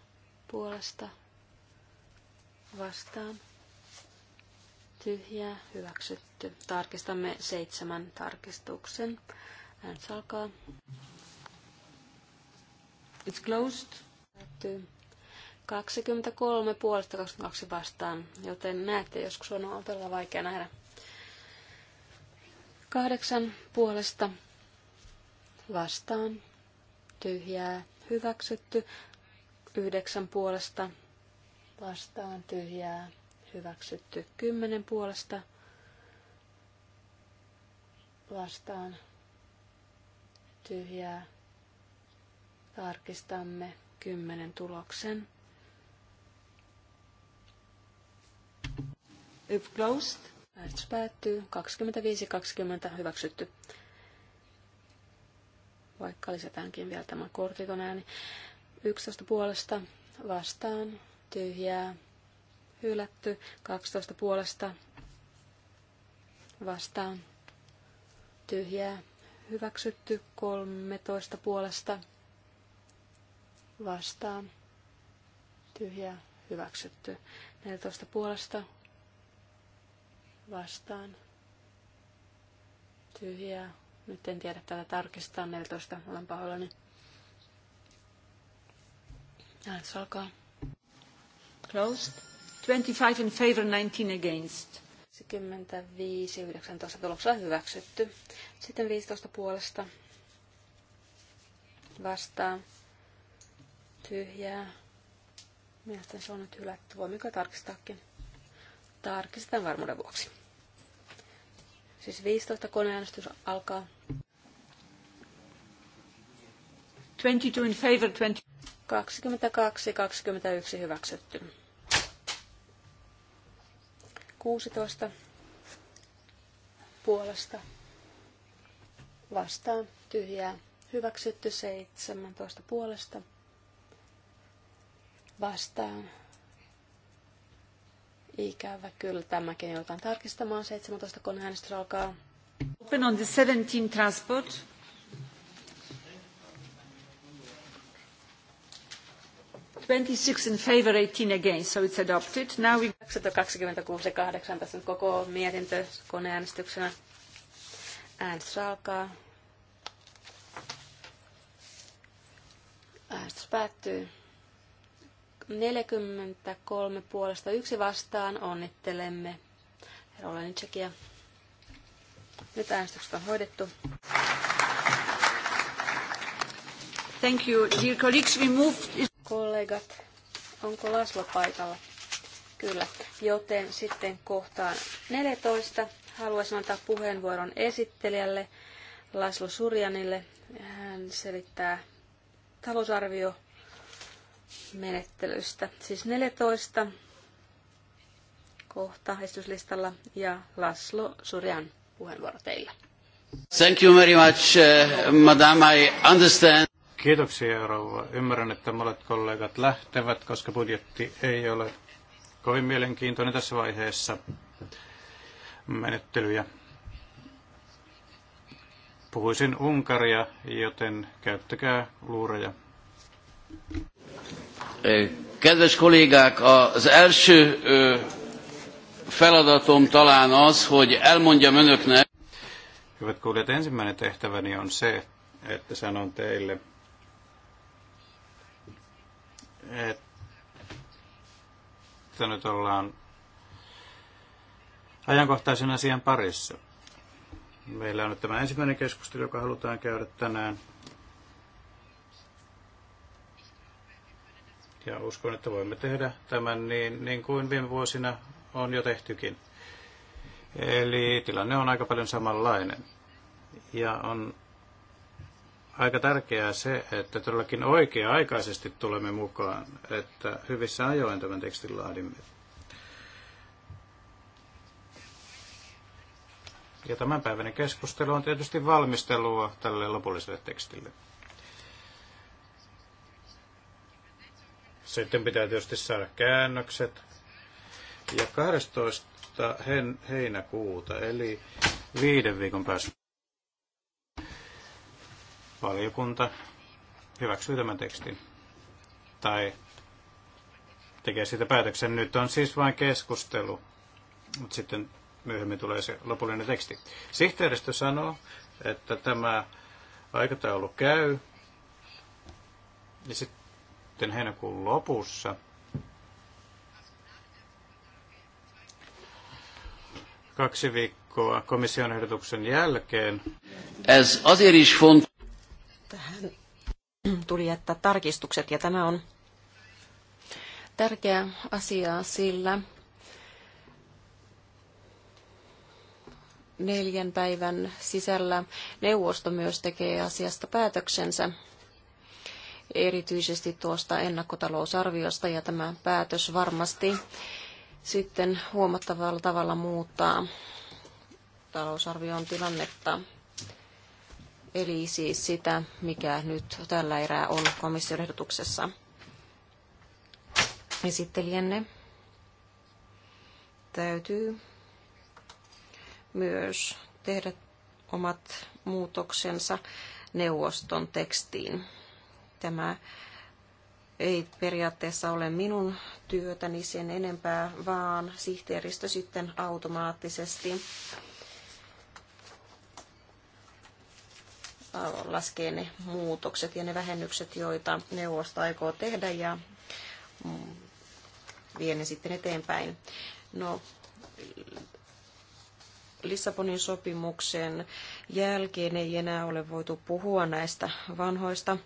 puolesta vastaan tyhjää hyväksytty. Tarkistamme seitsemän tarkistuksen. Äänet alkaa. It's closed. Päättyy. 23 puolesta 22 vastaan, joten näette, joskus on todella vaikea nähdä. Kahdeksan puolesta vastaan, tyhjää, hyväksytty. Yhdeksän puolesta vastaan, tyhjää, hyväksytty. Kymmenen puolesta vastaan, tyhjää, Tarkistamme kymmenen tuloksen. If closed. Äänestys päättyy. 25-20 hyväksytty. Vaikka lisätäänkin vielä tämä kortiton ääni. 11 puolesta vastaan. Tyhjää. Hylätty. 12 puolesta vastaan. Tyhjää. Hyväksytty. 13 puolesta vastaan Tyhjä, hyväksytty. 14 puolesta vastaan Tyhjä. Nyt en tiedä tätä tarkistaa. 14. Olen pahoillani. Äänestys alkaa. Closed. 25 in favor, 19 against. 25, 19 tuloksella hyväksytty. Sitten 15 puolesta vastaan tyhjää. Mielestäni se on nyt hylätty. Voi mikä tarkistaakin? Tarkistetaan varmuuden vuoksi. Siis 15 koneäänestys alkaa. 22 in favor, 20. 22, 21 hyväksytty. 16 puolesta vastaan tyhjää hyväksytty 17 puolesta vastaan. Ikävä kyllä tämäkin joudutaan tarkistamaan. 17 kun äänestys alkaa. Open on the 17 transport. in favor, 18 against, so it's adopted. Now we... 26, 8, Tässä on koko mietintö koneäänestyksenä. Äänestys alkaa. Äänestys päättyy. 43 puolesta yksi vastaan. Onnittelemme Olen Tsekia. Nyt äänestykset on hoidettu. Thank you, dear colleagues. We move... Kollegat, onko Laslo paikalla? Kyllä. Joten sitten kohtaan 14. Haluaisin antaa puheenvuoron esittelijälle Laslo Surjanille. Hän selittää talousarvio menettelystä. Siis 14 kohta esityslistalla ja Laslo Surjan puheenvuoro teillä. Thank you very much, uh, madam. I understand. Kiitoksia, rouva. Ymmärrän, että molemmat kollegat lähtevät, koska budjetti ei ole kovin mielenkiintoinen tässä vaiheessa menettelyjä. Puhuisin Unkaria, joten käyttäkää luureja. Kedves kollégák, az első feladatom talán az, hogy elmondjam önöknek. Hyvät kuulijat, ensimmäinen tehtäväni on se, että sanon teille, että nyt ollaan ajankohtaisen asian parissa. Meillä on nyt tämä ensimmäinen keskustelu, joka halutaan käydä tänään Ja uskon, että voimme tehdä tämän niin, niin kuin viime vuosina on jo tehtykin. Eli tilanne on aika paljon samanlainen. Ja on aika tärkeää se, että todellakin oikea-aikaisesti tulemme mukaan, että hyvissä ajoin tämän tekstin laadimme. Ja päivän keskustelu on tietysti valmistelua tälle lopulliselle tekstille. Sitten pitää tietysti saada käännökset. Ja 12. heinäkuuta, eli viiden viikon päästä valiokunta hyväksyy tämän tekstin. Tai tekee siitä päätöksen. Nyt on siis vain keskustelu, mutta sitten myöhemmin tulee se lopullinen teksti. Sihteeristö sanoo, että tämä aikataulu käy, ja sitten sitten heinäkuun lopussa kaksi viikkoa komission ehdotuksen jälkeen. Tähän tuli jättää tarkistukset ja tämä on tärkeä asia, sillä neljän päivän sisällä neuvosto myös tekee asiasta päätöksensä erityisesti tuosta ennakkotalousarviosta ja tämä päätös varmasti sitten huomattavalla tavalla muuttaa talousarvion tilannetta. Eli siis sitä, mikä nyt tällä erää on komission ehdotuksessa. Esittelijänne täytyy myös tehdä omat muutoksensa neuvoston tekstiin. Tämä ei periaatteessa ole minun työtäni sen enempää, vaan sihteeristö sitten automaattisesti laskee ne muutokset ja ne vähennykset, joita neuvosto aikoo tehdä ja vie ne sitten eteenpäin. No, Lissabonin sopimuksen jälkeen ei enää ole voitu puhua näistä vanhoista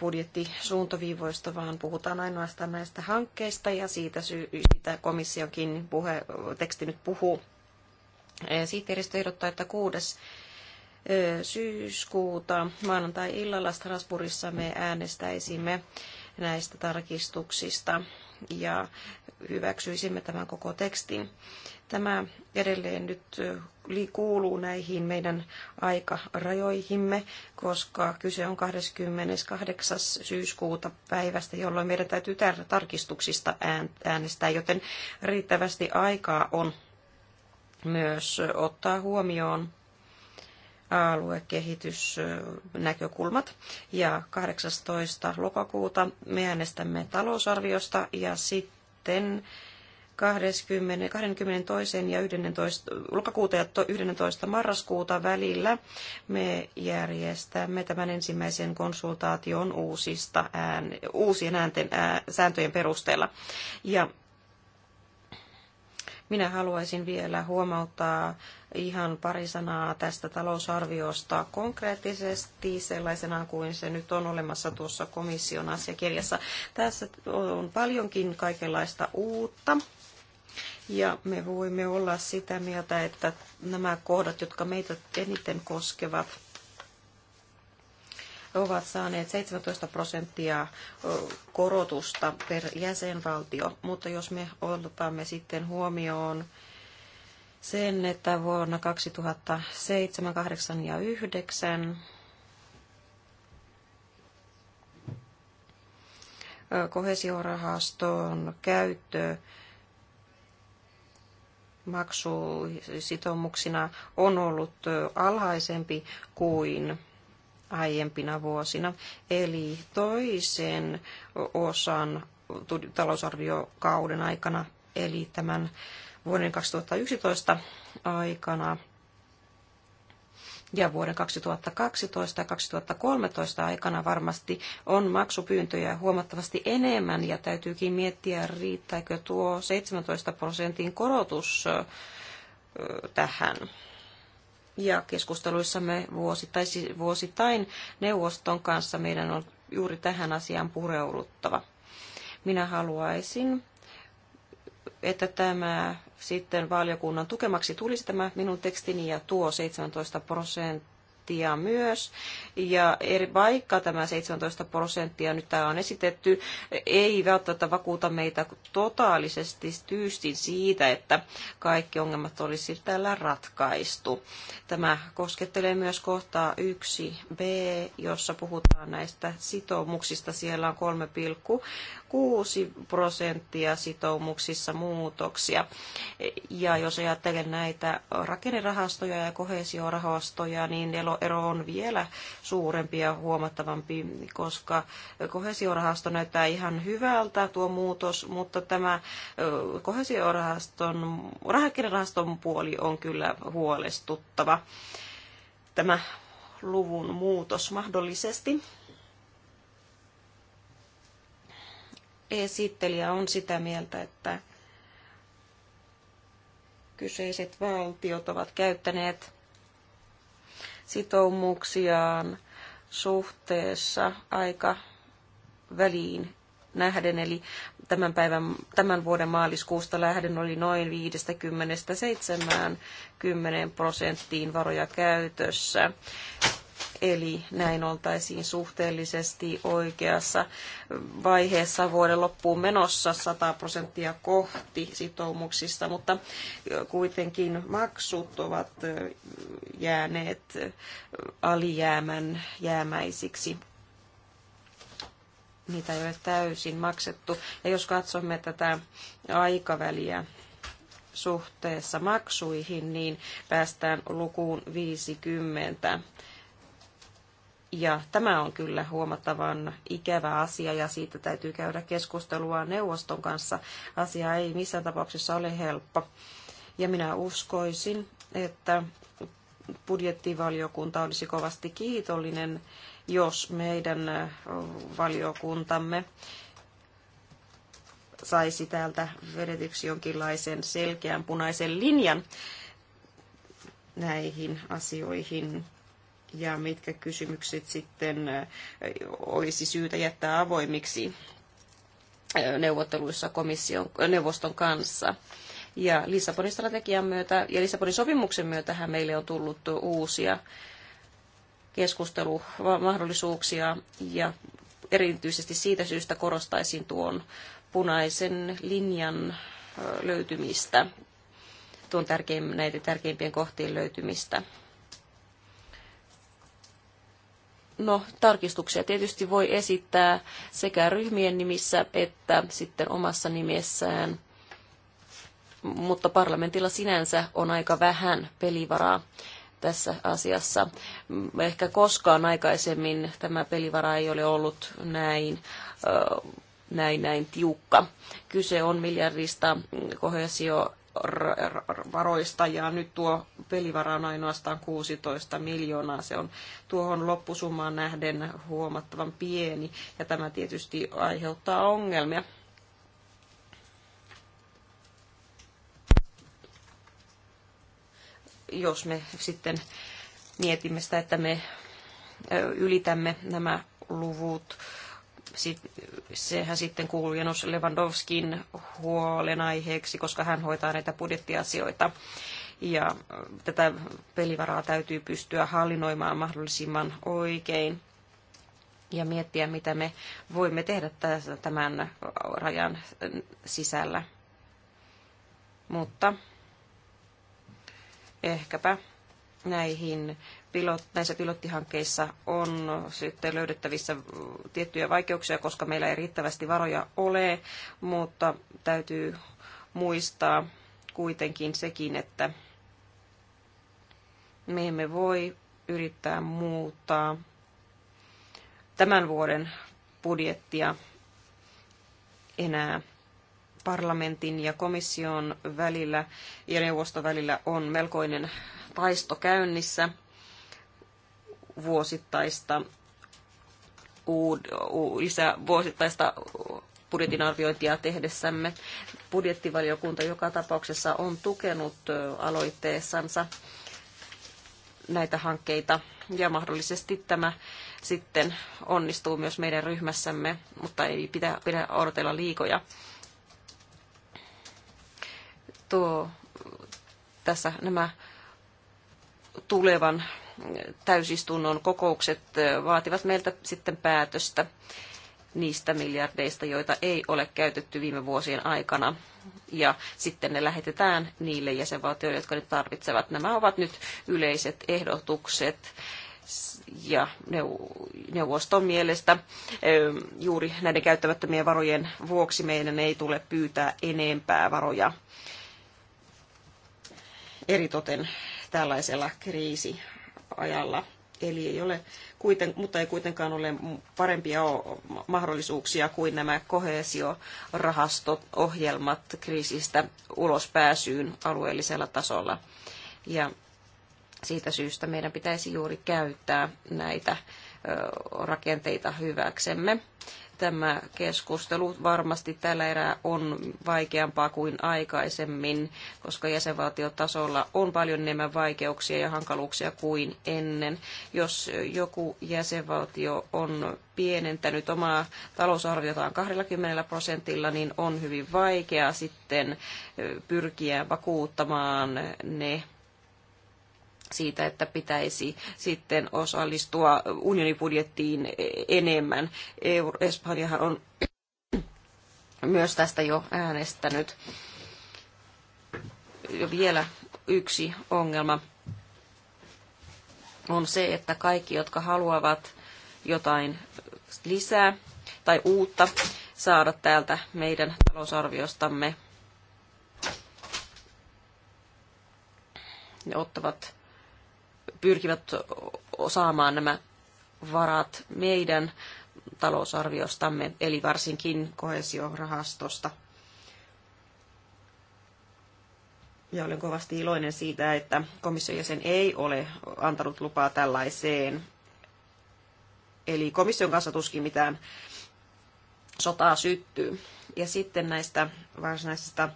budjettisuuntaviivoista, vaan puhutaan ainoastaan näistä hankkeista ja siitä, sy- siitä komissionkin puhe, teksti nyt puhuu. Sihteeristö ehdottaa, että 6. syyskuuta maanantai-illalla Strasbourgissa me äänestäisimme näistä tarkistuksista ja hyväksyisimme tämän koko tekstin. Tämä edelleen nyt kuuluu näihin meidän aikarajoihimme, koska kyse on 28. syyskuuta päivästä, jolloin meidän täytyy tarkistuksista äänestää, joten riittävästi aikaa on myös ottaa huomioon aluekehitysnäkökulmat. Ja 18. lokakuuta me äänestämme talousarviosta ja sitten 20, 22. ja 11, lokakuuta ja 11. marraskuuta välillä me järjestämme tämän ensimmäisen konsultaation uusista ään, uusien äänten, ää, sääntöjen perusteella. Ja minä haluaisin vielä huomauttaa ihan pari sanaa tästä talousarviosta konkreettisesti sellaisena kuin se nyt on olemassa tuossa komission asiakirjassa. Tässä on paljonkin kaikenlaista uutta ja me voimme olla sitä mieltä, että nämä kohdat, jotka meitä eniten koskevat, ovat saaneet 17 prosenttia korotusta per jäsenvaltio. Mutta jos me otamme sitten huomioon sen, että vuonna 2007, 8 ja 9 kohesiorahaston käyttö maksusitoumuksina on ollut alhaisempi kuin aiempina vuosina. Eli toisen osan talousarviokauden aikana, eli tämän vuoden 2011 aikana ja vuoden 2012 ja 2013 aikana varmasti on maksupyyntöjä huomattavasti enemmän ja täytyykin miettiä, riittääkö tuo 17 prosentin korotus tähän. Ja keskusteluissamme vuosittain, vuosittain neuvoston kanssa meidän on juuri tähän asiaan pureuduttava. Minä haluaisin että tämä sitten valiokunnan tukemaksi tulisi tämä minun tekstini ja tuo 17 prosenttia myös. Ja eri, vaikka tämä 17 prosenttia nyt tämä on esitetty, ei välttämättä vakuuta meitä totaalisesti tyystin siitä, että kaikki ongelmat olisi tällä ratkaistu. Tämä koskettelee myös kohtaa 1b, jossa puhutaan näistä sitoumuksista. Siellä on 3, 6 prosenttia sitoumuksissa muutoksia. Ja jos ajattelen näitä rakennerahastoja ja kohesiorahastoja, niin ero on vielä suurempi ja huomattavampi, koska kohesiorahasto näyttää ihan hyvältä tuo muutos, mutta tämä kohesiorahaston, rakennerahaston puoli on kyllä huolestuttava. Tämä luvun muutos mahdollisesti esittelijä on sitä mieltä, että kyseiset valtiot ovat käyttäneet sitoumuksiaan suhteessa aika väliin nähden, eli tämän, päivän, tämän vuoden maaliskuusta lähden oli noin 50-70 prosenttiin varoja käytössä. Eli näin oltaisiin suhteellisesti oikeassa vaiheessa vuoden loppuun menossa 100 prosenttia kohti sitoumuksista, mutta kuitenkin maksut ovat jääneet alijäämän jäämäisiksi niitä ei ole täysin maksettu. Ja jos katsomme tätä aikaväliä suhteessa maksuihin, niin päästään lukuun 50 ja tämä on kyllä huomattavan ikävä asia ja siitä täytyy käydä keskustelua neuvoston kanssa. Asia ei missään tapauksessa ole helppo. Ja minä uskoisin, että budjettivaliokunta olisi kovasti kiitollinen, jos meidän valiokuntamme saisi täältä vedetyksi jonkinlaisen selkeän punaisen linjan näihin asioihin ja mitkä kysymykset sitten olisi syytä jättää avoimiksi neuvotteluissa komission, neuvoston kanssa. Ja Lissabonin strategian myötä ja Lissabonin sopimuksen myötähän meille on tullut uusia keskustelumahdollisuuksia ja erityisesti siitä syystä korostaisin tuon punaisen linjan löytymistä, tuon tärkein, näiden tärkeimpien kohtien löytymistä No, tarkistuksia tietysti voi esittää sekä ryhmien nimissä että sitten omassa nimessään, mutta parlamentilla sinänsä on aika vähän pelivaraa tässä asiassa. Ehkä koskaan aikaisemmin tämä pelivara ei ole ollut näin, näin, näin tiukka. Kyse on miljardista kohesio varoista ja nyt tuo pelivara on ainoastaan 16 miljoonaa. Se on tuohon loppusummaan nähden huomattavan pieni ja tämä tietysti aiheuttaa ongelmia. Jos me sitten mietimme sitä, että me ylitämme nämä luvut, sit, sehän sitten kuuluu Janus Lewandowskin huolenaiheeksi, koska hän hoitaa näitä budjettiasioita. Ja äh, tätä pelivaraa täytyy pystyä hallinnoimaan mahdollisimman oikein ja miettiä, mitä me voimme tehdä tämän rajan sisällä. Mutta ehkäpä näihin pilot, näissä pilottihankkeissa on sitten löydettävissä tiettyjä vaikeuksia, koska meillä ei riittävästi varoja ole, mutta täytyy muistaa kuitenkin sekin, että me emme voi yrittää muuttaa tämän vuoden budjettia enää parlamentin ja komission välillä ja neuvoston välillä on melkoinen taisto käynnissä vuosittaista uud, u, lisä, vuosittaista budjetin arviointia tehdessämme. Budjettivaliokunta joka tapauksessa on tukenut aloitteessansa näitä hankkeita ja mahdollisesti tämä sitten onnistuu myös meidän ryhmässämme, mutta ei pidä, pidä odotella liikoja. Tuo, tässä nämä tulevan täysistunnon kokoukset vaativat meiltä sitten päätöstä niistä miljardeista, joita ei ole käytetty viime vuosien aikana. Ja sitten ne lähetetään niille jäsenvaltioille, jotka ne tarvitsevat. Nämä ovat nyt yleiset ehdotukset ja neuvoston mielestä juuri näiden käyttämättömien varojen vuoksi meidän ei tule pyytää enempää varoja eritoten tällaisella kriisiajalla. Eli ei ole, kuiten, mutta ei kuitenkaan ole parempia mahdollisuuksia kuin nämä kohesiorahastot, ohjelmat kriisistä ulospääsyyn alueellisella tasolla. Ja siitä syystä meidän pitäisi juuri käyttää näitä rakenteita hyväksemme. Tämä keskustelu varmasti tällä erää on vaikeampaa kuin aikaisemmin, koska jäsenvaltiotasolla on paljon enemmän vaikeuksia ja hankaluuksia kuin ennen. Jos joku jäsenvaltio on pienentänyt omaa talousarviotaan 20 prosentilla, niin on hyvin vaikea sitten pyrkiä vakuuttamaan ne siitä, että pitäisi sitten osallistua unionibudjettiin enemmän. Espanjahan on myös tästä jo äänestänyt. Ja vielä yksi ongelma on se, että kaikki, jotka haluavat jotain lisää tai uutta saada täältä meidän talousarviostamme, ne ottavat pyrkivät osaamaan nämä varat meidän talousarviostamme, eli varsinkin kohesiorahastosta. Ja olen kovasti iloinen siitä, että komission jäsen ei ole antanut lupaa tällaiseen. Eli komission kanssa tuskin mitään sotaa syttyy. Ja sitten näistä varsinaisista äh,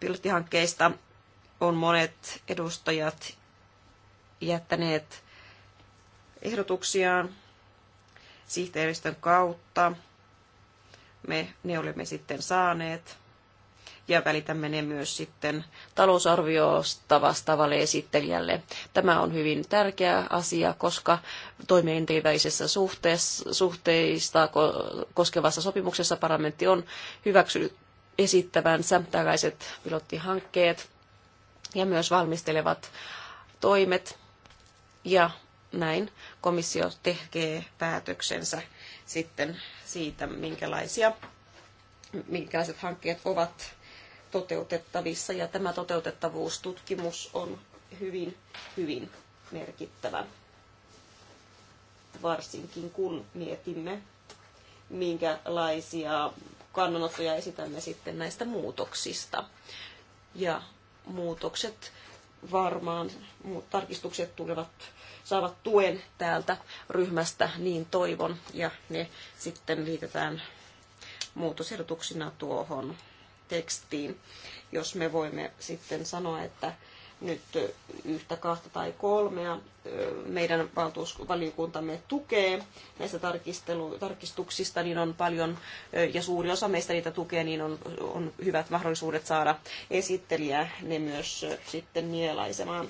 pilottihankkeista on monet edustajat jättäneet ehdotuksiaan sihteeristön kautta. Me ne olemme sitten saaneet ja välitämme ne myös sitten talousarviosta vastaavalle esittelijälle. Tämä on hyvin tärkeä asia, koska toimeenteväisessä suhteista koskevassa sopimuksessa parlamentti on hyväksynyt esittävänsä tällaiset pilottihankkeet ja myös valmistelevat toimet ja näin komissio tekee päätöksensä sitten siitä, minkälaisia, minkälaiset hankkeet ovat toteutettavissa. Ja tämä toteutettavuustutkimus on hyvin, hyvin merkittävä, varsinkin kun mietimme, minkälaisia kannanottoja esitämme sitten näistä muutoksista. Ja muutokset varmaan muut tarkistukset tulevat, saavat tuen täältä ryhmästä, niin toivon. Ja ne sitten liitetään muutosehdotuksina tuohon tekstiin, jos me voimme sitten sanoa, että nyt yhtä, kahta tai kolmea. Meidän valtuusvaliokuntamme tukee näistä tarkistuksista, niin on paljon, ja suuri osa meistä niitä tukee, niin on, on hyvät mahdollisuudet saada esittelijä ne myös sitten nielaisemaan.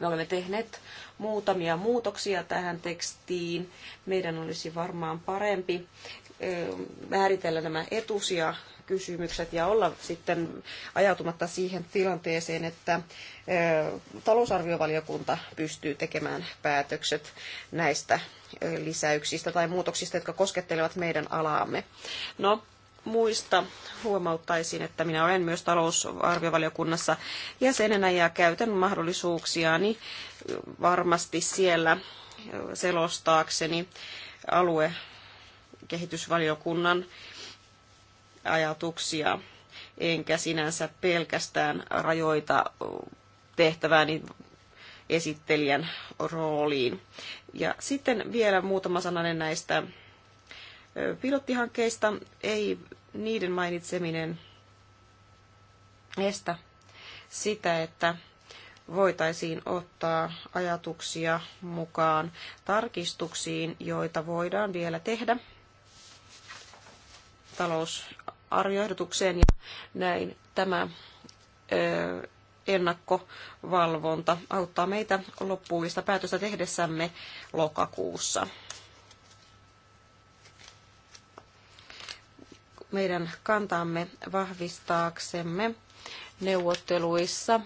Me olemme tehneet muutamia muutoksia tähän tekstiin. Meidän olisi varmaan parempi määritellä nämä etusia kysymykset ja olla sitten ajautumatta siihen tilanteeseen, että talousarviovaliokunta pystyy tekemään päätökset näistä lisäyksistä tai muutoksista, jotka koskettelevat meidän alaamme. No, muista huomauttaisin, että minä olen myös talousarviovaliokunnassa jäsenenä ja käytän mahdollisuuksiani varmasti siellä selostaakseni alue kehitysvaliokunnan ajatuksia, enkä sinänsä pelkästään rajoita tehtävääni esittelijän rooliin. Ja sitten vielä muutama sananen näistä pilottihankkeista. Ei niiden mainitseminen estä sitä, että voitaisiin ottaa ajatuksia mukaan tarkistuksiin, joita voidaan vielä tehdä talous- arjoehdotukseen ja näin tämä ennakkovalvonta auttaa meitä loppuista päätöstä tehdessämme lokakuussa. Meidän kantaamme vahvistaaksemme neuvotteluissa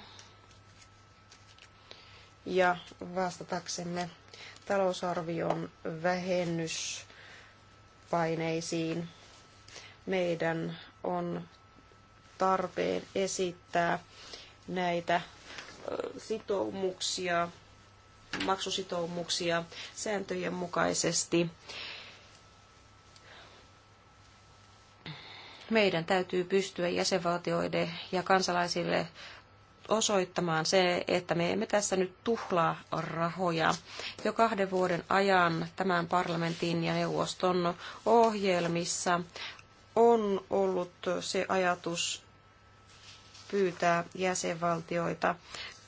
ja vastataksemme talousarvion vähennyspaineisiin meidän on tarpeen esittää näitä sitoumuksia, maksusitoumuksia sääntöjen mukaisesti. Meidän täytyy pystyä jäsenvaltioiden ja kansalaisille osoittamaan se, että me emme tässä nyt tuhlaa rahoja. Jo kahden vuoden ajan tämän parlamentin ja neuvoston ohjelmissa on ollut se ajatus pyytää jäsenvaltioita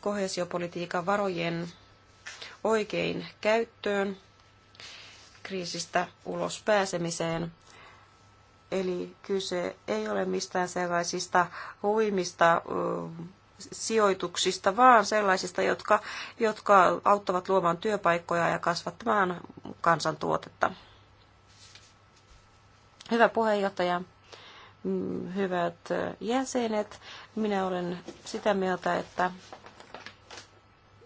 kohesiopolitiikan varojen oikein käyttöön kriisistä ulos pääsemiseen. Eli kyse ei ole mistään sellaisista huimista sijoituksista, vaan sellaisista, jotka, jotka auttavat luomaan työpaikkoja ja kasvattamaan kansantuotetta. Hyvä puheenjohtaja, hyvät jäsenet, minä olen sitä mieltä, että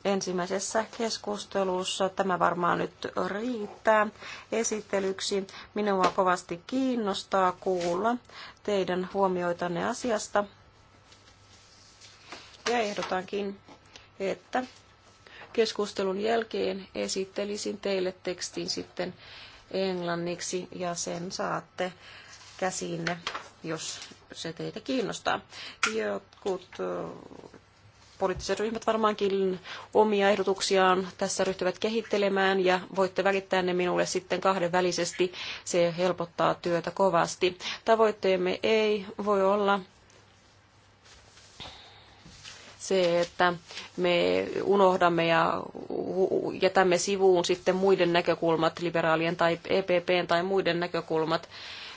ensimmäisessä keskustelussa. Tämä varmaan nyt riittää esittelyksi. Minua kovasti kiinnostaa kuulla teidän huomioitanne asiasta. Ja ehdotankin, että keskustelun jälkeen esittelisin teille tekstin sitten englanniksi ja sen saatte käsiinne, jos se teitä kiinnostaa. Jotkut poliittiset ryhmät varmaankin omia ehdotuksiaan tässä ryhtyvät kehittelemään ja voitte välittää ne minulle sitten kahdenvälisesti. Se helpottaa työtä kovasti. Tavoitteemme ei voi olla se, että me unohdamme ja jätämme sivuun sitten muiden näkökulmat, liberaalien tai EPPn tai muiden näkökulmat.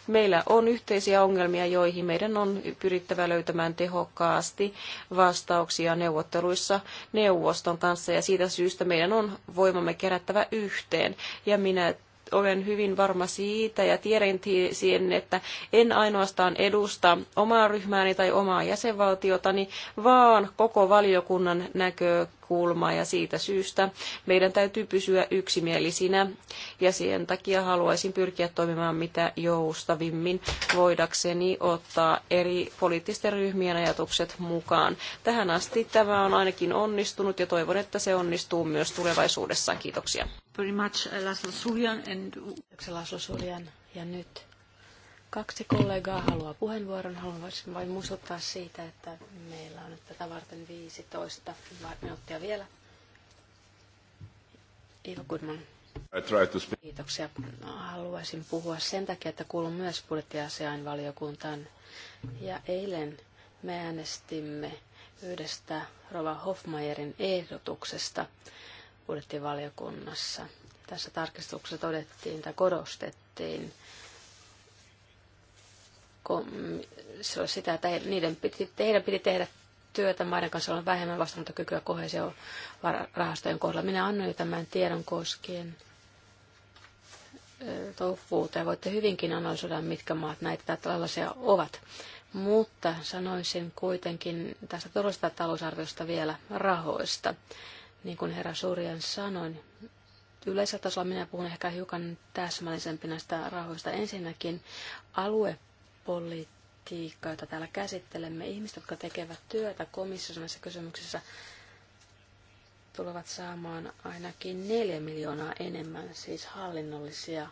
Meillä on yhteisiä ongelmia, joihin meidän on pyrittävä löytämään tehokkaasti vastauksia neuvotteluissa neuvoston kanssa ja siitä syystä meidän on voimamme kerättävä yhteen. Ja minä olen hyvin varma siitä ja tiedän siihen, että en ainoastaan edusta omaa ryhmääni tai omaa jäsenvaltiotani, vaan koko valiokunnan näkö, näkökulmaa ja siitä syystä meidän täytyy pysyä yksimielisinä ja sen takia haluaisin pyrkiä toimimaan mitä joustavimmin voidakseni ottaa eri poliittisten ryhmien ajatukset mukaan. Tähän asti tämä on ainakin onnistunut ja toivon, että se onnistuu myös tulevaisuudessa. Kiitoksia. much, Laszlo and... Laszlo ja nyt Kaksi kollegaa haluaa puheenvuoron. Haluaisin vain muistuttaa siitä, että meillä on nyt tätä varten 15 minuuttia vielä. Ivo Goodman. Kiitoksia. Haluaisin puhua sen takia, että kuulun myös budjettiasiain valiokuntaan. Ja eilen me äänestimme yhdestä Rova Hofmeierin ehdotuksesta budjettivaliokunnassa. Tässä tarkistuksessa todettiin tai korostettiin se oli sitä, että niiden piti, heidän piti tehdä työtä maiden kanssa, on vähemmän vastaanottokykyä rahastojen kohdalla. Minä annoin tämän tiedon koskien toukkuuteen. Voitte hyvinkin analysoida, mitkä maat näitä tällaisia ovat. Mutta sanoisin kuitenkin tästä todellisesta talousarviosta vielä rahoista. Niin kuin herra Surjan sanoin, yleisellä tasolla minä puhun ehkä hiukan täsmällisempi näistä rahoista. Ensinnäkin alue politiikkaa, jota täällä käsittelemme. Ihmiset, jotka tekevät työtä komissiossa näissä kysymyksissä, tulevat saamaan ainakin 4 miljoonaa enemmän siis hallinnollisia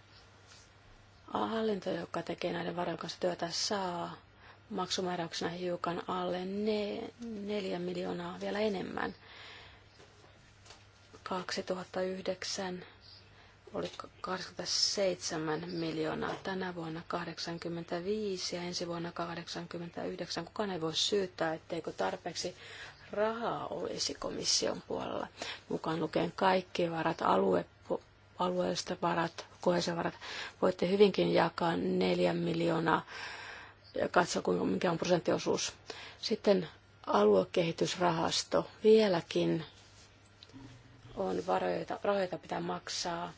hallinto, joka tekee näiden varojen kanssa työtä, saa maksumääräyksenä hiukan alle ne, 4 miljoonaa vielä enemmän. 2009 oli 87 miljoonaa, tänä vuonna 85 ja ensi vuonna 89. Kukaan ei voi syyttää, etteikö tarpeeksi rahaa olisi komission puolella, mukaan lukien kaikki varat, alue, alueelliset varat, koesevarat. Voitte hyvinkin jakaa 4 miljoonaa ja katsoa, mikä on prosenttiosuus. Sitten aluekehitysrahasto. Vieläkin on varoja, rahoja pitää maksaa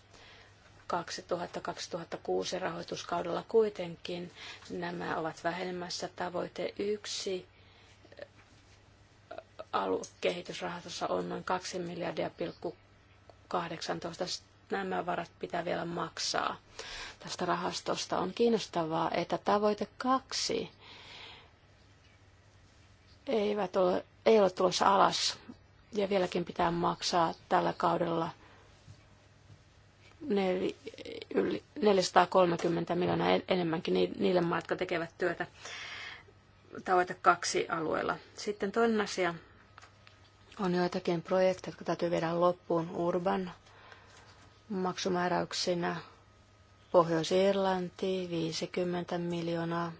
2000-2006 rahoituskaudella kuitenkin nämä ovat vähenemässä tavoite yksi äh, aluekehitysrahastossa on noin 2 miljardia pilkku 18. Nämä varat pitää vielä maksaa. Tästä rahastosta on kiinnostavaa, että tavoite kaksi ei ole tulossa alas ja vieläkin pitää maksaa tällä kaudella – yli 430 miljoonaa enemmänkin niille maille, jotka tekevät työtä tavoite kaksi alueella. Sitten toinen asia on joitakin projekteja, jotka täytyy viedä loppuun urban maksumääräyksinä. Pohjois-Irlanti 50 miljoonaa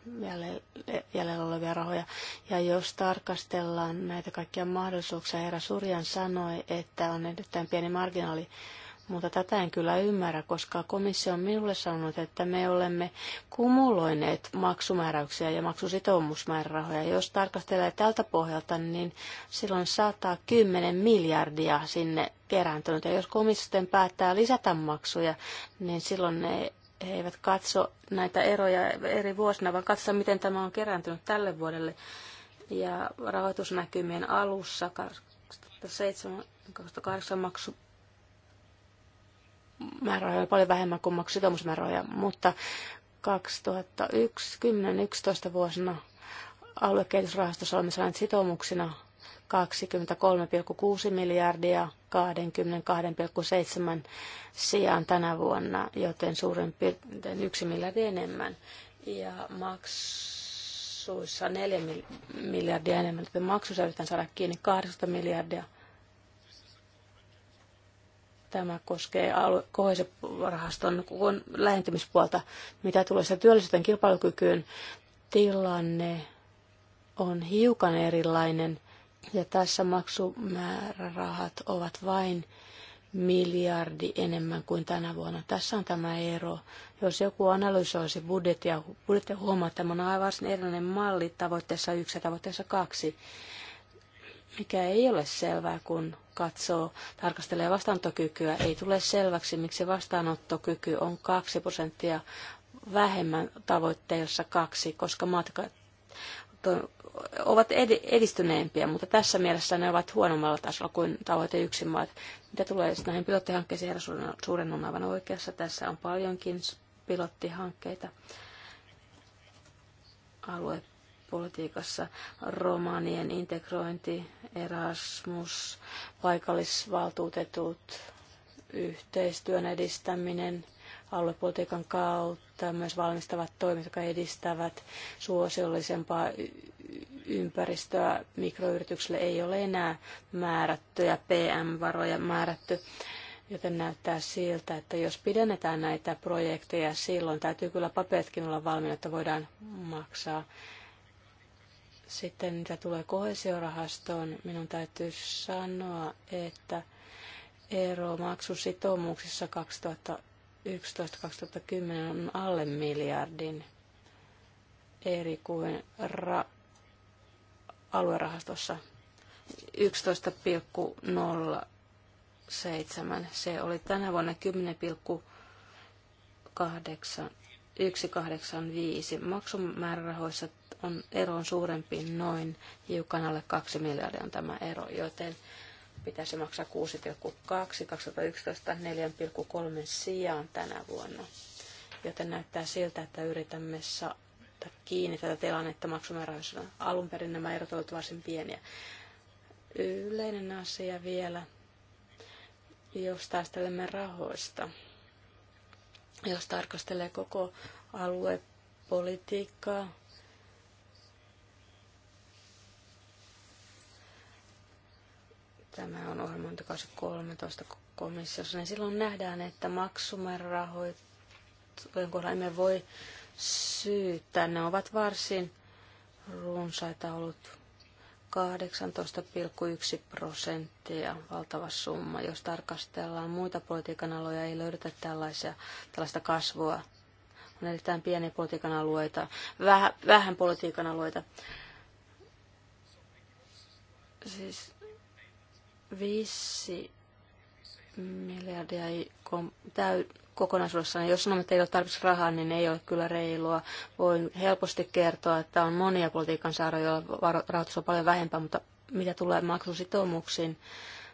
jäljellä olevia rahoja. Ja jos tarkastellaan näitä kaikkia mahdollisuuksia, herra Surjan sanoi, että on erittäin pieni marginaali mutta tätä en kyllä ymmärrä, koska komissio on minulle sanonut, että me olemme kumuloineet maksumääräyksiä ja maksusitoumusmäärärahoja. Jos tarkastelee tältä pohjalta, niin silloin saattaa 10 miljardia sinne kerääntynyt. Ja jos komissio päättää lisätä maksuja, niin silloin ne he eivät katso näitä eroja eri vuosina, vaan katso, miten tämä on kerääntynyt tälle vuodelle. Ja rahoitusnäkymien alussa 2007-2008 maksu määrärahoja oli paljon vähemmän kuin sitoumusmäärärahoja, mutta 2010-2011 vuosina aluekehitysrahastossa olemme saaneet sitoumuksina 23,6 miljardia 22,7 sijaan tänä vuonna, joten suurin piirtein 1 miljardi enemmän. Ja maksuissa 4 miljardia enemmän, joten maksuissa yritetään saada kiinni 8 miljardia Tämä koskee alue- kun lähentymispuolta. Mitä tulee sitä työllisyyden kilpailukykyyn, tilanne on hiukan erilainen ja tässä maksumäärärahat ovat vain miljardi enemmän kuin tänä vuonna. Tässä on tämä ero. Jos joku analysoisi budjettia, budjettia huomaa, että tämä on aivan erilainen malli tavoitteessa yksi ja tavoitteessa kaksi, mikä ei ole selvää, kun katsoo, tarkastelee vastaanottokykyä, ei tule selväksi, miksi vastaanottokyky on 2 prosenttia vähemmän tavoitteessa kaksi, koska maat ovat edistyneempiä, mutta tässä mielessä ne ovat huonommalla tasolla kuin tavoite yksi maat. Mitä tulee sitten näihin pilottihankkeisiin, herra Suuren on aivan oikeassa. Tässä on paljonkin pilottihankkeita aluepolitiikassa. Romaanien integrointi, Erasmus, paikallisvaltuutetut, yhteistyön edistäminen aluepolitiikan kautta, myös valmistavat toimet, jotka edistävät suosiollisempaa ympäristöä mikroyrityksille ei ole enää määrättyjä PM-varoja määrätty. Joten näyttää siltä, että jos pidennetään näitä projekteja, silloin täytyy kyllä paperitkin olla valmiina, että voidaan maksaa sitten mitä tulee kohesiorahastoon, minun täytyy sanoa, että ero maksusitoumuksissa 2011-2010 on alle miljardin eri kuin ra- aluerahastossa 11,07. Se oli tänä vuonna 10,8. 1,85. Maksumäärärahoissa on, ero on suurempi, noin hiukan alle 2 miljardia on tämä ero, joten pitäisi maksaa 6,2, 2011 4,3 sijaan tänä vuonna. Joten näyttää siltä, että yritämme saada kiinni tätä tilannetta maksumääräysenä. Alun perin nämä erot ovat varsin pieniä. Yleinen asia vielä, jos taistelemme rahoista. Jos tarkastelee koko aluepolitiikkaa, Tämä on ohjelman 13 komissiossa, niin silloin nähdään, että maksumäärärahojen kohdalla emme voi syyttää. Ne ovat varsin runsaita ollut 18,1 prosenttia, valtava summa. Jos tarkastellaan muita politiikan aloja, ei löydetä tällaisia, tällaista kasvua. On erittäin pieniä politiikan alueita, vähän, vähän politiikan alueita. Siis 5 miljardia ei täy- kokonaisuudessaan. Jos sanomme, että ei ole tarpeeksi rahaa, niin ei ole kyllä reilua. Voin helposti kertoa, että on monia politiikan saaroja, joilla rahoitus on paljon vähempää, mutta mitä tulee maksusitoumuksiin,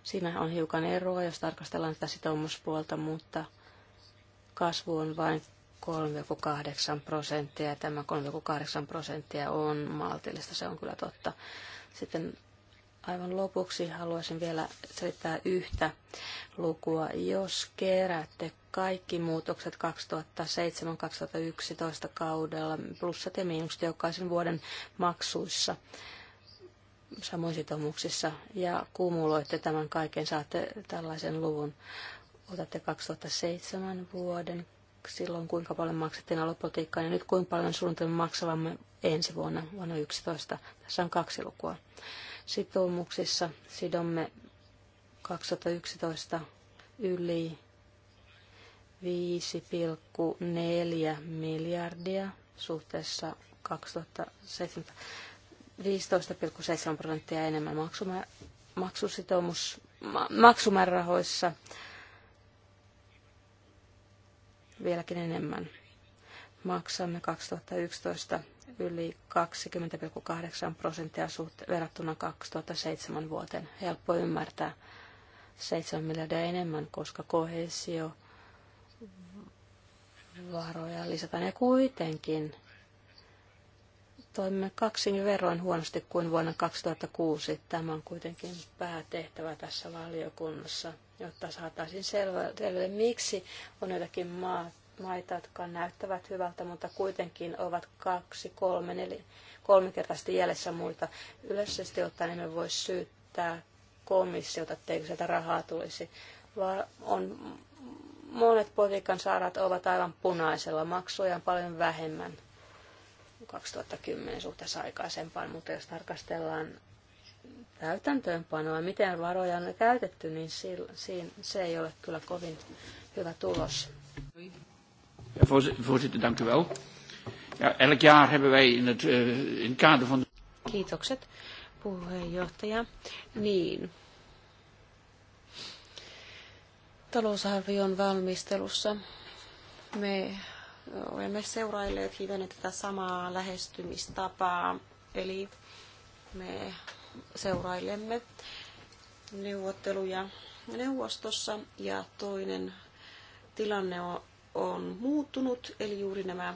siinä on hiukan eroa, jos tarkastellaan sitä sitoumuspuolta, mutta kasvu on vain 3,8 prosenttia ja tämä 3,8 prosenttia on maltillista, se on kyllä totta. Sitten Aivan lopuksi haluaisin vielä selittää yhtä lukua. Jos keräätte kaikki muutokset 2007-2011 kaudella, plussat ja miinukset jokaisen vuoden maksuissa, samoin sitoumuksissa, ja kumuloitte tämän kaiken, saatte tällaisen luvun. Otatte 2007 vuoden, silloin kuinka paljon maksettiin alopolitiikkaa, ja niin nyt kuinka paljon suunnitelma maksavamme ensi vuonna, vuonna 2011. Tässä on kaksi lukua sitoumuksissa sidomme 2011 yli 5,4 miljardia suhteessa 2017 15,7 prosenttia enemmän maksuma- maksusitoumus, ma- maksumäärärahoissa vieläkin enemmän maksamme 2011 yli 20,8 prosenttia suhte- verrattuna 2007 vuoteen. Helppo ymmärtää 7 miljardia enemmän, koska kohesio varoja lisätään. Ja kuitenkin toimimme kaksin verroin huonosti kuin vuonna 2006. Tämä on kuitenkin päätehtävä tässä valiokunnassa, jotta saataisiin selville, miksi on joitakin maat maita, jotka näyttävät hyvältä, mutta kuitenkin ovat kaksi, kolme, neli, kolmikertaisesti jäljessä muita. Yleisesti ottaen emme voi syyttää komissiota, etteikö sieltä rahaa tulisi. Vaan on, monet politiikan saarat ovat aivan punaisella, maksuja on paljon vähemmän 2010 suhteessa aikaisempaan, mutta jos tarkastellaan täytäntöönpanoa, miten varoja on käytetty, niin se ei ole kyllä kovin hyvä tulos. Ja, voorzitter, dank u wel. Ja, elk jaar hebben wij in het, uh, in het kader van... Kiitokset, puheenjohtaja. Niin. Talousarvion valmistelussa me olemme seurailleet hivenen tätä samaa lähestymistapaa. Eli me seurailemme neuvotteluja neuvostossa ja toinen tilanne on on muuttunut, eli juuri nämä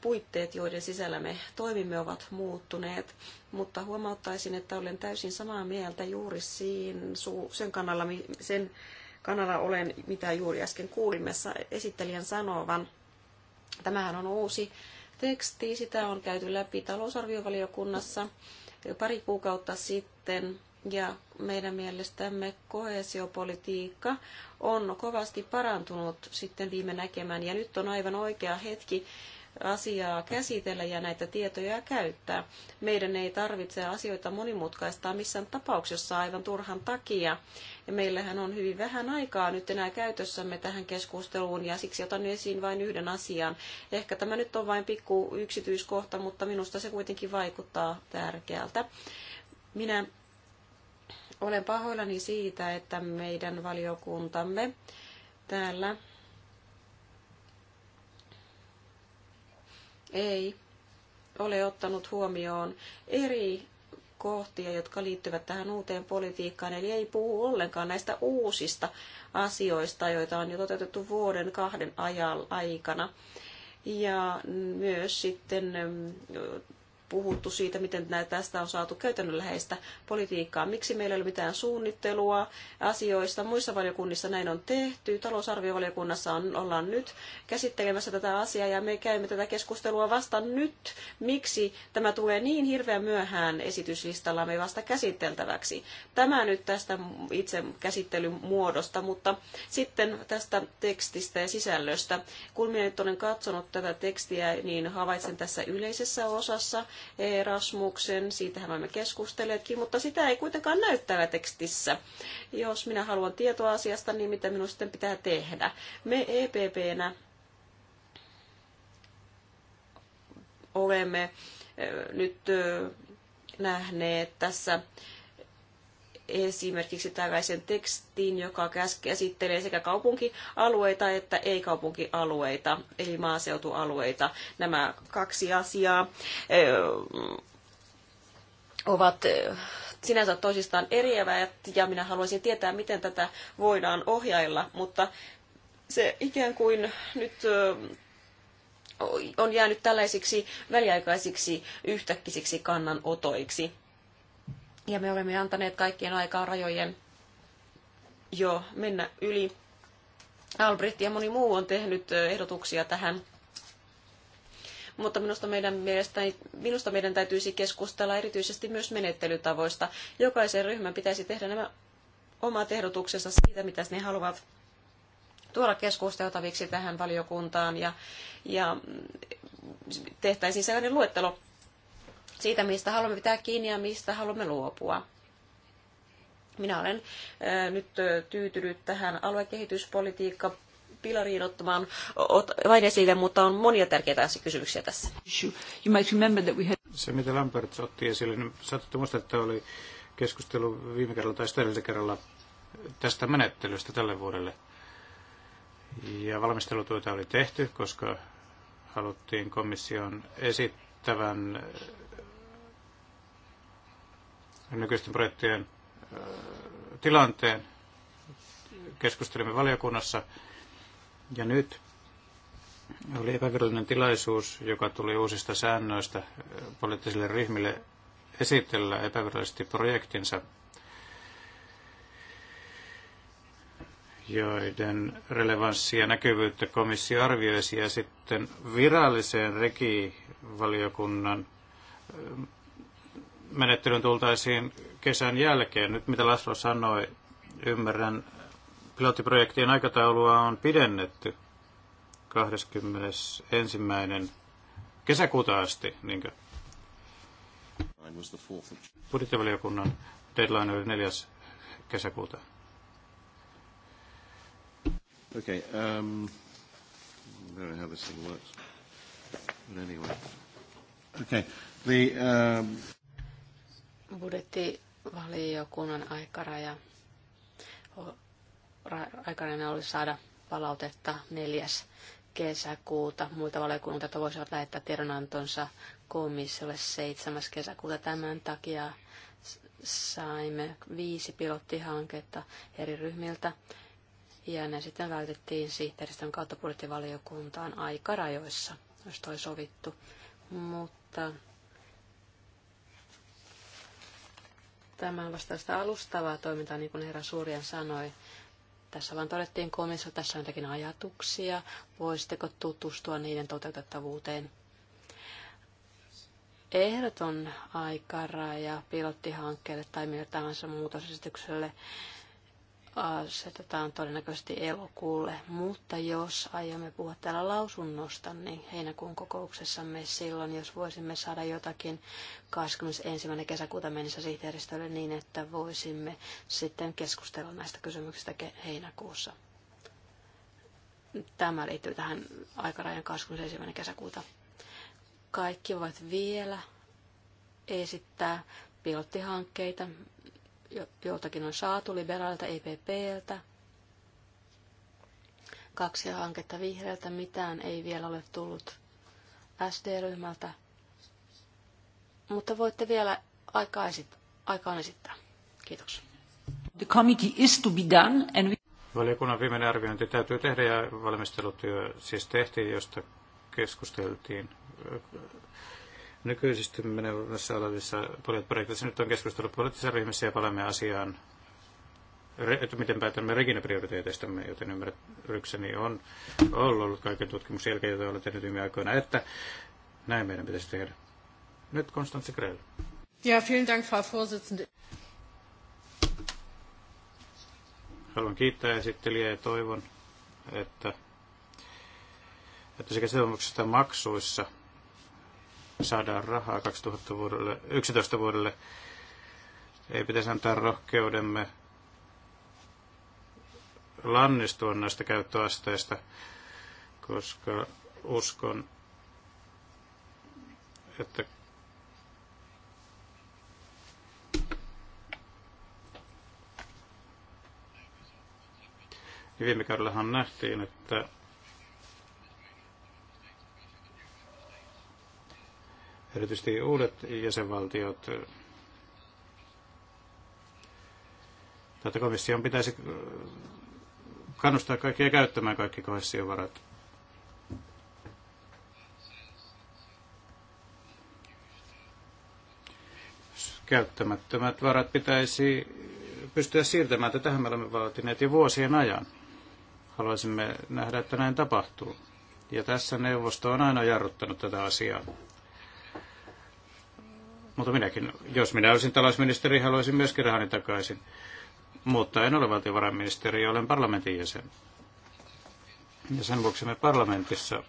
puitteet, joiden sisällä me toimimme, ovat muuttuneet, mutta huomauttaisin, että olen täysin samaa mieltä juuri siinä, sen, kannalla, sen kannalla olen, mitä juuri äsken kuulimme esittelijän sanovan. Tämähän on uusi teksti, sitä on käyty läpi talousarviovaliokunnassa pari kuukautta sitten ja meidän mielestämme koesiopolitiikka on kovasti parantunut sitten viime näkemään. Ja nyt on aivan oikea hetki asiaa käsitellä ja näitä tietoja käyttää. Meidän ei tarvitse asioita monimutkaistaa missään tapauksessa aivan turhan takia. Ja meillähän on hyvin vähän aikaa nyt enää käytössämme tähän keskusteluun ja siksi otan esiin vain yhden asian. Ehkä tämä nyt on vain pikku yksityiskohta, mutta minusta se kuitenkin vaikuttaa tärkeältä. Minä olen pahoillani siitä, että meidän valiokuntamme täällä ei ole ottanut huomioon eri kohtia, jotka liittyvät tähän uuteen politiikkaan, eli ei puhu ollenkaan näistä uusista asioista, joita on jo toteutettu vuoden kahden ajan aikana. Ja myös sitten puhuttu siitä, miten tästä on saatu käytännönläheistä politiikkaa. Miksi meillä ei ole mitään suunnittelua asioista? Muissa valiokunnissa näin on tehty. Talousarviovaliokunnassa on, ollaan nyt käsittelemässä tätä asiaa ja me käymme tätä keskustelua vasta nyt. Miksi tämä tulee niin hirveän myöhään esityslistalla me vasta käsiteltäväksi? Tämä nyt tästä itse käsittelyn muodosta, mutta sitten tästä tekstistä ja sisällöstä. Kun minä nyt olen katsonut tätä tekstiä, niin havaitsen tässä yleisessä osassa, Erasmuksen, siitähän olemme keskustelleetkin, mutta sitä ei kuitenkaan näyttävä tekstissä. Jos minä haluan tietoa asiasta, niin mitä minun sitten pitää tehdä? Me EPPnä olemme eh, nyt eh, nähneet tässä esimerkiksi tällaisen tekstin, joka käsittelee sekä kaupunkialueita että ei-kaupunkialueita, eli maaseutualueita. Nämä kaksi asiaa eh, ovat eh, sinänsä toisistaan eriävät ja minä haluaisin tietää, miten tätä voidaan ohjailla, mutta se ikään kuin nyt eh, on jäänyt tällaisiksi väliaikaisiksi yhtäkkisiksi kannanotoiksi. Ja me olemme antaneet kaikkien aikaa rajojen jo mennä yli. Albrecht ja moni muu on tehnyt ehdotuksia tähän. Mutta minusta meidän, mielestä, minusta meidän täytyisi keskustella erityisesti myös menettelytavoista. Jokaisen ryhmän pitäisi tehdä nämä omat ehdotuksensa siitä, mitä ne haluavat tuoda keskusteltaviksi tähän valiokuntaan ja, ja mm, tehtäisiin sellainen luettelo siitä, mistä haluamme pitää kiinni ja mistä haluamme luopua. Minä olen nyt tyytynyt tähän aluekehityspolitiikka pilariin ottamaan vain esille, mutta on monia tärkeitä kysymyksiä tässä. Se, mitä Lambert otti esille, niin saatatte muistaa, että oli keskustelu viime kerralla tai edellisellä kerralla tästä menettelystä tälle vuodelle. Ja valmistelutyötä oli tehty, koska haluttiin komission esittävän nykyisten projektien tilanteen. Keskustelimme valiokunnassa ja nyt oli epävirallinen tilaisuus, joka tuli uusista säännöistä poliittisille ryhmille esitellä epävirallisesti projektinsa, joiden relevanssia ja näkyvyyttä komissio arvioisi ja sitten viralliseen regivaliokunnan menettelyyn tultaisiin kesän jälkeen. Nyt mitä Laslo sanoi, ymmärrän, pilottiprojektien aikataulua on pidennetty 21. kesäkuuta asti. Niinkö? Budjettivaliokunnan deadline oli 4. kesäkuuta. Okay, um, I don't know how this thing works. But anyway. Okay, the... Um... Budjettivaliokunnan aikaraja, aikarajana oli saada palautetta 4. kesäkuuta. Muilta valiokunnilta voisivat lähettää tiedonantonsa komissiolle 7. kesäkuuta. Tämän takia saimme viisi pilottihanketta eri ryhmiltä ja ne sitten vältettiin sihteeristön kautta budjettivaliokuntaan aikarajoissa, jos toi sovittu. Mutta Tämä on vasta sitä alustavaa toimintaa, niin kuin herra Suurian sanoi. Tässä vaan todettiin komissa, tässä on jotakin ajatuksia. Voisitteko tutustua niiden toteutettavuuteen? Ehdoton aikaraja pilottihankkeelle tai mille tahansa muutosesitykselle asetetaan todennäköisesti elokuulle, mutta jos aiomme puhua täällä lausunnosta, niin heinäkuun kokouksessamme silloin, jos voisimme saada jotakin 21. kesäkuuta mennessä sihteeristölle niin, että voisimme sitten keskustella näistä kysymyksistä heinäkuussa. Tämä liittyy tähän aikarajan 21. kesäkuuta. Kaikki voivat vielä esittää pilottihankkeita, jo, joltakin on saatu liberaalilta EPPltä. Kaksi hanketta vihreältä, mitään ei vielä ole tullut SD-ryhmältä. Mutta voitte vielä aikaa esit- aikaan esittää. Kiitos. The committee is to be done and we... Valiokunnan viimeinen arviointi täytyy tehdä ja valmistelutyö siis tehtiin, josta keskusteltiin nykyisesti menevässä olevissa projekteissa. Nyt on keskustellut poliittisessa ryhmässä ja palaamme asiaan, että miten päätämme Regina prioriteeteistamme, joten ymmärrykseni on ollut kaiken tutkimuksen jälkeen, jota olen tehnyt viime aikoina, että näin meidän pitäisi tehdä. Nyt Konstantse Grell. Ja, vielen Dank, Frau Vorsitzende. Haluan kiittää esittelijää ja toivon, että, että sekä sitoumuksista maksuissa – saadaan rahaa 2000 vuodelle, 11 vuodelle. Ei pitäisi antaa rohkeudemme lannistua näistä käyttöasteista, koska uskon, että viime kaudellahan nähtiin, että Erityisesti uudet jäsenvaltiot Tätä komission pitäisi äh, kannustaa kaikkia käyttämään kaikki komission varat. Käyttämättömät varat pitäisi pystyä siirtämään, että tähän me olemme vaatineet jo vuosien ajan. Haluaisimme nähdä, että näin tapahtuu. Ja tässä neuvosto on aina jarruttanut tätä asiaa. Mutta minäkin, jos minä olisin talousministeri, haluaisin myöskin rahani takaisin. Mutta en ole valtiovarainministeri, olen parlamentin jäsen. Ja sen vuoksi me parlamentissa,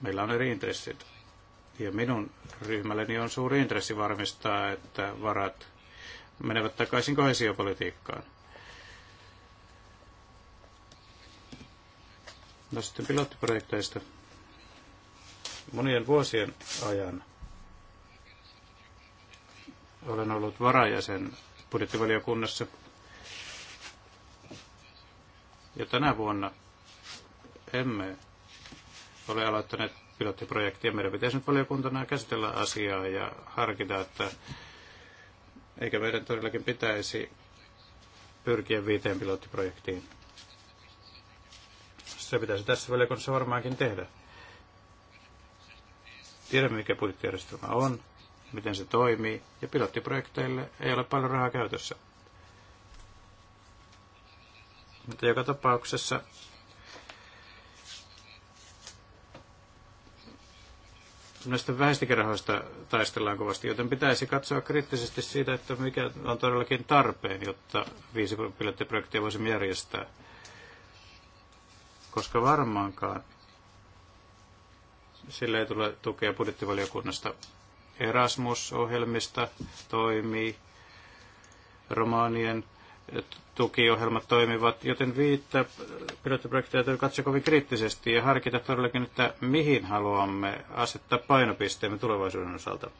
meillä on eri intressit. Ja minun ryhmälleni on suuri intressi varmistaa, että varat menevät takaisin kohesiopolitiikkaan. No sitten pilottiprojekteista. Monien vuosien ajan olen ollut varajäsen budjettivaliokunnassa. Ja tänä vuonna emme ole aloittaneet pilottiprojektia. Meidän pitäisi nyt valiokuntana käsitellä asiaa ja harkita, että eikä meidän todellakin pitäisi pyrkiä viiteen pilottiprojektiin. Se pitäisi tässä valiokunnassa varmaankin tehdä. Tiedämme, mikä budjettijärjestelmä on miten se toimii, ja pilottiprojekteille ei ole paljon rahaa käytössä. Mutta joka tapauksessa näistä väestökerhoista taistellaan kovasti, joten pitäisi katsoa kriittisesti siitä, että mikä on todellakin tarpeen, jotta viisi pilottiprojektia voisimme järjestää. Koska varmaankaan sillä ei tule tukea budjettivaliokunnasta Erasmus-ohjelmista toimii, romaanien tukiohjelmat toimivat, joten viittä pilottiprojekteja täytyy katsoa kovin kriittisesti ja harkita todellakin, että mihin haluamme asettaa painopisteemme tulevaisuuden osalta.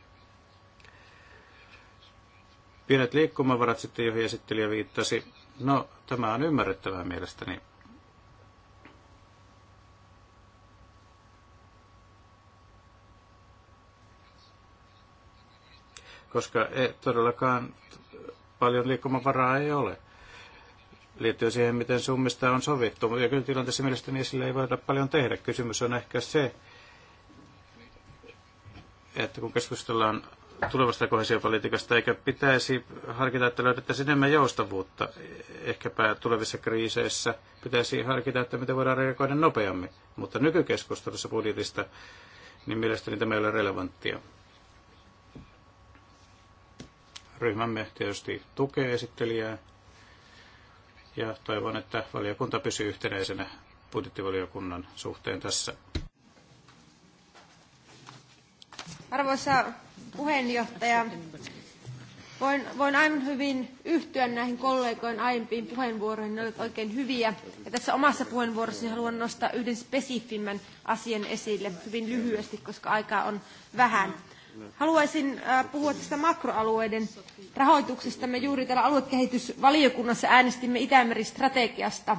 Pienet liikkumavarat sitten, joihin esittelijä viittasi. No, tämä on ymmärrettävää mielestäni. koska ei, todellakaan paljon liikkumavaraa ei ole. Liittyy siihen, miten summista on sovittu. Ja kyllä tilanteessa mielestäni sillä ei voida paljon tehdä. Kysymys on ehkä se, että kun keskustellaan tulevasta kohesiopolitiikasta, eikä pitäisi harkita, että löydettäisiin enemmän joustavuutta. Ehkäpä tulevissa kriiseissä pitäisi harkita, että miten voidaan reagoida nopeammin. Mutta nykykeskustelussa budjetista, niin mielestäni tämä ei ole relevanttia. Ryhmämme tietysti tukee esittelijää ja toivon, että valiokunta pysyy yhtenäisenä budjettivaliokunnan suhteen tässä. Arvoisa puheenjohtaja, voin, voin aivan hyvin yhtyä näihin kollegojen aiempiin puheenvuoroihin, ne olivat oikein hyviä. Ja tässä omassa puheenvuorossani haluan nostaa yhden spesifimmän asian esille hyvin lyhyesti, koska aikaa on vähän. Haluaisin äh, puhua tästä makroalueiden rahoituksesta. Me juuri täällä aluekehitysvaliokunnassa äänestimme Itämeri-strategiasta.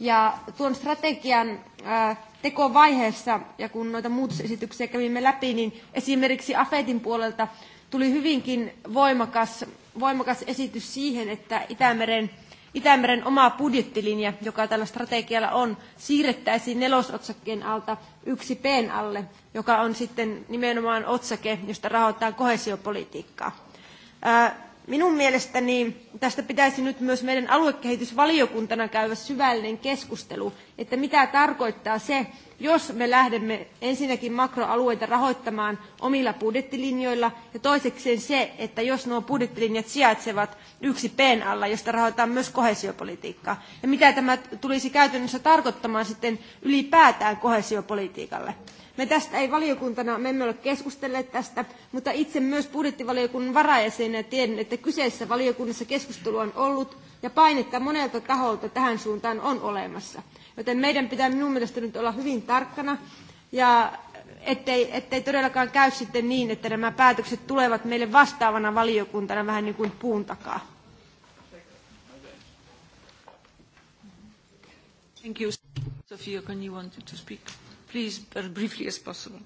Ja tuon strategian äh, tekovaiheessa, ja kun noita muutosesityksiä kävimme läpi, niin esimerkiksi AFETin puolelta tuli hyvinkin voimakas, voimakas esitys siihen, että Itämeren Itämeren oma budjettilinja, joka tällä strategialla on, siirrettäisiin nelosotsakkeen alta yksi p alle, joka on sitten nimenomaan otsake, josta rahoitetaan kohesiopolitiikkaa. Minun mielestäni tästä pitäisi nyt myös meidän aluekehitysvaliokuntana käydä syvällinen keskustelu, että mitä tarkoittaa se, jos me lähdemme ensinnäkin makroalueita rahoittamaan omilla budjettilinjoilla ja toisekseen se, että jos nuo budjettilinjat sijaitsevat yksi P:n alla, josta rahoitetaan myös kohesiopolitiikkaa. Ja mitä tämä tulisi käytännössä tarkoittamaan sitten ylipäätään kohesiopolitiikalle. Me tästä ei valiokuntana, me emme ole keskustelleet tästä, mutta itse myös budjettivaliokunnan varajäsenenä tiedän, että kyseessä valiokunnassa keskustelu on ollut ja painetta monelta taholta tähän suuntaan on olemassa. Joten meidän pitää minun mielestä nyt olla hyvin tarkkana, ja ettei, ettei todellakaan käy sitten niin, että nämä päätökset tulevat meille vastaavana valiokuntana vähän niin kuin puun takaa. Thank you. Sofia, can you want to speak? Please, as briefly as possible.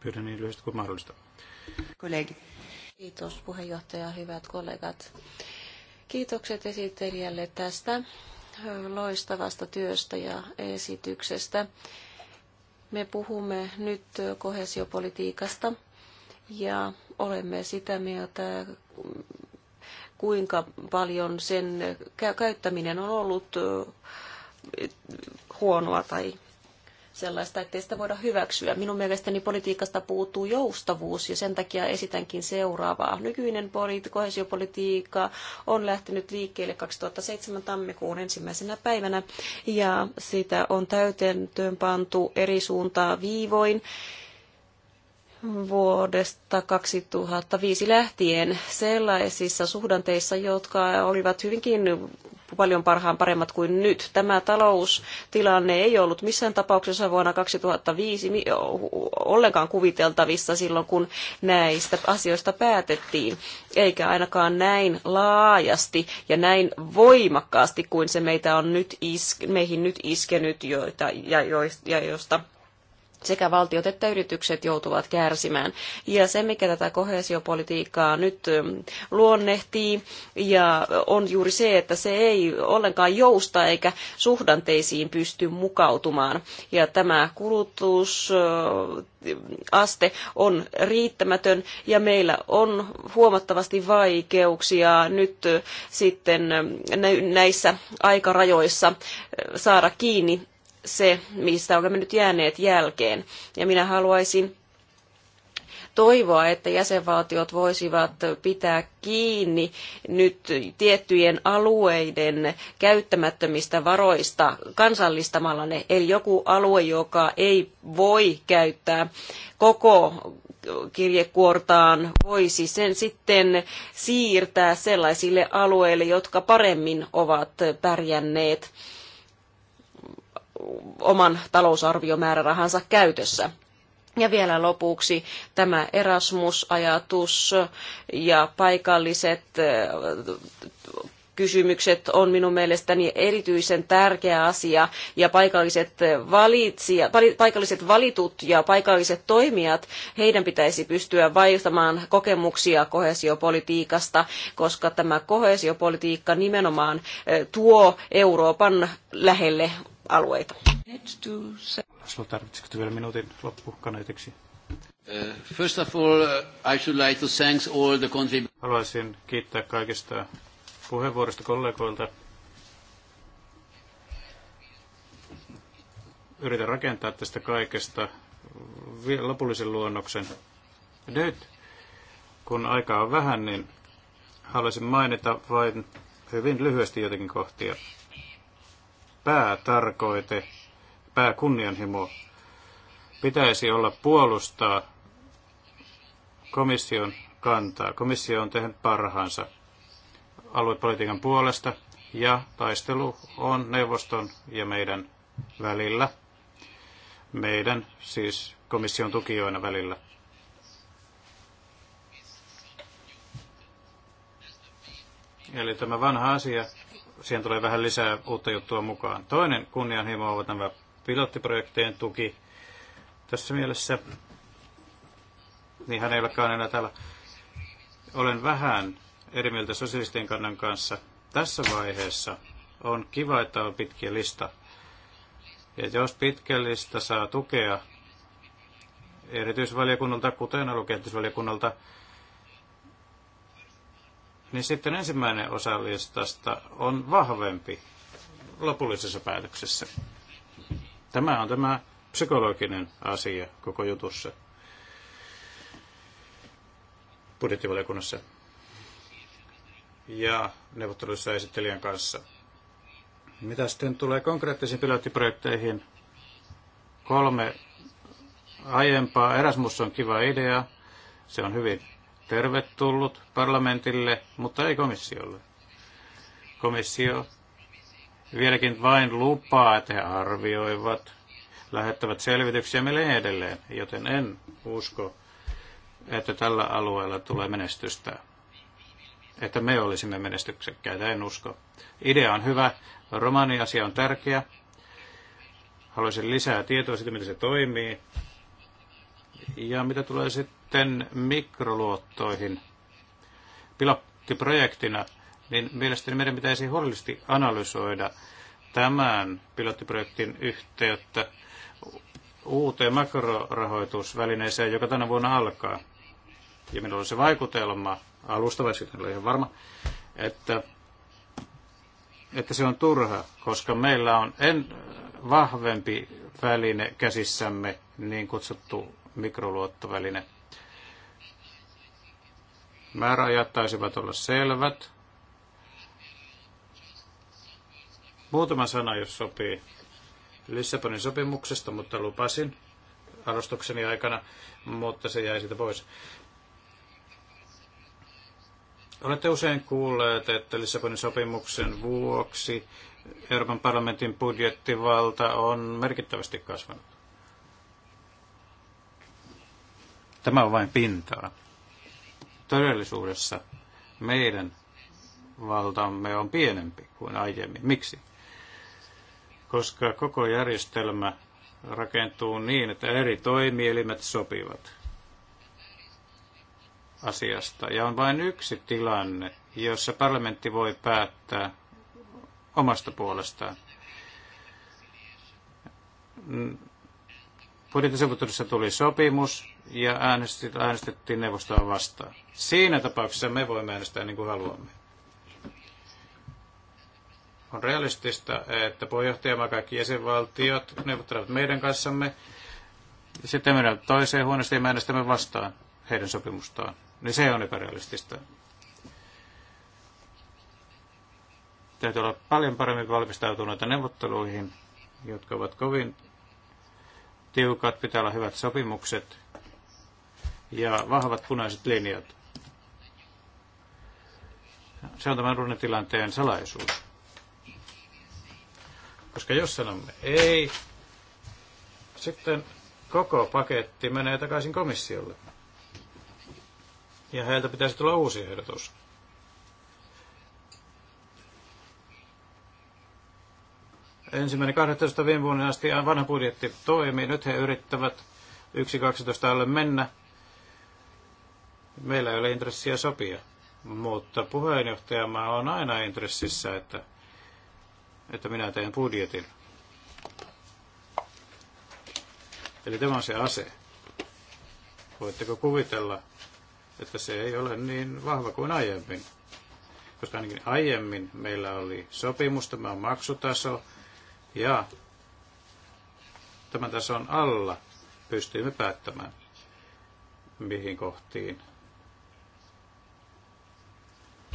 Pyydän niin lyhyesti kuin mahdollista. Kollegi. Kiitos puheenjohtaja, hyvät kollegat. Kiitokset esittelijälle tästä loistavasta työstä ja esityksestä. Me puhumme nyt kohesiopolitiikasta ja olemme sitä mieltä, kuinka paljon sen käyttäminen on ollut huonoa tai sellaista, ettei sitä voida hyväksyä. Minun mielestäni politiikasta puuttuu joustavuus ja sen takia esitänkin seuraavaa. Nykyinen kohesiopolitiikka on lähtenyt liikkeelle 2007 tammikuun ensimmäisenä päivänä ja sitä on täytäntöön pantu eri suuntaa viivoin vuodesta 2005 lähtien sellaisissa suhdanteissa, jotka olivat hyvinkin paljon parhaan paremmat kuin nyt. Tämä taloustilanne ei ollut missään tapauksessa vuonna 2005 ollenkaan kuviteltavissa silloin, kun näistä asioista päätettiin, eikä ainakaan näin laajasti ja näin voimakkaasti kuin se meitä on nyt iske, meihin nyt iskenyt joita, ja, joista, ja josta sekä valtiot että yritykset joutuvat kärsimään. Ja se, mikä tätä kohesiopolitiikkaa nyt luonnehtii, ja on juuri se, että se ei ollenkaan jousta eikä suhdanteisiin pysty mukautumaan. Ja tämä kulutus aste on riittämätön ja meillä on huomattavasti vaikeuksia nyt sitten näissä aikarajoissa saada kiinni se, mistä olemme nyt jääneet jälkeen. Ja minä haluaisin toivoa, että jäsenvaltiot voisivat pitää kiinni nyt tiettyjen alueiden käyttämättömistä varoista kansallistamalla ne. Eli joku alue, joka ei voi käyttää koko kirjekuortaan voisi sen sitten siirtää sellaisille alueille, jotka paremmin ovat pärjänneet oman talousarviomäärärahansa käytössä. Ja vielä lopuksi tämä Erasmus-ajatus ja paikalliset äh, kysymykset on minun mielestäni erityisen tärkeä asia ja paikalliset, valitsija, paikalliset valitut ja paikalliset toimijat, heidän pitäisi pystyä vaihtamaan kokemuksia kohesiopolitiikasta, koska tämä kohesiopolitiikka nimenomaan äh, tuo Euroopan lähelle alueita. Sulla tarvitsisiko vielä minuutin loppukaneetiksi? Uh, first of all, uh, I should like to thank all the Haluaisin kiittää kaikista puheenvuoroista kollegoilta. Yritän rakentaa tästä kaikesta lopullisen luonnoksen. Nyt, kun aikaa on vähän, niin haluaisin mainita vain hyvin lyhyesti jotakin kohtia päätarkoite, pääkunnianhimo pitäisi olla puolustaa komission kantaa. Komissio on tehnyt parhaansa aluepolitiikan puolesta ja taistelu on neuvoston ja meidän välillä. Meidän siis komission tukijoina välillä. Eli tämä vanha asia, siihen tulee vähän lisää uutta juttua mukaan. Toinen kunnianhimo on tämä pilottiprojektien tuki. Tässä mielessä, niin hän ei olekaan enää täällä, olen vähän eri mieltä sosialistien kannan kanssa. Tässä vaiheessa on kiva, että on pitkä lista. Ja jos pitkä lista saa tukea erityisvaliokunnalta, kuten alukehitysvaliokunnalta, niin sitten ensimmäinen osallistasta on vahvempi lopullisessa päätöksessä. Tämä on tämä psykologinen asia koko jutussa budjettivaliokunnassa ja neuvotteluissa esittelijän kanssa. Mitä sitten tulee konkreettisiin pilottiprojekteihin? Kolme aiempaa. Erasmus on kiva idea. Se on hyvin tervetullut parlamentille, mutta ei komissiolle. Komissio vieläkin vain lupaa, että he arvioivat, lähettävät selvityksiä meille edelleen, joten en usko, että tällä alueella tulee menestystä. Että me olisimme menestyksekkäitä, en usko. Idea on hyvä, romaniasia on tärkeä. Haluaisin lisää tietoa siitä, miten se toimii. Ja mitä tulee sitten sitten mikroluottoihin pilottiprojektina, niin mielestäni meidän pitäisi huolellisesti analysoida tämän pilottiprojektin yhteyttä uuteen makrorahoitusvälineeseen, joka tänä vuonna alkaa. Ja minulla on se vaikutelma, vai sitten ihan varma, että, että se on turha, koska meillä on en, vahvempi väline käsissämme, niin kutsuttu mikroluottoväline – Määräajat taisivat olla selvät. Muutama sana, jos sopii, Lissabonin sopimuksesta, mutta lupasin arvostukseni aikana, mutta se jäi siitä pois. Olette usein kuulleet, että Lissabonin sopimuksen vuoksi Euroopan parlamentin budjettivalta on merkittävästi kasvanut. Tämä on vain pintaa. Todellisuudessa meidän valtamme on pienempi kuin aiemmin. Miksi? Koska koko järjestelmä rakentuu niin, että eri toimielimet sopivat asiasta. Ja on vain yksi tilanne, jossa parlamentti voi päättää omasta puolestaan. Budjettisopimuksessa tuli sopimus ja äänestettiin neuvostoa vastaan. Siinä tapauksessa me voimme äänestää niin kuin haluamme. On realistista, että puheenjohtajamaa kaikki jäsenvaltiot neuvottelevat meidän kanssamme. Sitten mennään toiseen huoneeseen ja me äänestämme vastaan heidän sopimustaan. Niin se on epärealistista. Täytyy olla paljon paremmin valmistautuneita neuvotteluihin, jotka ovat kovin tiukat, pitää olla hyvät sopimukset ja vahvat punaiset linjat. Se on tämän runnetilanteen salaisuus. Koska jos sanomme ei, sitten koko paketti menee takaisin komissiolle. Ja heiltä pitäisi tulla uusi ehdotus. Ensimmäinen 12 viime vuonna asti vanha budjetti toimii. Nyt he yrittävät 1.12 alle mennä. Meillä ei ole intressiä sopia, mutta puheenjohtajamaa on aina intressissä, että, että minä teen budjetin. Eli tämä on se ase. Voitteko kuvitella, että se ei ole niin vahva kuin aiemmin? Koska ainakin aiemmin meillä oli sopimus, tämä on maksutaso, ja tämän tason alla pystyimme päättämään, mihin kohtiin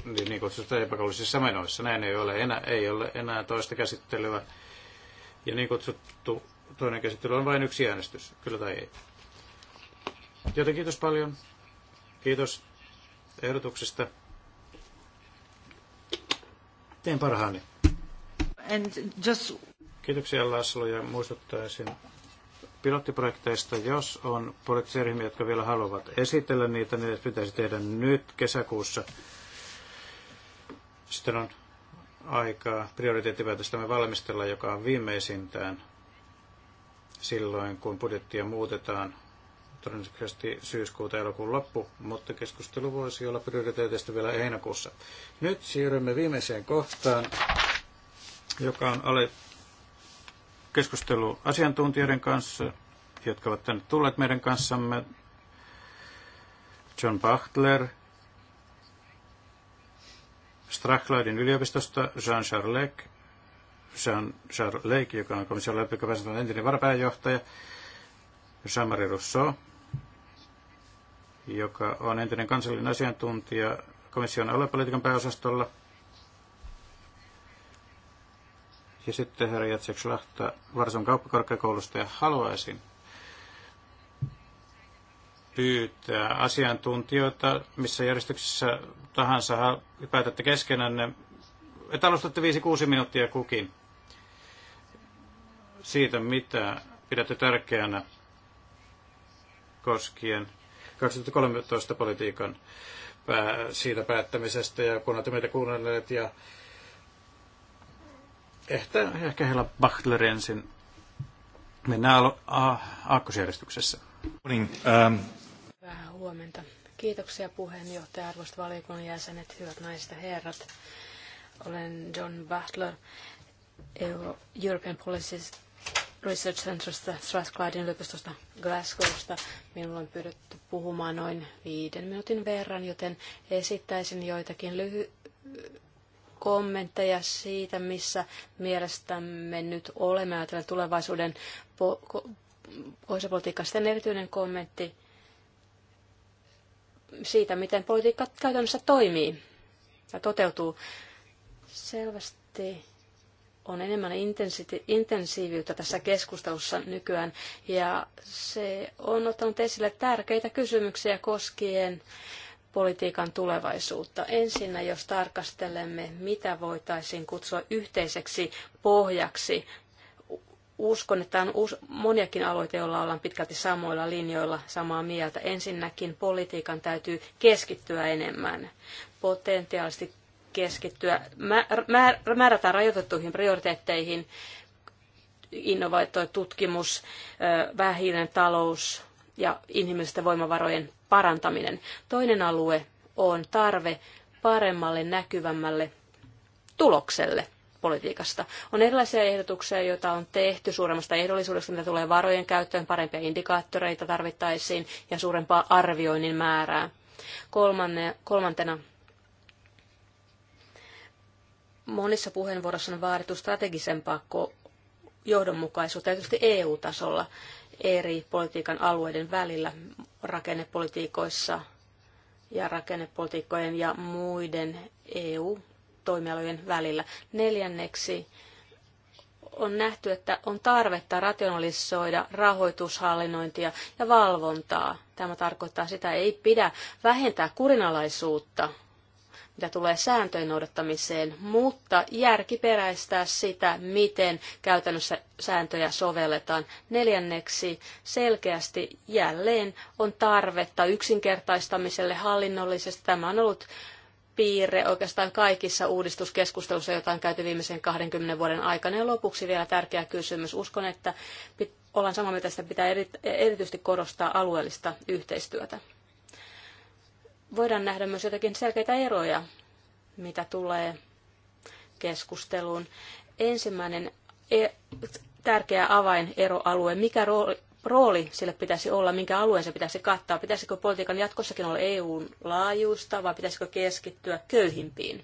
niin, niin kutsutaan epäkollisissa menoissa. Näin ei ole, enää, ei ole enää toista käsittelyä. Ja niin kutsuttu toinen käsittely on vain yksi äänestys, kyllä tai ei. Joten kiitos paljon. Kiitos ehdotuksesta. Teen parhaani. And just Kiitoksia Laslo ja muistuttaisin pilottiprojekteista, jos on poliittisia ryhmiä, jotka vielä haluavat esitellä niitä, niin pitäisi tehdä nyt kesäkuussa. Sitten on aikaa me valmistella, joka on viimeisintään silloin, kun budjettia muutetaan todennäköisesti syyskuuta elokuun loppu, mutta keskustelu voisi olla prioriteeteista vielä heinäkuussa. Nyt siirrymme viimeiseen kohtaan, joka on keskustelu asiantuntijoiden kanssa, jotka ovat tänne tulleet meidän kanssamme. John Bachtler, Strachlaidin yliopistosta, Jean Charlec, Jean Charlec, joka on komission läpikäpäisenä entinen varapääjohtaja, Jean-Marie Rousseau, joka on entinen kansallinen asiantuntija komission aluepolitiikan pääosastolla – Ja sitten herra Jacek Schlachta Varson kauppakorkeakoulusta ja haluaisin pyytää asiantuntijoita, missä järjestyksessä tahansa päätätte keskenänne, että alustatte 5-6 minuuttia kukin siitä, mitä pidätte tärkeänä koskien 2013 politiikan siitä päättämisestä ja kun olette meitä kuunnelleet ja Ehkä, ehkä heillä Bachtler ensin. Mennään alo- a- aakkosjärjestyksessä. Niin, ähm. Um, Vähän huomenta. Kiitoksia puheenjohtaja, arvoisat valiokunnan jäsenet, hyvät naiset ja herrat. Olen John Butler Euro- European Policy Research Centerista Strathclyden yliopistosta Glasgowsta. Minulla on pyydetty puhumaan noin viiden minuutin verran, joten esittäisin joitakin lyhy- kommentteja siitä, missä mielestämme nyt olemme Ajatellaan tulevaisuuden po- Sitten erityinen kommentti siitä, miten politiikka käytännössä toimii ja toteutuu. Selvästi on enemmän intensiti- intensiiviyttä tässä keskustelussa nykyään, ja se on ottanut esille tärkeitä kysymyksiä koskien politiikan tulevaisuutta. Ensinnä, jos tarkastelemme, mitä voitaisiin kutsua yhteiseksi pohjaksi uskon, että on moniakin aloita, joilla ollaan pitkälti samoilla linjoilla samaa mieltä. Ensinnäkin politiikan täytyy keskittyä enemmän, potentiaalisesti keskittyä, määrätään rajoitettuihin prioriteetteihin, innovaatio, tutkimus, vähäinen talous ja inhimillisten voimavarojen parantaminen. Toinen alue on tarve paremmalle näkyvämmälle tulokselle politiikasta. On erilaisia ehdotuksia, joita on tehty suuremmasta ehdollisuudesta, mitä tulee varojen käyttöön, parempia indikaattoreita tarvittaisiin ja suurempaa arvioinnin määrää. Kolmanne, kolmantena monissa puheenvuoroissa on vaadittu strategisempaa johdonmukaisuutta, tietysti EU-tasolla eri politiikan alueiden välillä rakennepolitiikoissa ja rakennepolitiikkojen ja muiden EU-toimialojen välillä. Neljänneksi on nähty, että on tarvetta rationalisoida rahoitushallinnointia ja valvontaa. Tämä tarkoittaa sitä, että ei pidä vähentää kurinalaisuutta mitä tulee sääntöjen noudattamiseen, mutta järkiperäistää sitä, miten käytännössä sääntöjä sovelletaan. Neljänneksi selkeästi jälleen on tarvetta yksinkertaistamiselle hallinnollisesti. Tämä on ollut piirre oikeastaan kaikissa uudistuskeskusteluissa, joita on käyty viimeisen 20 vuoden aikana. Ja lopuksi vielä tärkeä kysymys. Uskon, että ollaan samaa mieltä, että pitää erityisesti korostaa alueellista yhteistyötä voidaan nähdä myös jotakin selkeitä eroja, mitä tulee keskusteluun. Ensimmäinen e- tärkeä avaineroalue, mikä rooli, rooli sille pitäisi olla, minkä alueen se pitäisi kattaa? Pitäisikö politiikan jatkossakin olla EUn laajuista vai pitäisikö keskittyä köyhimpiin?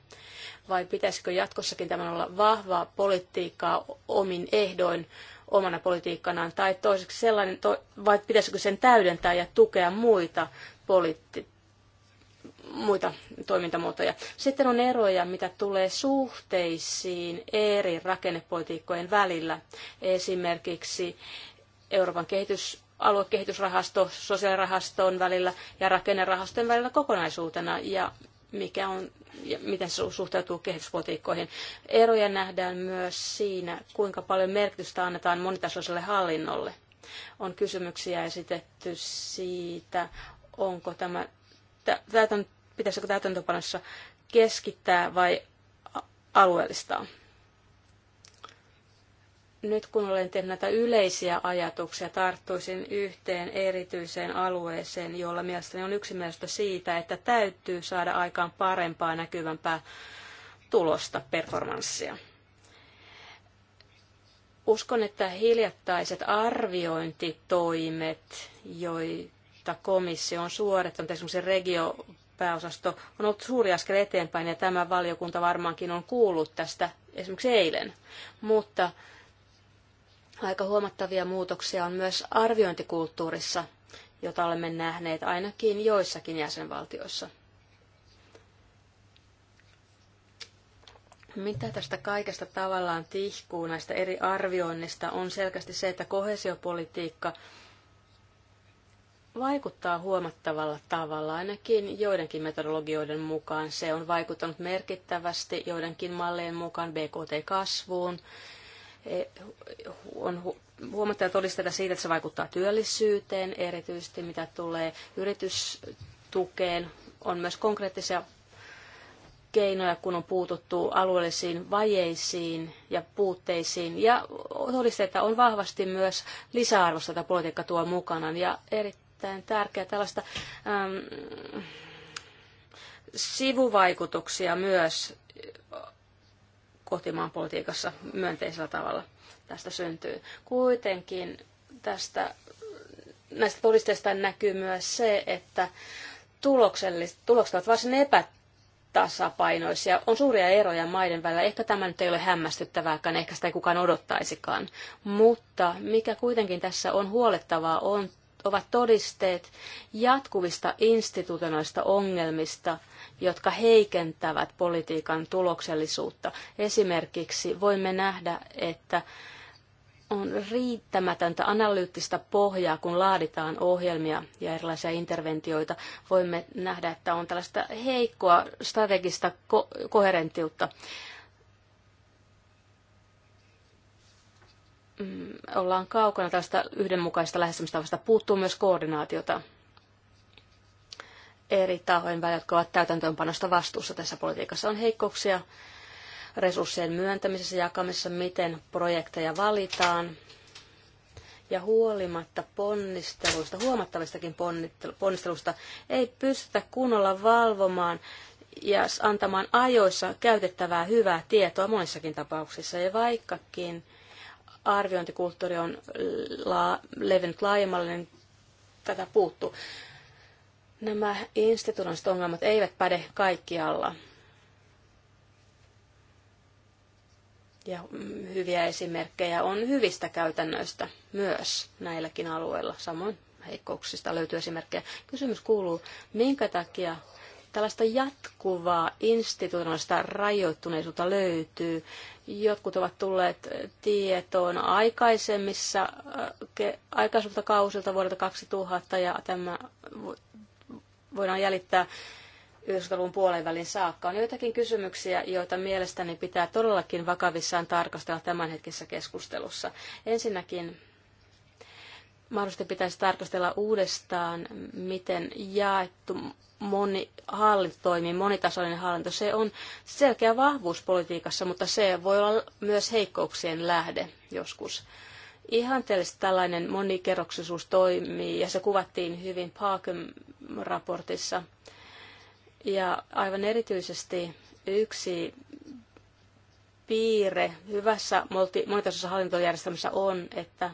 Vai pitäisikö jatkossakin tämän olla vahvaa politiikkaa omin ehdoin omana politiikkanaan? Tai toiseksi sellainen, vai pitäisikö sen täydentää ja tukea muita poliittisia muita toimintamuotoja. Sitten on eroja, mitä tulee suhteisiin eri rakennepolitiikkojen välillä. Esimerkiksi Euroopan kehitys, aluekehitysrahasto, sosiaalirahaston välillä ja rakennerahastojen välillä kokonaisuutena ja mikä on, ja miten se suhteutuu kehityspolitiikkoihin. Eroja nähdään myös siinä, kuinka paljon merkitystä annetaan monitasoiselle hallinnolle. On kysymyksiä esitetty siitä, onko tämä on pitäisikö täytäntöpanossa keskittää vai alueellistaa. Nyt kun olen tehnyt näitä yleisiä ajatuksia, tarttuisin yhteen erityiseen alueeseen, jolla mielestäni on yksimielistä siitä, että täytyy saada aikaan parempaa näkyvämpää tulosta, performanssia. Uskon, että hiljattaiset arviointitoimet, joita komissio on suorittanut esimerkiksi regio pääosasto on ollut suuri askel eteenpäin ja tämä valiokunta varmaankin on kuullut tästä esimerkiksi eilen. Mutta aika huomattavia muutoksia on myös arviointikulttuurissa, jota olemme nähneet ainakin joissakin jäsenvaltioissa. Mitä tästä kaikesta tavallaan tihkuu näistä eri arvioinnista on selkeästi se, että kohesiopolitiikka – vaikuttaa huomattavalla tavalla, ainakin joidenkin metodologioiden mukaan. Se on vaikuttanut merkittävästi joidenkin mallien mukaan BKT-kasvuun. E, on huomattava todisteita siitä, että se vaikuttaa työllisyyteen, erityisesti mitä tulee yritystukeen. On myös konkreettisia keinoja, kun on puututtu alueellisiin vajeisiin ja puutteisiin. Ja todisteita on vahvasti myös lisäarvosta, että politiikka tuo mukanaan. Ja erittäin erittäin tärkeää. Tällaista äm, sivuvaikutuksia myös kotimaan politiikassa myönteisellä tavalla tästä syntyy. Kuitenkin tästä, näistä todisteista näkyy myös se, että tulokset ovat varsin epätasapainoisia. On suuria eroja maiden välillä. Ehkä tämä nyt ei ole hämmästyttävääkään, ehkä sitä ei kukaan odottaisikaan. Mutta mikä kuitenkin tässä on huolettavaa, on ovat todisteet jatkuvista institutionaalista ongelmista, jotka heikentävät politiikan tuloksellisuutta. Esimerkiksi voimme nähdä, että on riittämätöntä analyyttistä pohjaa, kun laaditaan ohjelmia ja erilaisia interventioita. Voimme nähdä, että on tällaista heikkoa strategista ko- Mm, ollaan kaukana tästä yhdenmukaista lähestymistavasta. Puuttuu myös koordinaatiota eri tahojen välillä, jotka ovat täytäntöönpanosta vastuussa tässä politiikassa. On heikkouksia resurssien myöntämisessä ja jakamisessa, miten projekteja valitaan. Ja huolimatta ponnisteluista, huomattavistakin ponnisteluista, ei pystytä kunnolla valvomaan ja antamaan ajoissa käytettävää hyvää tietoa monissakin tapauksissa. Ja vaikkakin arviointikulttuuri on la- levinnyt laajemmalle, niin tätä puuttuu. Nämä institutionaaliset ongelmat eivät päde kaikkialla. Ja hyviä esimerkkejä on hyvistä käytännöistä myös näilläkin alueilla. Samoin heikkouksista löytyy esimerkkejä. Kysymys kuuluu, minkä takia Tällaista jatkuvaa institutionaalista rajoittuneisuutta löytyy. Jotkut ovat tulleet tietoon aikaisemmissa, äh, aikaisemmilta kausilta vuodelta 2000 ja tämä voidaan jäljittää 90-luvun puolen välin saakka. On joitakin kysymyksiä, joita mielestäni pitää todellakin vakavissaan tarkastella tämänhetkisessä keskustelussa. Ensinnäkin mahdollisesti pitäisi tarkastella uudestaan, miten jaettu moni, hallinto toimii, monitasoinen hallinto, se on selkeä vahvuus politiikassa, mutta se voi olla myös heikkouksien lähde joskus. Ihanteellisesti tällainen monikerroksisuus toimii ja se kuvattiin hyvin Parkham-raportissa. Ja aivan erityisesti yksi piirre hyvässä monitasoisessa hallintojärjestelmässä on, että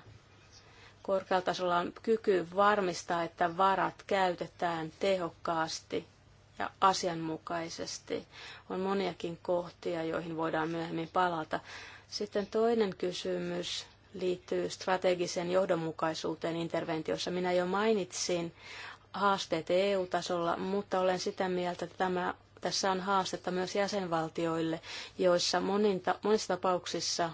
Korkealla tasolla on kyky varmistaa, että varat käytetään tehokkaasti ja asianmukaisesti. On moniakin kohtia, joihin voidaan myöhemmin palata. Sitten toinen kysymys liittyy strategisen johdonmukaisuuteen interventiossa. Minä jo mainitsin haasteet EU-tasolla, mutta olen sitä mieltä, että tämä, tässä on haastetta myös jäsenvaltioille, joissa monista monissa tapauksissa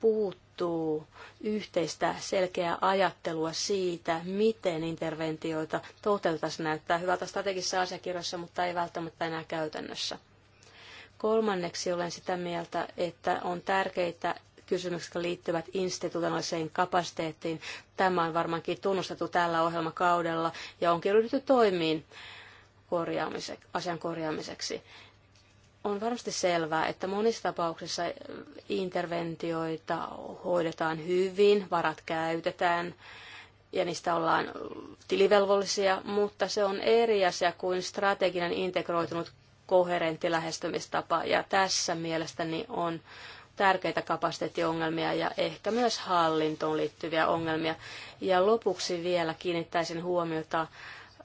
puut puuttuu yhteistä selkeää ajattelua siitä, miten interventioita toteutettaisiin. näyttää hyvältä strategisessa asiakirjassa, mutta ei välttämättä enää käytännössä. Kolmanneksi olen sitä mieltä, että on tärkeitä kysymykset, jotka liittyvät institutionaaliseen kapasiteettiin. Tämä on varmaankin tunnustettu tällä ohjelmakaudella ja onkin ryhdytty toimiin korjaamiseksi, asian korjaamiseksi. On varmasti selvää, että monissa tapauksissa eh, interventioita hoidetaan hyvin, varat käytetään ja niistä ollaan eh, tilivelvollisia, mutta se on eri asia kuin strateginen integroitunut koherentti lähestymistapa. Ja tässä mielestäni on tärkeitä kapasiteettiongelmia ja ehkä myös hallintoon liittyviä ongelmia. Ja lopuksi vielä kiinnittäisin huomiota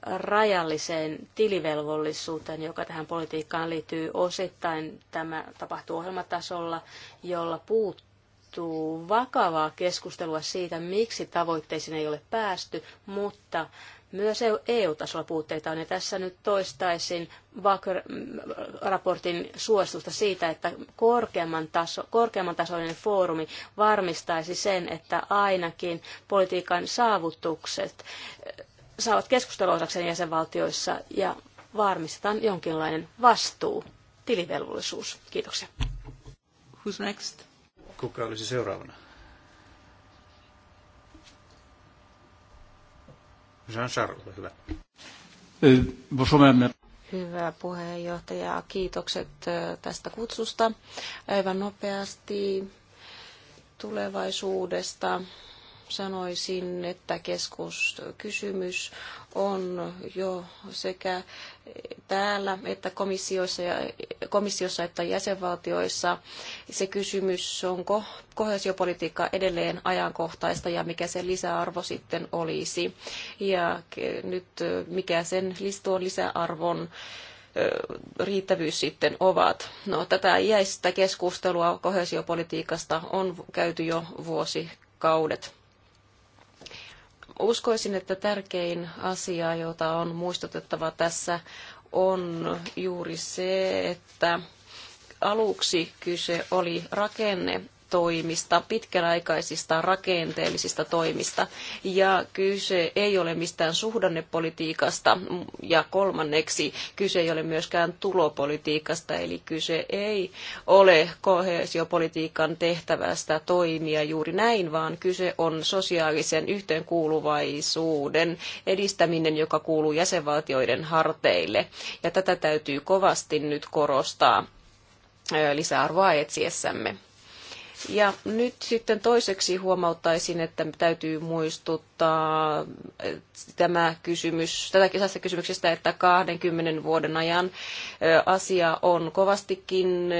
rajalliseen tilivelvollisuuteen, joka tähän politiikkaan liittyy osittain. Tämä tapahtuu ohjelmatasolla, jolla puuttuu vakavaa keskustelua siitä, miksi tavoitteisiin ei ole päästy, mutta myös EU-tasolla e puutteita on. Ja tässä nyt toistaisin mm, raportin suositusta siitä, että korkeamman, taso, korkeamman tasoinen foorumi varmistaisi sen, että ainakin politiikan saavutukset saavat keskustelua osakseen jäsenvaltioissa ja varmistetaan jonkinlainen vastuu, tilivelvollisuus. Kiitoksia. Who's next? Kuka olisi seuraavana? Jean-Charles, ole hyvä. Eh, hyvä puheenjohtaja, kiitokset eh, tästä kutsusta. Aivan nopeasti tulevaisuudesta sanoisin, että keskuskysymys on jo sekä täällä että komissiossa, ja, komissiossa että jäsenvaltioissa se kysymys, onko kohesiopolitiikka edelleen ajankohtaista ja mikä sen lisäarvo sitten olisi. Ja nyt mikä sen tuon lisäarvon riittävyys sitten ovat. No, tätä iäistä keskustelua kohesiopolitiikasta on käyty jo vuosikaudet. Uskoisin, että tärkein asia, jota on muistutettava tässä, on juuri se, että aluksi kyse oli rakenne toimista, pitkäaikaisista rakenteellisista toimista. Ja kyse ei ole mistään suhdannepolitiikasta ja kolmanneksi kyse ei ole myöskään tulopolitiikasta, eli kyse ei ole kohesiopolitiikan tehtävästä toimia juuri näin, vaan kyse on sosiaalisen yhteenkuuluvaisuuden edistäminen, joka kuuluu jäsenvaltioiden harteille. Ja tätä täytyy kovasti nyt korostaa lisäarvoa etsiessämme. Ja nyt sitten toiseksi huomauttaisin, että täytyy muistuttaa tämä kysymys, tätä kisasta kysymyksestä, että 20 vuoden ajan asia on kovastikin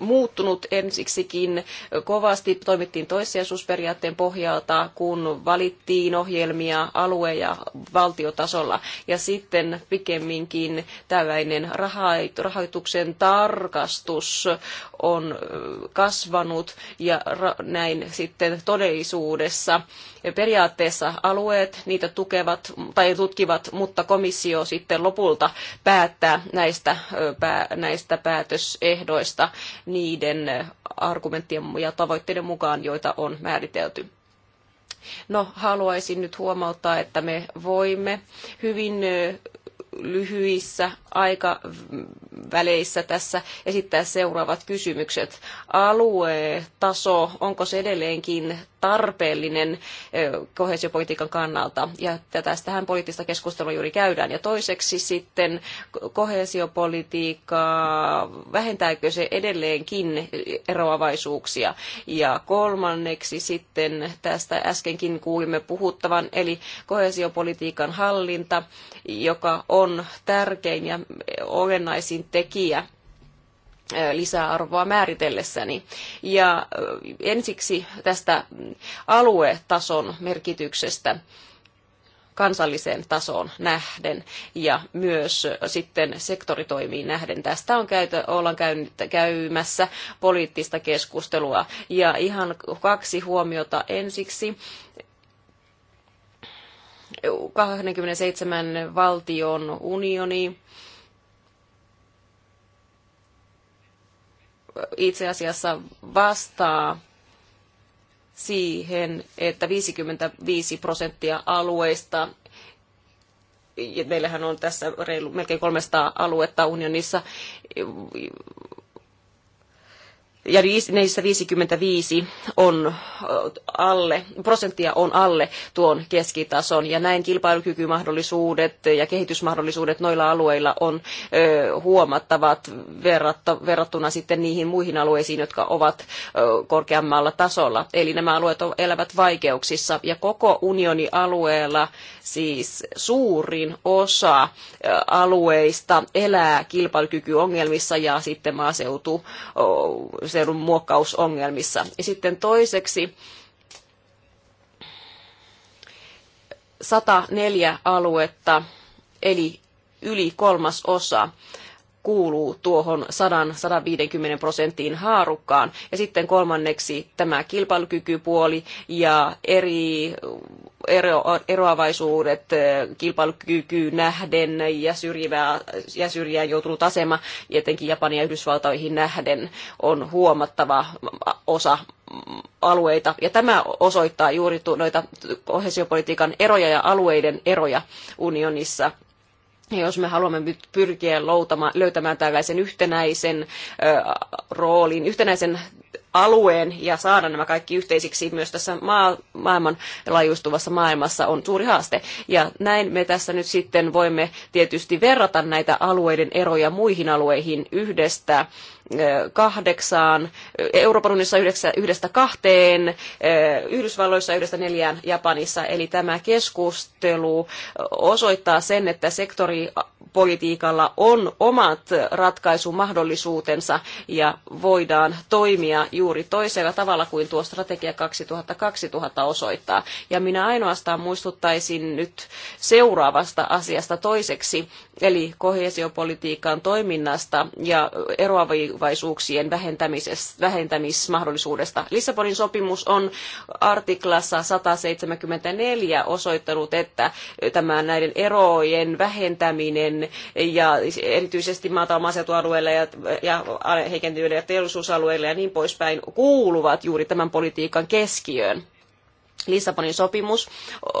muuttunut ensiksikin. Kovasti toimittiin toissijaisuusperiaatteen pohjalta, kun valittiin ohjelmia alue- ja valtiotasolla. Ja sitten pikemminkin tällainen rahoituksen tarkastus on kasvanut ja näin sitten todellisuudessa periaatteessa alueet niitä tukevat tai tutkivat, mutta komissio sitten lopulta päättää näistä, näistä päätösehdoista niiden argumenttien ja tavoitteiden mukaan, joita on määritelty. No, haluaisin nyt huomauttaa, että me voimme hyvin lyhyissä aikaväleissä tässä esittää seuraavat kysymykset. Aluetaso, onko se edelleenkin tarpeellinen kohesiopolitiikan kannalta? Ja tästähän poliittista keskustelua juuri käydään. Ja toiseksi sitten kohesiopolitiikka vähentääkö se edelleenkin eroavaisuuksia? Ja kolmanneksi sitten tästä äskenkin kuulimme puhuttavan, eli kohesiopolitiikan hallinta, joka on tärkein ja olennaisin tekijä lisäarvoa määritellessäni. Ja ensiksi tästä aluetason merkityksestä kansalliseen tasoon nähden ja myös sitten sektoritoimiin nähden. Tästä on käyty, ollaan käynyt, käymässä poliittista keskustelua. Ja ihan kaksi huomiota ensiksi. 27 valtion unioni itse asiassa vastaa siihen, että 55 prosenttia alueista, ja meillähän on tässä reilu, melkein 300 aluetta unionissa, ja niissä 55 on alle, prosenttia on alle tuon keskitason ja näin kilpailukykymahdollisuudet ja kehitysmahdollisuudet noilla alueilla on huomattavat verrattuna sitten niihin muihin alueisiin, jotka ovat korkeammalla tasolla. Eli nämä alueet elävät vaikeuksissa ja koko unionin alueella siis suurin osa alueista elää kilpailukykyongelmissa ja sitten maaseutu maaseudun muokkausongelmissa. Ja sitten toiseksi 104 aluetta, eli yli kolmas osa kuuluu tuohon 100-150 prosentin haarukkaan. Ja sitten kolmanneksi tämä kilpailukykypuoli ja eri ero, eroavaisuudet eh, kilpailukykyyn nähden ja, syrjivää, ja syrjään joutunut asema, etenkin Japania ja Yhdysvaltoihin nähden, on huomattava osa alueita. Ja tämä osoittaa juuri noita kohesiopolitiikan eroja ja alueiden eroja unionissa jos me haluamme nyt pyrkiä löytämään tällaisen yhtenäisen roolin, yhtenäisen alueen ja saada nämä kaikki yhteisiksi myös tässä maa, maailman laajuistuvassa maailmassa on suuri haaste. Ja näin me tässä nyt sitten voimme tietysti verrata näitä alueiden eroja muihin alueihin yhdestä kahdeksaan, Euroopan unionissa yhdestä, yhdestä kahteen, Yhdysvalloissa yhdestä neljään, Japanissa. Eli tämä keskustelu osoittaa sen, että sektoripolitiikalla on omat ratkaisumahdollisuutensa ja voidaan toimia juuri juuri toisella tavalla kuin tuo strategia 2020 osoittaa. Ja minä ainoastaan muistuttaisin nyt seuraavasta asiasta toiseksi, eli kohesiopolitiikan toiminnasta ja eroavaisuuksien vähentämismahdollisuudesta. Lissabonin sopimus on artiklassa 174 osoittanut, että tämä näiden erojen vähentäminen ja erityisesti maatalomaaseutualueilla ja, ja heikentyneillä teollisuusalueilla ja niin poispäin, kuuluvat juuri tämän politiikan keskiöön. Lissabonin sopimus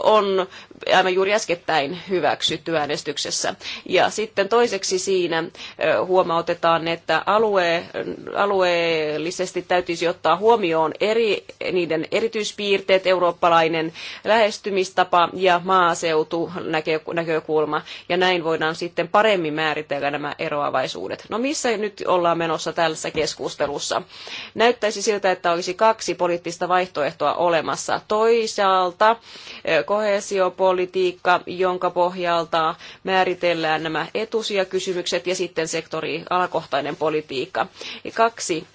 on aivan juuri äskettäin hyväksytty äänestyksessä. Ja sitten toiseksi siinä huomautetaan, että alue, alueellisesti täytyisi ottaa huomioon eri, niiden erityispiirteet, eurooppalainen lähestymistapa ja maaseutu näkökulma. Ja näin voidaan sitten paremmin määritellä nämä eroavaisuudet. No missä nyt ollaan menossa tässä keskustelussa? Näyttäisi siltä, että olisi kaksi poliittista vaihtoehtoa olemassa. Toi toisaalta eh, kohesiopolitiikka, jonka pohjalta määritellään nämä etusijakysymykset ja sitten sektori alakohtainen politiikka. Kaksi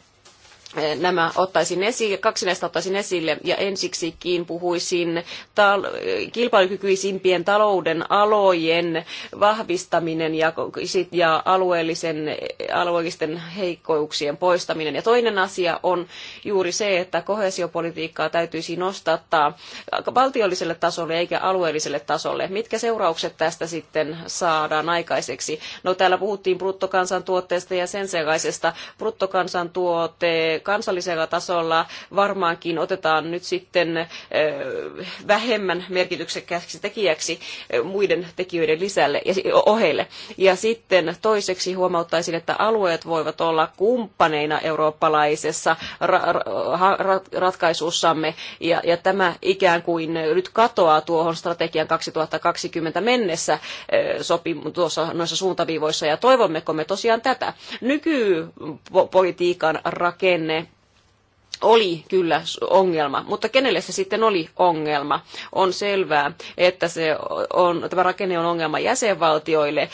Äh, nämä ottaisin esille, kaksi näistä ottaisin esille ja ensiksikin puhuisin tal- kilpailukykyisimpien talouden alojen vahvistaminen ja, ja alueellisen, alueellisten heikkouksien poistaminen. Ja toinen asia on juuri se, että kohesiopolitiikkaa täytyisi nostattaa valtiolliselle tasolle eikä alueelliselle tasolle. Mitkä seuraukset tästä sitten saadaan aikaiseksi? No täällä puhuttiin bruttokansantuotteesta ja sen sellaisesta bruttokansantuote kansallisella tasolla varmaankin otetaan nyt sitten vähemmän merkityksekkääksi tekijäksi muiden tekijöiden lisälle ja ohelle. Ja sitten toiseksi huomauttaisin, että alueet voivat olla kumppaneina eurooppalaisessa ratkaisussamme ja, ja tämä ikään kuin nyt katoaa tuohon strategian 2020 mennessä sopim- tuossa, noissa suuntaviivoissa ja toivommeko me tosiaan tätä. Nykypolitiikan rakenne oli kyllä ongelma, mutta kenelle se sitten oli ongelma? On selvää, että se on, tämä rakenne on ongelma jäsenvaltioille,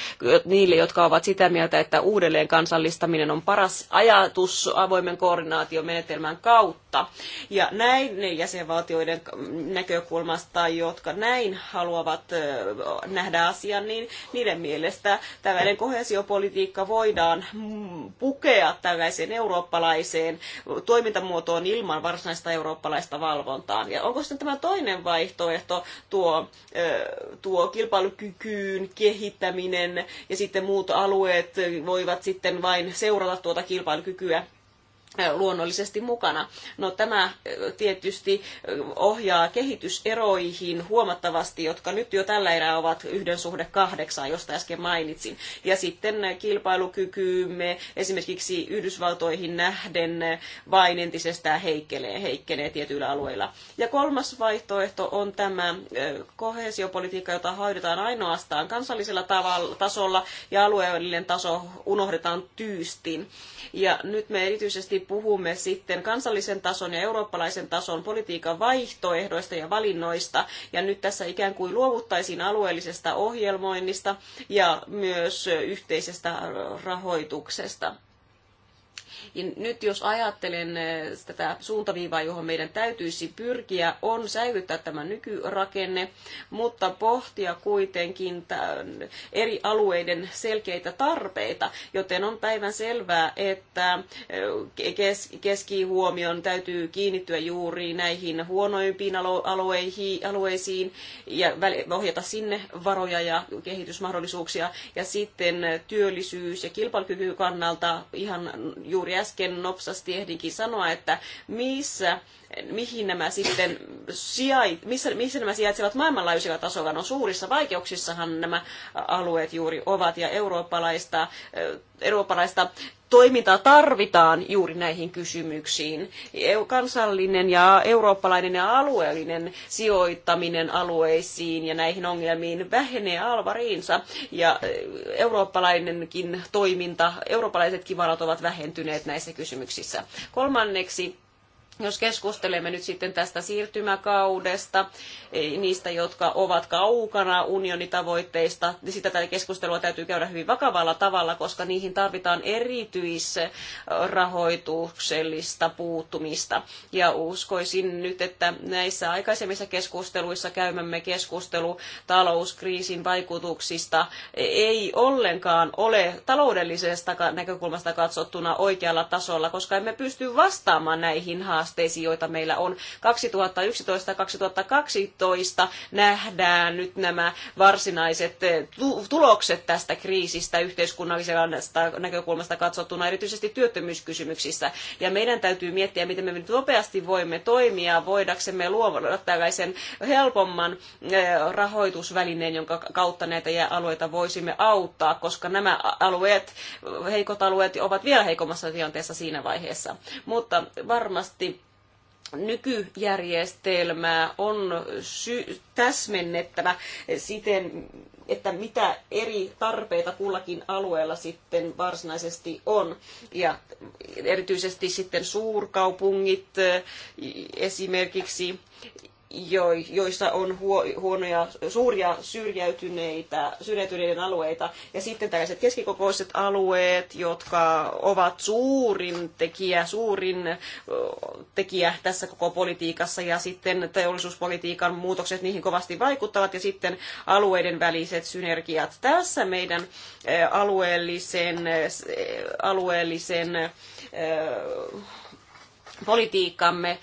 niille, jotka ovat sitä mieltä, että uudelleen kansallistaminen on paras ajatus avoimen koordinaatiomenetelmän kautta. Ja näin ne jäsenvaltioiden näkökulmasta, jotka näin haluavat nähdä asian, niin niiden mielestä tällainen kohesiopolitiikka voidaan pukea tällaiseen eurooppalaiseen toimintamuotoon, muotoon ilman varsinaista eurooppalaista valvontaa. Ja onko sitten tämä toinen vaihtoehto, tuo, tuo kilpailukykyyn kehittäminen ja sitten muut alueet voivat sitten vain seurata tuota kilpailukykyä luonnollisesti mukana. No tämä tietysti ohjaa kehityseroihin huomattavasti, jotka nyt jo tällä erää ovat yhden suhde kahdeksaan, josta äsken mainitsin. Ja sitten kilpailukykyymme esimerkiksi Yhdysvaltoihin nähden vain entisestään heikkelee, heikkenee tietyillä alueilla. Ja kolmas vaihtoehto on tämä kohesiopolitiikka, jota hoidetaan ainoastaan kansallisella tavalla, tasolla ja alueellinen taso unohdetaan tyystin. Ja nyt me erityisesti puhumme sitten kansallisen tason ja eurooppalaisen tason politiikan vaihtoehdoista ja valinnoista. Ja nyt tässä ikään kuin luovuttaisiin alueellisesta ohjelmoinnista ja myös yhteisestä rahoituksesta. Ja nyt jos ajattelen eh, tätä suuntaviivaa, johon meidän täytyisi pyrkiä, on säilyttää tämä nykyrakenne, mutta pohtia kuitenkin eri alueiden selkeitä tarpeita, joten on päivän selvää, että eh, kes- keskihuomion täytyy kiinnittyä juuri näihin huonoimpiin alueisiin ja ohjata sinne varoja ja kehitysmahdollisuuksia ja sitten työllisyys ja kilpailukyky kannalta ihan juuri äsken nopsasti ehdinkin sanoa, että missä mihin nämä sitten sijait, missä, missä nämä sijaitsevat maailmanlaajuisella tasolla. No suurissa vaikeuksissahan nämä alueet juuri ovat ja eurooppalaista, eurooppalaista toimintaa tarvitaan juuri näihin kysymyksiin. E- kansallinen ja eurooppalainen ja alueellinen sijoittaminen alueisiin ja näihin ongelmiin vähenee alvariinsa ja e, eurooppalainenkin toiminta, eurooppalaisetkin varat ovat vähentyneet näissä kysymyksissä. Kolmanneksi jos keskustelemme nyt sitten tästä siirtymäkaudesta, e, niistä, jotka ovat kaukana unionitavoitteista, niin sitä tätä keskustelua täytyy käydä hyvin vakavalla tavalla, koska niihin tarvitaan erityisrahoituksellista puuttumista. Ja uskoisin nyt, että näissä aikaisemmissa keskusteluissa käymämme keskustelu talouskriisin vaikutuksista ei ollenkaan ole taloudellisesta näkökulmasta katsottuna oikealla tasolla, koska emme pysty vastaamaan näihin haasteisiin haasteisiin, joita meillä on. 2011-2012 nähdään nyt nämä varsinaiset eh, tulokset tästä kriisistä yhteiskunnallisesta näkökulmasta katsottuna, erityisesti työttömyyskysymyksissä. Ja meidän täytyy miettiä, miten me nyt nopeasti voimme toimia, voidaksemme luoda tällaisen helpomman eh, rahoitusvälineen, jonka kautta näitä alueita voisimme auttaa, koska nämä alueet, heikot alueet ovat vielä heikommassa tilanteessa siinä vaiheessa. Mutta varmasti nykyjärjestelmää on sy- täsmennettävä siten, että mitä eri tarpeita kullakin alueella sitten varsinaisesti on. Ja erityisesti sitten suurkaupungit esimerkiksi joissa on huonoja, suuria syrjäytyneitä, syrjäytyneiden alueita. Ja sitten tällaiset keskikokoiset alueet, jotka ovat suurin tekijä, suurin tekijä tässä koko politiikassa. Ja sitten teollisuuspolitiikan muutokset niihin kovasti vaikuttavat. Ja sitten alueiden väliset synergiat. Tässä meidän alueellisen, alueellisen politiikkamme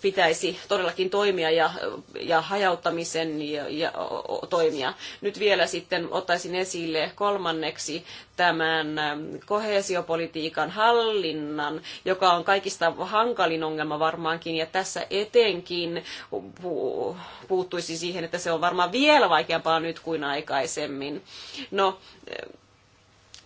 pitäisi todellakin toimia ja, ja hajauttamisen ja, ja toimia. Nyt vielä sitten ottaisin esille kolmanneksi tämän ähm, koheesiopolitiikan hallinnan, joka on kaikista hankalin ongelma varmaankin, ja tässä etenkin pu, puuttuisi siihen, että se on varmaan vielä vaikeampaa nyt kuin aikaisemmin. No,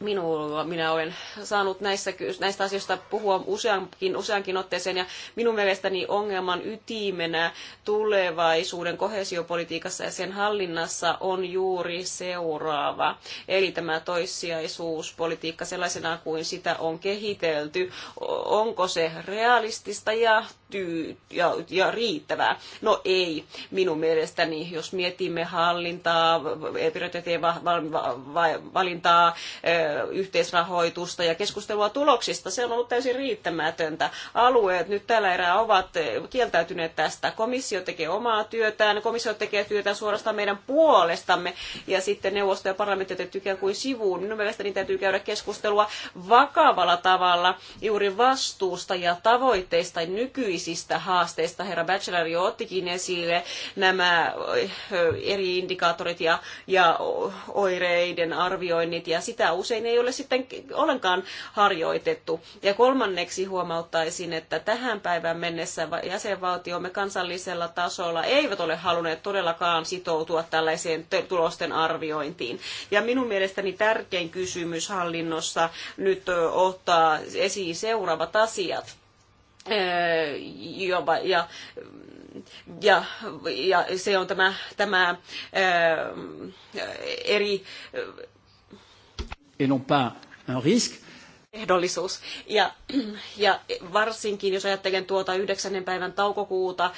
minulla, minä olen saanut näistä, näistä asioista puhua useankin, useankin otteeseen ja minun mielestäni ongelman ytimenä tulevaisuuden kohesiopolitiikassa ja sen hallinnassa on juuri seuraava. Eli tämä toissijaisuuspolitiikka sellaisena kuin sitä on kehitelty, onko se realistista ja, tyy- ja, ja riittävää? No ei minun mielestäni, jos mietimme hallintaa, prioriteettien valintaa, yhteisrahoitusta ja keskustelua tuloksista, se on ollut täysin riittämätöntä. Alueet nyt tällä erää ovat eh, kieltäytyneet tästä. Komissio tekee omaa työtään, komissio tekee työtään suorastaan meidän puolestamme ja sitten neuvosto ja parlamentti otettu ikään kuin sivuun. Minun mielestäni täytyy käydä keskustelua vakavalla tavalla juuri vastuusta ja tavoitteista ja nykyisistä haasteista. Herra Bachelor jo ottikin esille nämä eh, eri indikaattorit ja, ja oireiden arvioinnit ja sitä usein usein ei ole sitten ollenkaan harjoitettu. Ja kolmanneksi huomauttaisin, että tähän päivään mennessä jäsenvaltiomme kansallisella tasolla eivät ole halunneet todellakaan sitoutua tällaiseen tulosten arviointiin. Ja minun mielestäni tärkein kysymys hallinnossa nyt ottaa esiin seuraavat asiat. Ja, ja, ja, ja se on tämä, tämä eri et non pas un risque ehdollisuus. Ja, ja varsinkin, jos ajattelen tuota 9. päivän taukokuuta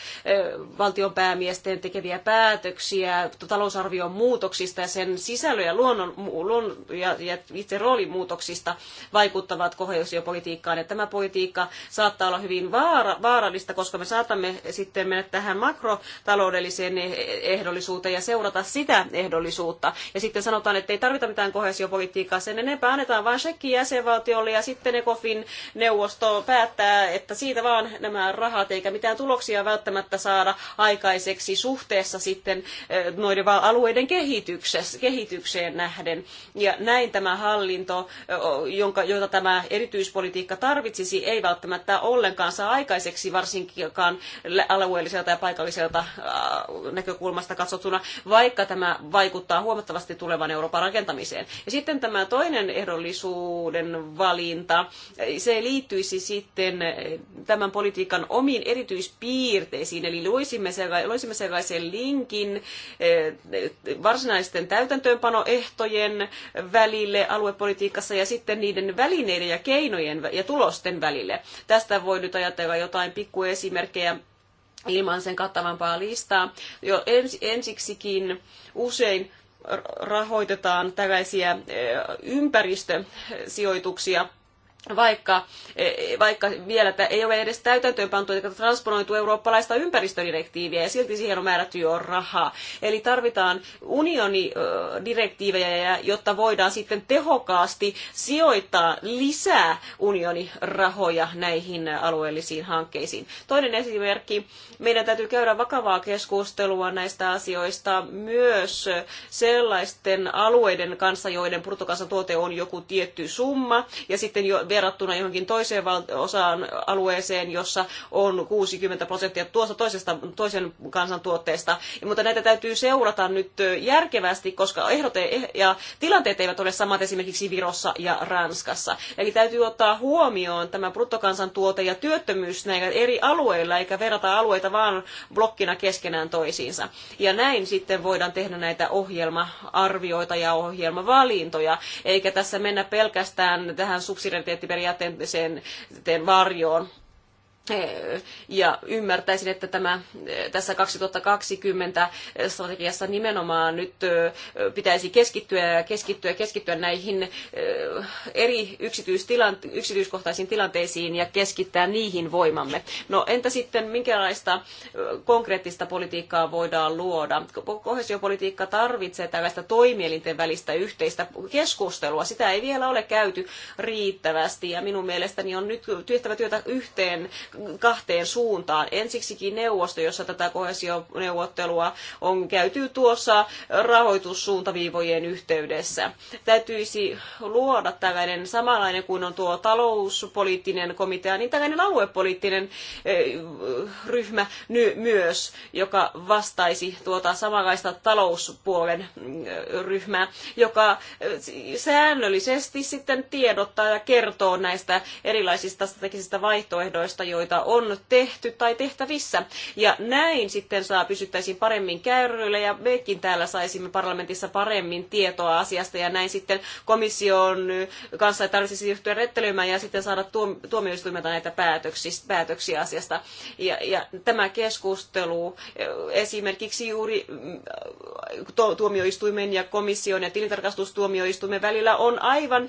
valtionpäämiesten tekeviä päätöksiä talousarvion muutoksista ja sen sisällö ja, luonnon, luon, ja, ja itse roolin muutoksista vaikuttavat koheesiopolitiikkaan Ja tämä politiikka saattaa olla hyvin vaara, vaarallista, koska me saatamme sitten mennä tähän makrotaloudelliseen eh, ehdollisuuteen ja seurata sitä ehdollisuutta. Ja sitten sanotaan, että ei tarvita mitään kohesiopolitiikkaa sen enempää, annetaan vain shekki jäsenvaltiolle tasolle ja sitten ECOFIN neuvosto päättää, että siitä vaan nämä rahat eikä mitään tuloksia välttämättä saada aikaiseksi suhteessa sitten eh, noiden alueiden kehitykseen nähden. Ja näin tämä hallinto, eh, jonka, jota tämä erityispolitiikka tarvitsisi, ei välttämättä ollenkaan saa aikaiseksi varsinkaan alueelliselta ja paikalliselta eh, näkökulmasta katsottuna, vaikka tämä vaikuttaa huomattavasti tulevan Euroopan rakentamiseen. Ja sitten tämä toinen ehdollisuuden val- valinta. Se liittyisi sitten tämän politiikan omiin erityispiirteisiin, eli loisimme, sellaisen linkin eh, varsinaisten täytäntöönpanoehtojen välille aluepolitiikassa ja sitten niiden välineiden ja keinojen ja tulosten välille. Tästä voi nyt ajatella jotain pikkuesimerkkejä ilman sen kattavampaa listaa. Jo ensiksikin usein rahoitetaan tällaisia ympäristösijoituksia vaikka, eh, vaikka vielä ei ole edes täytäntöönpantu eikä transponoitu eurooppalaista ympäristödirektiiviä ja silti siihen on määrätty jo rahaa. Eli tarvitaan unionidirektiivejä, jotta voidaan sitten tehokkaasti sijoittaa lisää unionirahoja näihin alueellisiin hankkeisiin. Toinen esimerkki, meidän täytyy käydä vakavaa keskustelua näistä asioista myös sellaisten alueiden kanssa, joiden bruttokansantuote on joku tietty summa ja sitten jo verrattuna johonkin toiseen osaan alueeseen, jossa on 60 prosenttia tuosta toisesta, toisen kansantuotteesta. Mutta näitä täytyy seurata nyt järkevästi, koska ehdot eh, ja tilanteet eivät ole samat esimerkiksi Virossa ja Ranskassa. Eli täytyy ottaa huomioon tämä bruttokansantuote ja työttömyys näillä eri alueilla, eikä verrata alueita vaan blokkina keskenään toisiinsa. Ja näin sitten voidaan tehdä näitä ohjelma-arvioita ja ohjelmavalintoja, eikä tässä mennä pelkästään tähän subsidiariteetti subsidiariteettiperiaatteen varjoon ja ymmärtäisin, että tämä eh, tässä 2020 strategiassa nimenomaan nyt eh, pitäisi keskittyä ja keskittyä, keskittyä näihin eh, eri yksityiskohtaisiin tilanteisiin ja keskittää niihin voimamme. No entä sitten minkälaista konkreettista politiikkaa voidaan luoda? Kohesiopolitiikka tarvitsee tällaista toimielinten välistä yhteistä keskustelua. Sitä ei vielä ole käyty riittävästi ja minun mielestäni on nyt työstävä työtä yhteen kahteen suuntaan. Ensiksikin neuvosto, jossa tätä kohesioneuvottelua on käyty tuossa rahoitussuuntaviivojen yhteydessä. Täytyisi luoda tällainen samanlainen kuin on tuo talouspoliittinen komitea, niin tällainen aluepoliittinen ryhmä myös, joka vastaisi tuota samanlaista talouspuolen ryhmää, joka säännöllisesti sitten tiedottaa ja kertoo näistä erilaisista strategisista vaihtoehdoista, joita joita on tehty tai tehtävissä. Ja näin sitten saa pysyttäisiin paremmin kärryillä ja mekin täällä saisimme parlamentissa paremmin tietoa asiasta ja näin sitten komission kanssa ei tarvitsisi ryhtyä rettelymään ja sitten saada tuomioistuimelta näitä päätöksiä asiasta. Ja, ja tämä keskustelu eh, esimerkiksi juuri mm, tuomioistuimen ja komission ja tilintarkastustuomioistuimen välillä on aivan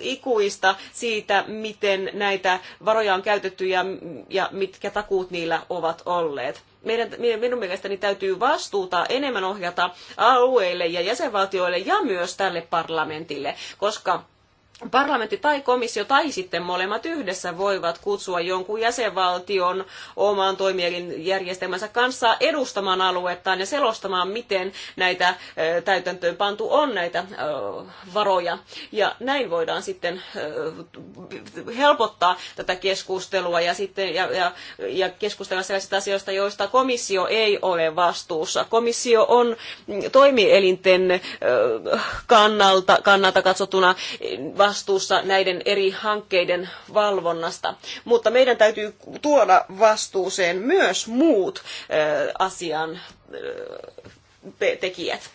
ikuista siitä, miten näitä varoja on käytetty ja ja mitkä takuut niillä ovat olleet. Meidän, minun mielestäni täytyy vastuuta enemmän ohjata alueille ja jäsenvaltioille ja myös tälle parlamentille, koska parlamentti tai komissio tai sitten molemmat yhdessä voivat kutsua jonkun jäsenvaltion oman toimielinjärjestelmänsä kanssa edustamaan aluettaan ja selostamaan, miten näitä täytäntöön pantu on näitä varoja. Ja näin voidaan sitten helpottaa tätä keskustelua ja, sitten, ja, ja, ja keskustella sellaisista asioista, joista komissio ei ole vastuussa. Komissio on toimielinten kannalta, kannalta katsottuna vastuussa näiden eri hankkeiden valvonnasta. Mutta meidän täytyy tuoda vastuuseen myös muut asian tekijät.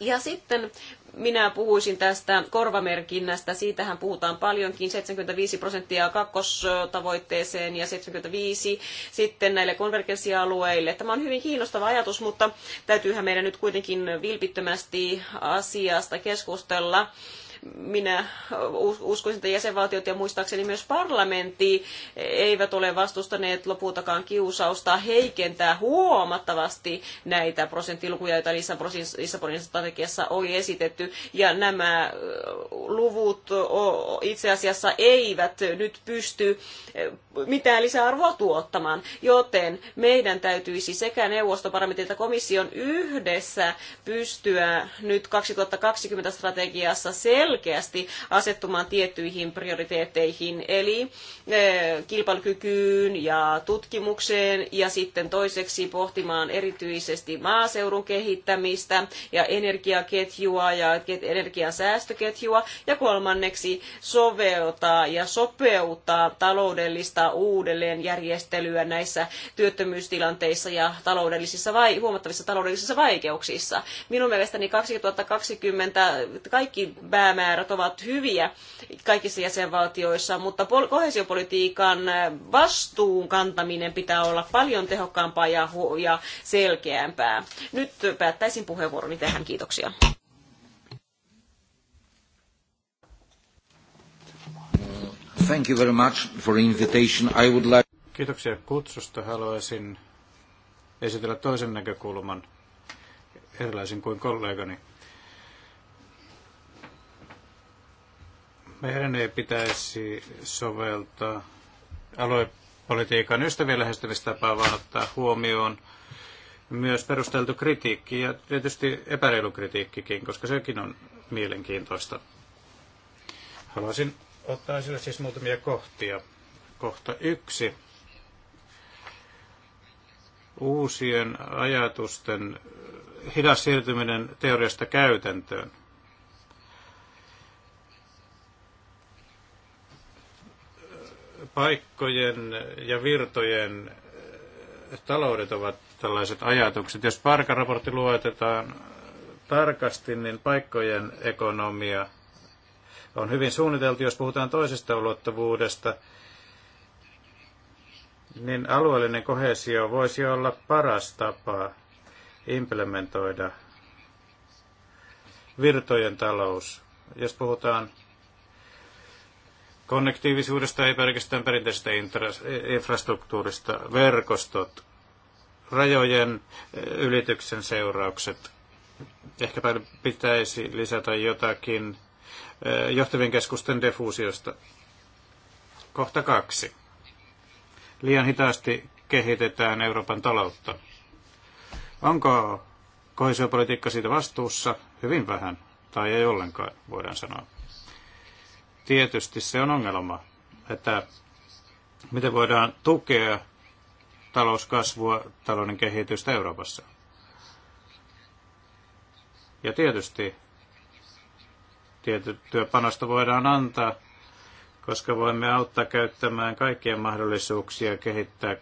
Ja sitten minä puhuisin tästä korvamerkinnästä. Siitähän puhutaan paljonkin, 75 prosenttia kakkostavoitteeseen ja 75 sitten näille konvergenssialueille. Tämä on hyvin kiinnostava ajatus, mutta täytyyhän meidän nyt kuitenkin vilpittömästi asiasta keskustella minä uskoisin, että jäsenvaltiot ja muistaakseni myös parlamentti eivät ole vastustaneet lopultakaan kiusausta heikentää huomattavasti näitä prosenttilukuja, joita Lissabonin strategiassa oli esitetty. Ja nämä luvut itse asiassa eivät nyt pysty mitään lisäarvoa tuottamaan, joten meidän täytyisi sekä että komission yhdessä pystyä nyt 2020 strategiassa sel selkeästi asettumaan tiettyihin prioriteetteihin, eli eh, kilpailukykyyn ja tutkimukseen ja sitten toiseksi pohtimaan erityisesti maaseudun kehittämistä ja energiaketjua ja energian säästöketjua ja kolmanneksi soveltaa ja sopeuttaa taloudellista uudelleenjärjestelyä näissä työttömyystilanteissa ja taloudellisissa vai- huomattavissa taloudellisissa vaikeuksissa. Minun mielestäni 2020 kaikki päämäärät määrät ovat hyviä kaikissa jäsenvaltioissa, mutta kohesiopolitiikan vastuun kantaminen pitää olla paljon tehokkaampaa ja, ja selkeämpää. Nyt päättäisin puheenvuoroni tähän. Kiitoksia. Thank you very much for invitation. I would like... Kiitoksia kutsusta. Haluaisin esitellä toisen näkökulman erilaisin kuin kollegani. Meidän ei pitäisi soveltaa aluepolitiikan ystävien lähestymistapaa, vaan ottaa huomioon myös perusteltu kritiikki ja tietysti epäreilu kritiikkikin, koska sekin on mielenkiintoista. Haluaisin ottaa esille siis muutamia kohtia. Kohta yksi. Uusien ajatusten hidas siirtyminen teoriasta käytäntöön – paikkojen ja virtojen äh, taloudet ovat tällaiset ajatukset. Jos parkaraportti luetetaan tarkasti, niin paikkojen ekonomia on hyvin suunniteltu. Jos puhutaan toisesta ulottuvuudesta, niin alueellinen kohesio voisi olla paras tapa implementoida virtojen talous. Jos puhutaan Konnektiivisuudesta ei pelkästään perinteisestä e- infrastruktuurista, verkostot, rajojen e, ylityksen seuraukset. Ehkä pitäisi lisätä jotakin e, johtavien keskusten defuusiosta. Kohta kaksi. Liian hitaasti kehitetään Euroopan taloutta. Onko kohesiopolitiikka siitä vastuussa? Hyvin vähän, tai ei ollenkaan, voidaan sanoa tietysti se on ongelma, että miten voidaan tukea talouskasvua, talouden kehitystä Euroopassa. Ja tietysti tiettyä panosta voidaan antaa, koska voimme auttaa käyttämään kaikkia mahdollisuuksia kehittää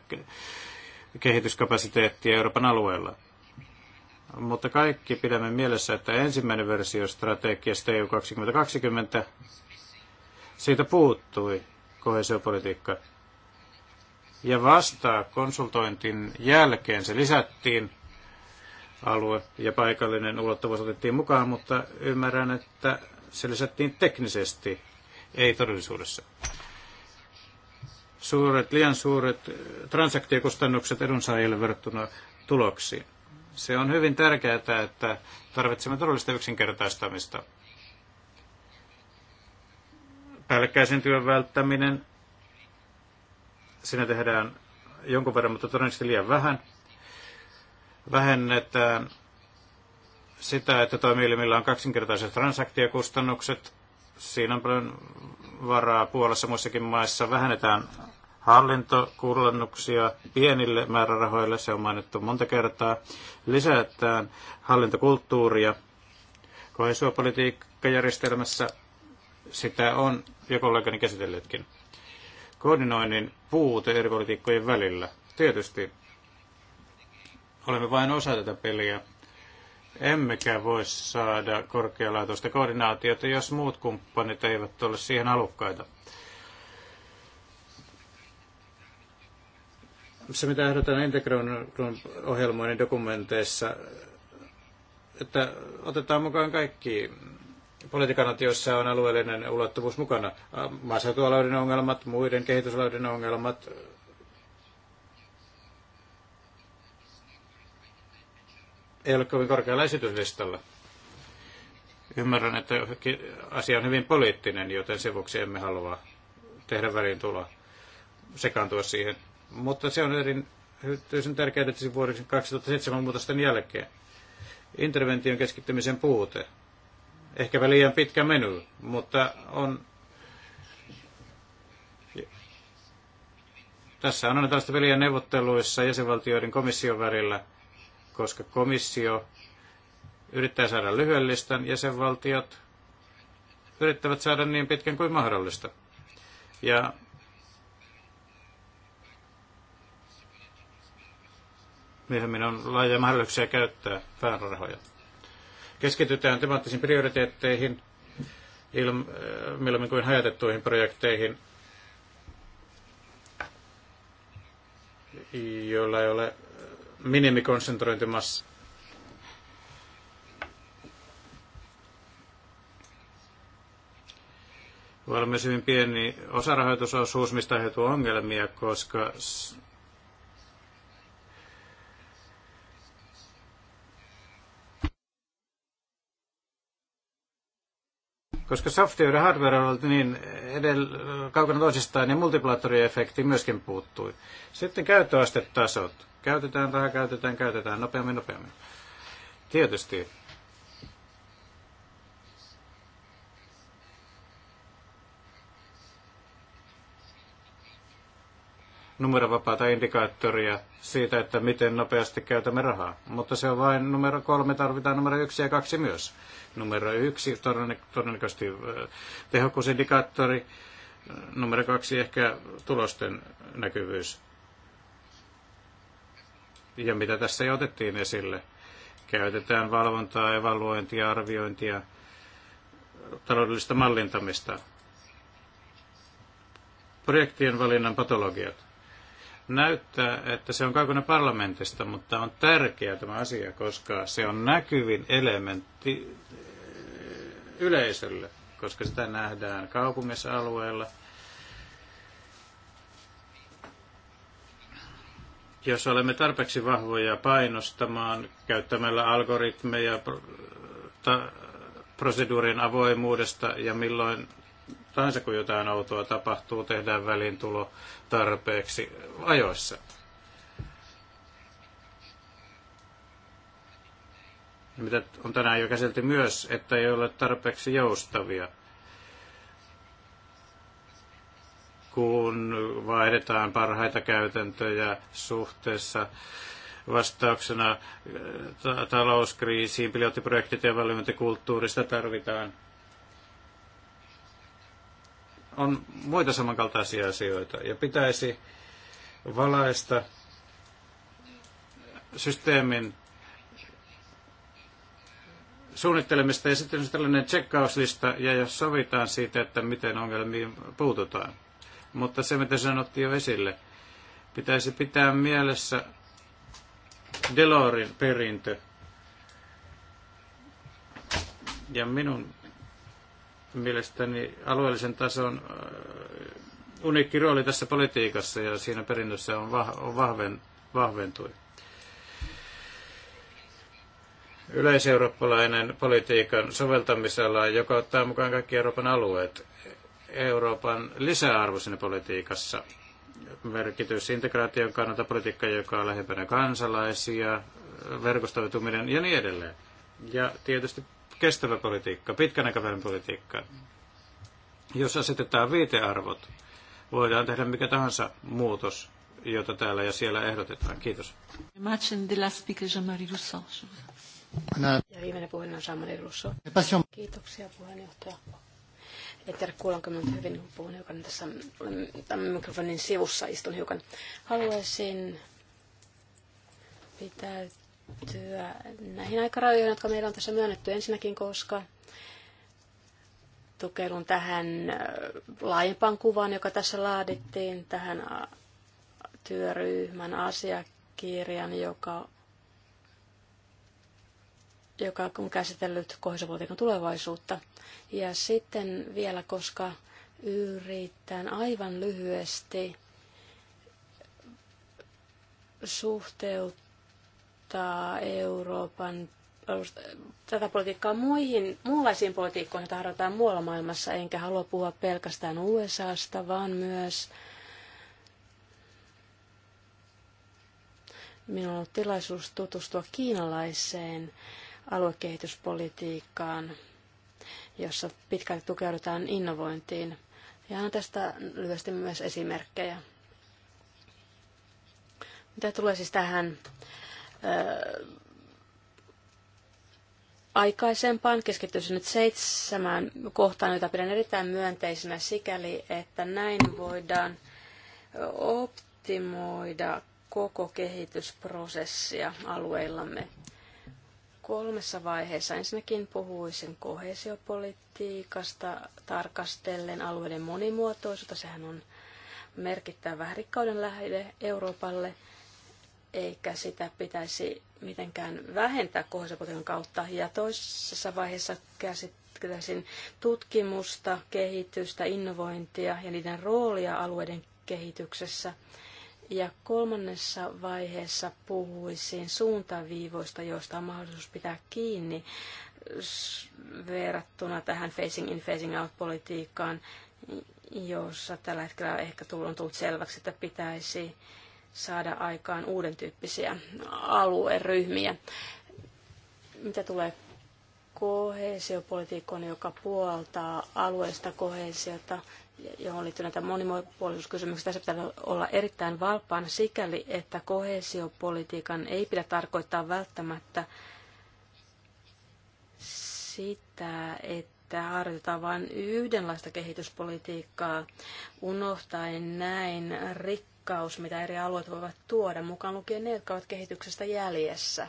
kehityskapasiteettia Euroopan alueella. Mutta kaikki pidämme mielessä, että ensimmäinen versio strategiasta EU 2020 siitä puuttui kohesiopolitiikka. Ja vasta konsultointin jälkeen se lisättiin alue ja paikallinen ulottuvuus otettiin mukaan, mutta ymmärrän, että se lisättiin teknisesti, ei todellisuudessa. Suuret, liian suuret transaktiokustannukset edunsaajille verrattuna tuloksiin. Se on hyvin tärkeää, että tarvitsemme todellista yksinkertaistamista Päällekkäisen työn välttäminen, siinä tehdään jonkun verran, mutta todennäköisesti liian vähän. Vähennetään sitä, että toimielimillä on kaksinkertaiset transaktiokustannukset. Siinä on paljon varaa Puolassa muissakin maissa. Vähennetään hallintokullannuksia pienille määrärahoille, se on mainittu monta kertaa. Lisätään hallintokulttuuria kohesuopolitiikkajärjestelmässä sitä on jo kollegani käsitelleetkin. Koordinoinnin puute eri politiikkojen välillä. Tietysti olemme vain osa tätä peliä. Emmekä voi saada korkealaatuista koordinaatiota, jos muut kumppanit eivät ole siihen alukkaita. Se, mitä ehdotan integroinnin ohjelmoinnin dokumenteissa, että otetaan mukaan kaikki politiikan joissa on alueellinen ulottuvuus mukana. Maaseutualueiden ongelmat, muiden kehitysalueiden ongelmat, ei ole kovin korkealla esityslistalla. Ymmärrän, että asia on hyvin poliittinen, joten sen vuoksi emme halua tehdä väliin tulla sekaantua siihen. Mutta se on erityisen tärkeää että vuoden 2007 muutosten jälkeen. Intervention keskittymisen puute ehkäpä liian pitkä menu, mutta on Tässä on aina tällaista peliä neuvotteluissa jäsenvaltioiden komission välillä, koska komissio yrittää saada lyhyen listan, jäsenvaltiot yrittävät saada niin pitkän kuin mahdollista. Ja myöhemmin on laaja mahdollisuuksia käyttää päärahoja. Keskitytään temaattisiin prioriteetteihin äh, milloin kuin hajatettuihin projekteihin, joilla ei ole minimikonsentrointimassa. Voi olla myös hyvin pieni osarahoitusosuus, mistä aiheutuu ongelmia, koska koska software hardware on ollut niin edellä, kaukana toisistaan, niin multiplaattoriefekti myöskin puuttui. Sitten käyttöastetasot. Käytetään vähän käytetään, käytetään nopeammin, nopeammin. Tietysti numerovapaata indikaattoria siitä, että miten nopeasti käytämme rahaa. Mutta se on vain numero kolme, tarvitaan numero yksi ja kaksi myös. Numero yksi todennäköisesti tehokkuusindikaattori, numero kaksi ehkä tulosten näkyvyys. Ja mitä tässä jo otettiin esille, käytetään valvontaa, evaluointia, arviointia, taloudellista mallintamista, projektien valinnan patologiat näyttää, että se on kaukana parlamentista, mutta on tärkeä tämä asia, koska se on näkyvin elementti eh, yleisölle, koska sitä nähdään kaupungisalueella. Jos olemme tarpeeksi vahvoja painostamaan käyttämällä algoritmeja, proseduurien avoimuudesta ja milloin tahansa, kun jotain outoa tapahtuu, tehdään välintulo tarpeeksi ajoissa. mitä on tänään jo käsitelty myös, että ei ole tarpeeksi joustavia. Kun vaihdetaan parhaita käytäntöjä suhteessa vastauksena äh, talouskriisiin, pilottiprojektit ja välimentekulttuurista tarvitaan on muita samankaltaisia asioita ja pitäisi valaista systeemin suunnittelemista ja sitten tällainen checkauslista ja jos sovitaan siitä, että miten ongelmiin puututaan. Mutta se, mitä sanottiin jo esille, pitäisi pitää mielessä Delorin perintö ja minun mielestäni alueellisen tason äh, uniikki rooli tässä politiikassa ja siinä perinnössä on, vah, on vahven, vahventui. Yleiseurooppalainen politiikan soveltamisala, joka ottaa mukaan kaikki Euroopan alueet, Euroopan lisäarvo siinä politiikassa, merkitys integraation kannalta, politiikka, joka on lähempänä kansalaisia, verkostoituminen ja niin edelleen. Ja tietysti kestävä politiikka, pitkän aikavälin politiikka. Jos asetetaan viitearvot, voidaan tehdä mikä tahansa muutos, jota täällä ja siellä ehdotetaan. Kiitos. Ja viimeinen puheen on Samari Russo. Kiitoksia puheenjohtaja. En tiedä, kuulanko minut hyvin, puhun hiukan tässä mm, tämän mikrofonin sivussa, istun hiukan. Haluaisin pitää liittyä näihin aikarajoihin, jotka meillä on tässä myönnetty ensinnäkin, koska tukeudun tähän laajempaan kuvaan, joka tässä laadittiin, tähän työryhmän asiakirjan, joka, joka on käsitellyt kohdistopolitiikan tulevaisuutta. Ja sitten vielä, koska yritän aivan lyhyesti suhteut vertaa Euroopan tätä politiikkaa muihin, muunlaisiin politiikkoihin, joita harjoitetaan muualla maailmassa, enkä halua puhua pelkästään USAsta, vaan myös minulla on ollut tilaisuus tutustua kiinalaiseen aluekehityspolitiikkaan, jossa pitkälti tukeudutaan innovointiin. Ja on tästä lyhyesti myös esimerkkejä. Mitä tulee siis tähän aikaisempaan. Keskittyisin nyt seitsemään kohtaan, jota pidän erittäin myönteisenä sikäli, että näin voidaan optimoida koko kehitysprosessia alueillamme kolmessa vaiheessa. Ensinnäkin puhuisin kohesiopolitiikasta tarkastellen alueiden monimuotoisuutta. Sehän on merkittävä rikkauden lähde Euroopalle – eikä sitä pitäisi mitenkään vähentää kohdallisen kautta. Ja toisessa vaiheessa käsittelisin tutkimusta, kehitystä, innovointia ja niiden roolia alueiden kehityksessä. Ja kolmannessa vaiheessa puhuisin suuntaviivoista, joista on mahdollisuus pitää kiinni verrattuna tähän facing in, facing out politiikkaan, jossa tällä hetkellä ehkä on tullut selväksi, että pitäisi saada aikaan uuden tyyppisiä alueryhmiä. Mitä tulee kohesiopolitiikkoon, joka puoltaa alueesta kohesiota, johon liittyy näitä monimuotoisuuskysymyksiä. Tässä pitää olla erittäin valpaan sikäli, että kohesiopolitiikan ei pidä tarkoittaa välttämättä sitä, että harjoitetaan vain yhdenlaista kehityspolitiikkaa, unohtaen näin rikkoa rikkaus, mitä eri alueet voivat tuoda, mukaan lukien ne, jotka ovat kehityksestä jäljessä,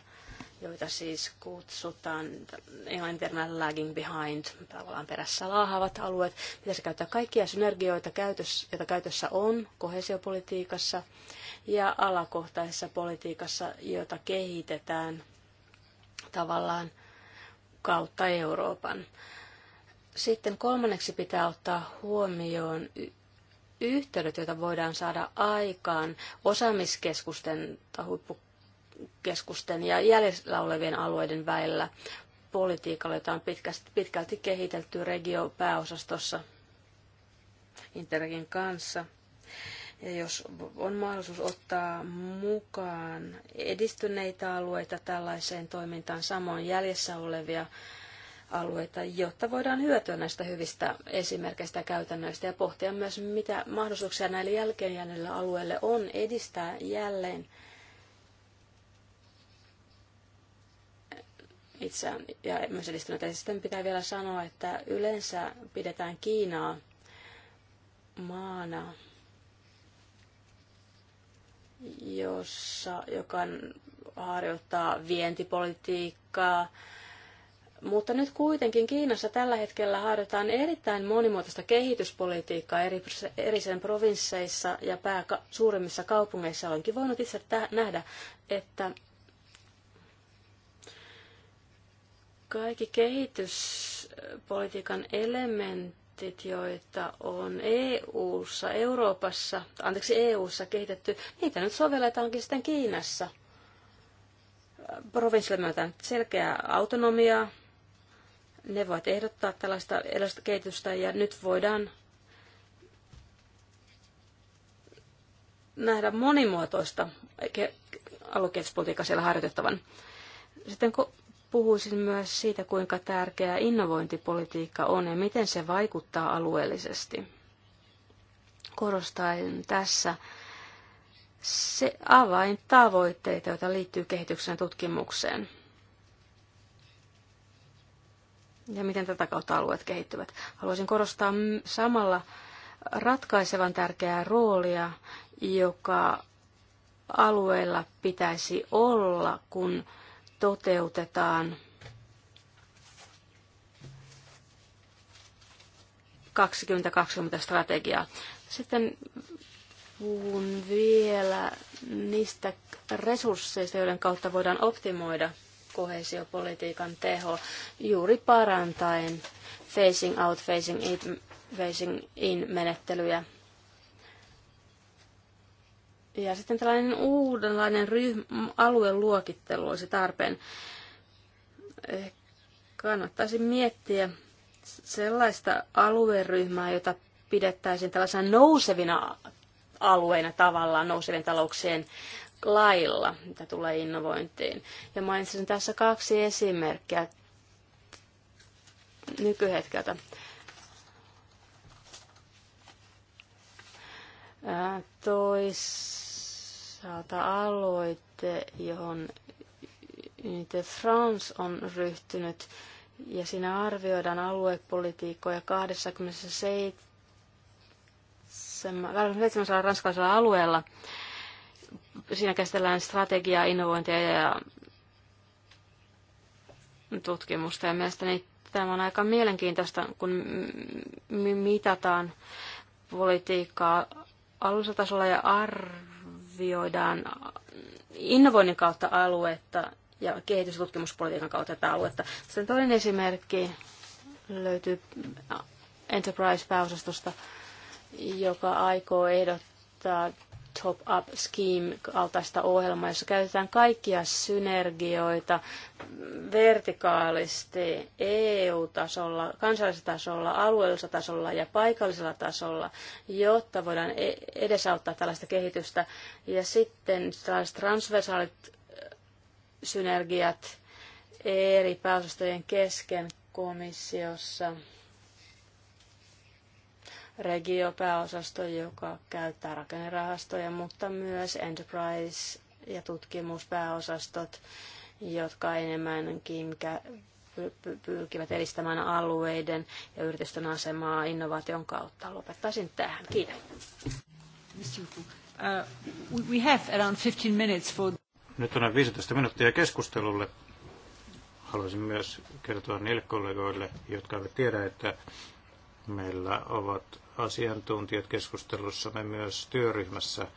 joita siis kutsutaan englannin lagging behind, tavallaan perässä laahavat alueet. Pitäisi käyttää kaikkia synergioita, joita käytössä on kohesiopolitiikassa ja alakohtaisessa politiikassa, jota kehitetään tavallaan kautta Euroopan. Sitten kolmanneksi pitää ottaa huomioon yhteydet, joita voidaan saada aikaan osaamiskeskusten tai huippukeskusten ja jäljellä olevien alueiden välillä politiikalla, jota on pitkästi, pitkälti kehitelty regio-pääosastossa Interregin kanssa. Ja jos on mahdollisuus ottaa mukaan edistyneitä alueita tällaiseen toimintaan, samoin jäljessä olevia alueita, jotta voidaan hyötyä näistä hyvistä esimerkkeistä ja käytännöistä ja pohtia myös, mitä mahdollisuuksia näille jälkeenjääneille alueille on edistää jälleen itseään ja myös edistyneitä. Ja sitten pitää vielä sanoa, että yleensä pidetään Kiinaa maana, jossa, joka harjoittaa vientipolitiikkaa, mutta nyt kuitenkin Kiinassa tällä hetkellä harjoitetaan erittäin monimuotoista kehityspolitiikkaa eri, eri sen provinsseissa ja pää, suurimmissa kaupungeissa. Olenkin voinut itse nähdä, että kaikki kehityspolitiikan elementit, joita on EU-ssa, Euroopassa, anteeksi EU-ssa kehitetty, niitä nyt sovelletaankin sitten Kiinassa. Provinssille myötään selkeää autonomiaa, ne voivat ehdottaa tällaista kehitystä ja nyt voidaan nähdä monimuotoista aluekehityspolitiikkaa siellä harjoitettavan. Sitten puhuisin myös siitä, kuinka tärkeää innovointipolitiikka on ja miten se vaikuttaa alueellisesti. Korostan tässä se avaintavoitteita, joita liittyy kehityksen tutkimukseen ja miten tätä kautta alueet kehittyvät. Haluaisin korostaa samalla ratkaisevan tärkeää roolia, joka alueella pitäisi olla, kun toteutetaan 2020 strategiaa. Sitten puhun vielä niistä resursseista, joiden kautta voidaan optimoida – Koheesiopolitiikan teho juuri parantaen facing out, facing in, facing in menettelyjä. Ja sitten tällainen uudenlainen ryhm, alueen luokittelu olisi tarpeen. Eh, kannattaisi miettiä sellaista alueryhmää, jota pidettäisiin tällaisena nousevina alueina tavallaan nousevien talouksien lailla, mitä tulee innovointiin. Ja mainitsin tässä kaksi esimerkkiä nykyhetkeltä. Toisaalta aloite, johon Unité France on ryhtynyt, ja siinä arvioidaan aluepolitiikkoja 27 ranskalaisella alueella. Siinä käsitellään strategiaa, innovointia ja tutkimusta. Ja mielestäni tämä on aika mielenkiintoista, kun mitataan politiikkaa tasolla ja arvioidaan innovoinnin kautta aluetta ja kehitys- ja tutkimuspolitiikan kautta tätä aluetta. Sitten toinen esimerkki löytyy Enterprise-pääosastosta, joka aikoo ehdottaa Top Up Scheme kaltaista ohjelmaa, jossa käytetään kaikkia synergioita vertikaalisti EU-tasolla, kansallisella tasolla, alueellisella tasolla ja paikallisella tasolla, jotta voidaan e- edesauttaa tällaista kehitystä. Ja sitten tällaiset transversaalit äh, synergiat eri pääosastojen kesken komissiossa – regiopääosasto, joka käyttää rakennerahastoja, mutta myös enterprise- ja tutkimuspääosastot, jotka enemmänkin pyrkivät edistämään alueiden ja yritysten asemaa innovaation kautta. Lopettaisin tähän. Kiitos. Uh, we have around 15 minutes for... Nyt on 15 minuuttia keskustelulle. Haluaisin myös kertoa niille kollegoille, jotka eivät tiedä, että meillä ovat asiantuntijat keskustelussamme myös työryhmässä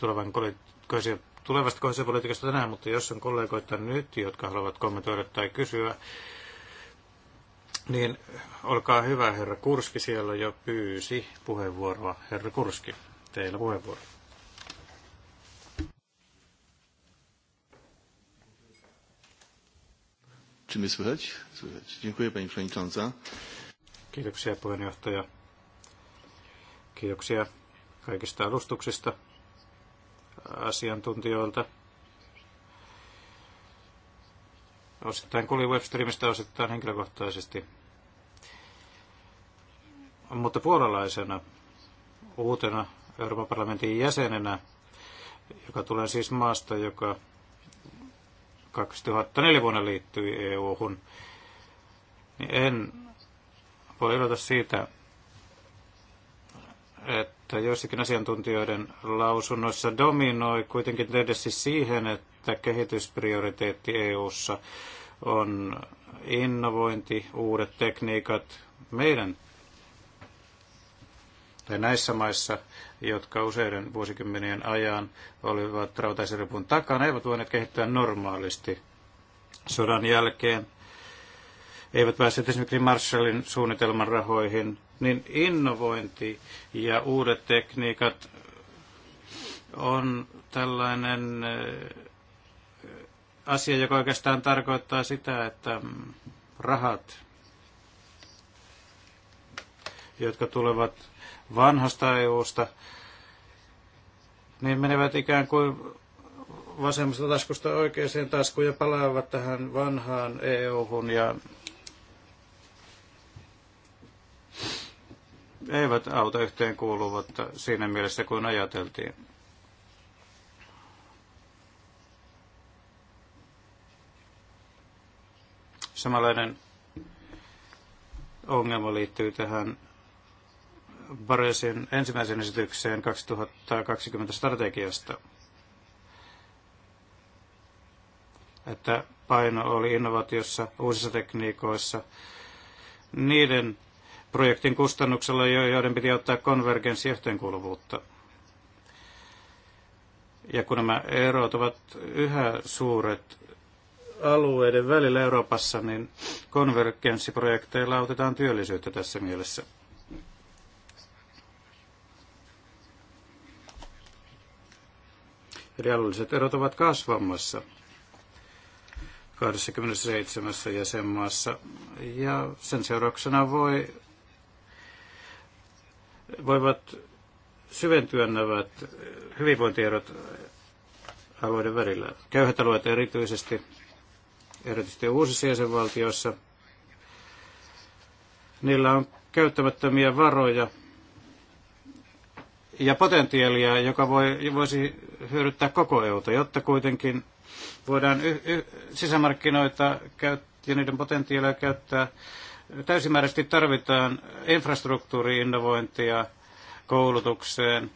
tulevan kohdisen, tulevasta kohdallisuuspolitiikasta tänään, mutta jos on kollegoita nyt, jotka haluavat kommentoida tai kysyä, niin olkaa hyvä, herra Kurski siellä jo pyysi puheenvuoroa. Herra Kurski, teillä puheenvuoro. Czy mnie słychać? Słychać. Dziękuję Pani Przewodnicząca. Kiitoksia puheenjohtaja. Kiitoksia kaikista alustuksista asiantuntijoilta. Osittain kulin webstreamista, osittain henkilökohtaisesti. Mutta puolalaisena uutena Euroopan parlamentin jäsenenä, joka tulee siis maasta, joka 2004 vuonna liittyi EU-hun, niin en voi iloita siitä, että joissakin asiantuntijoiden lausunnoissa dominoi kuitenkin tendenssi siihen, että kehitysprioriteetti EU:ssa on innovointi, uudet tekniikat. Meidän tai näissä maissa, jotka useiden vuosikymmenien ajan olivat rautaisen takana, eivät voineet kehittyä normaalisti sodan jälkeen. Eivät päässeet esimerkiksi Marshallin suunnitelman rahoihin, niin innovointi ja uudet tekniikat on tällainen eh, asia, joka oikeastaan tarkoittaa sitä, että rahat, jotka tulevat vanhasta EUsta, niin menevät ikään kuin vasemmasta taskusta oikeaan taskuun ja palaavat tähän vanhaan EU-hun ja eivät auta yhteen kuuluvatta siinä mielessä kuin ajateltiin. Samanlainen ongelma liittyy tähän Baresin ensimmäiseen esitykseen 2020 strategiasta, että paino oli innovaatiossa, uusissa tekniikoissa, niiden projektin kustannuksella, joiden piti ottaa konvergenssi yhteenkuuluvuutta. Ja kun nämä erot ovat yhä suuret alueiden välillä Euroopassa, niin konvergenssiprojekteilla autetaan työllisyyttä tässä mielessä. Eli alueelliset erot ovat kasvamassa 27 jäsenmaassa ja sen seurauksena voi voivat syventyä nämä hyvinvointierot alueiden välillä. Köyhät alueet erityisesti, erityisesti uusissa jäsenvaltioissa, niillä on käyttämättömiä varoja ja potentiaalia, joka voi, voisi hyödyttää koko EUta, jotta kuitenkin voidaan y- y- sisämarkkinoita käyttää ja niiden potentiaalia käyttää Täysimääräisesti tarvitaan infrastruktuuriinnovointia koulutukseen,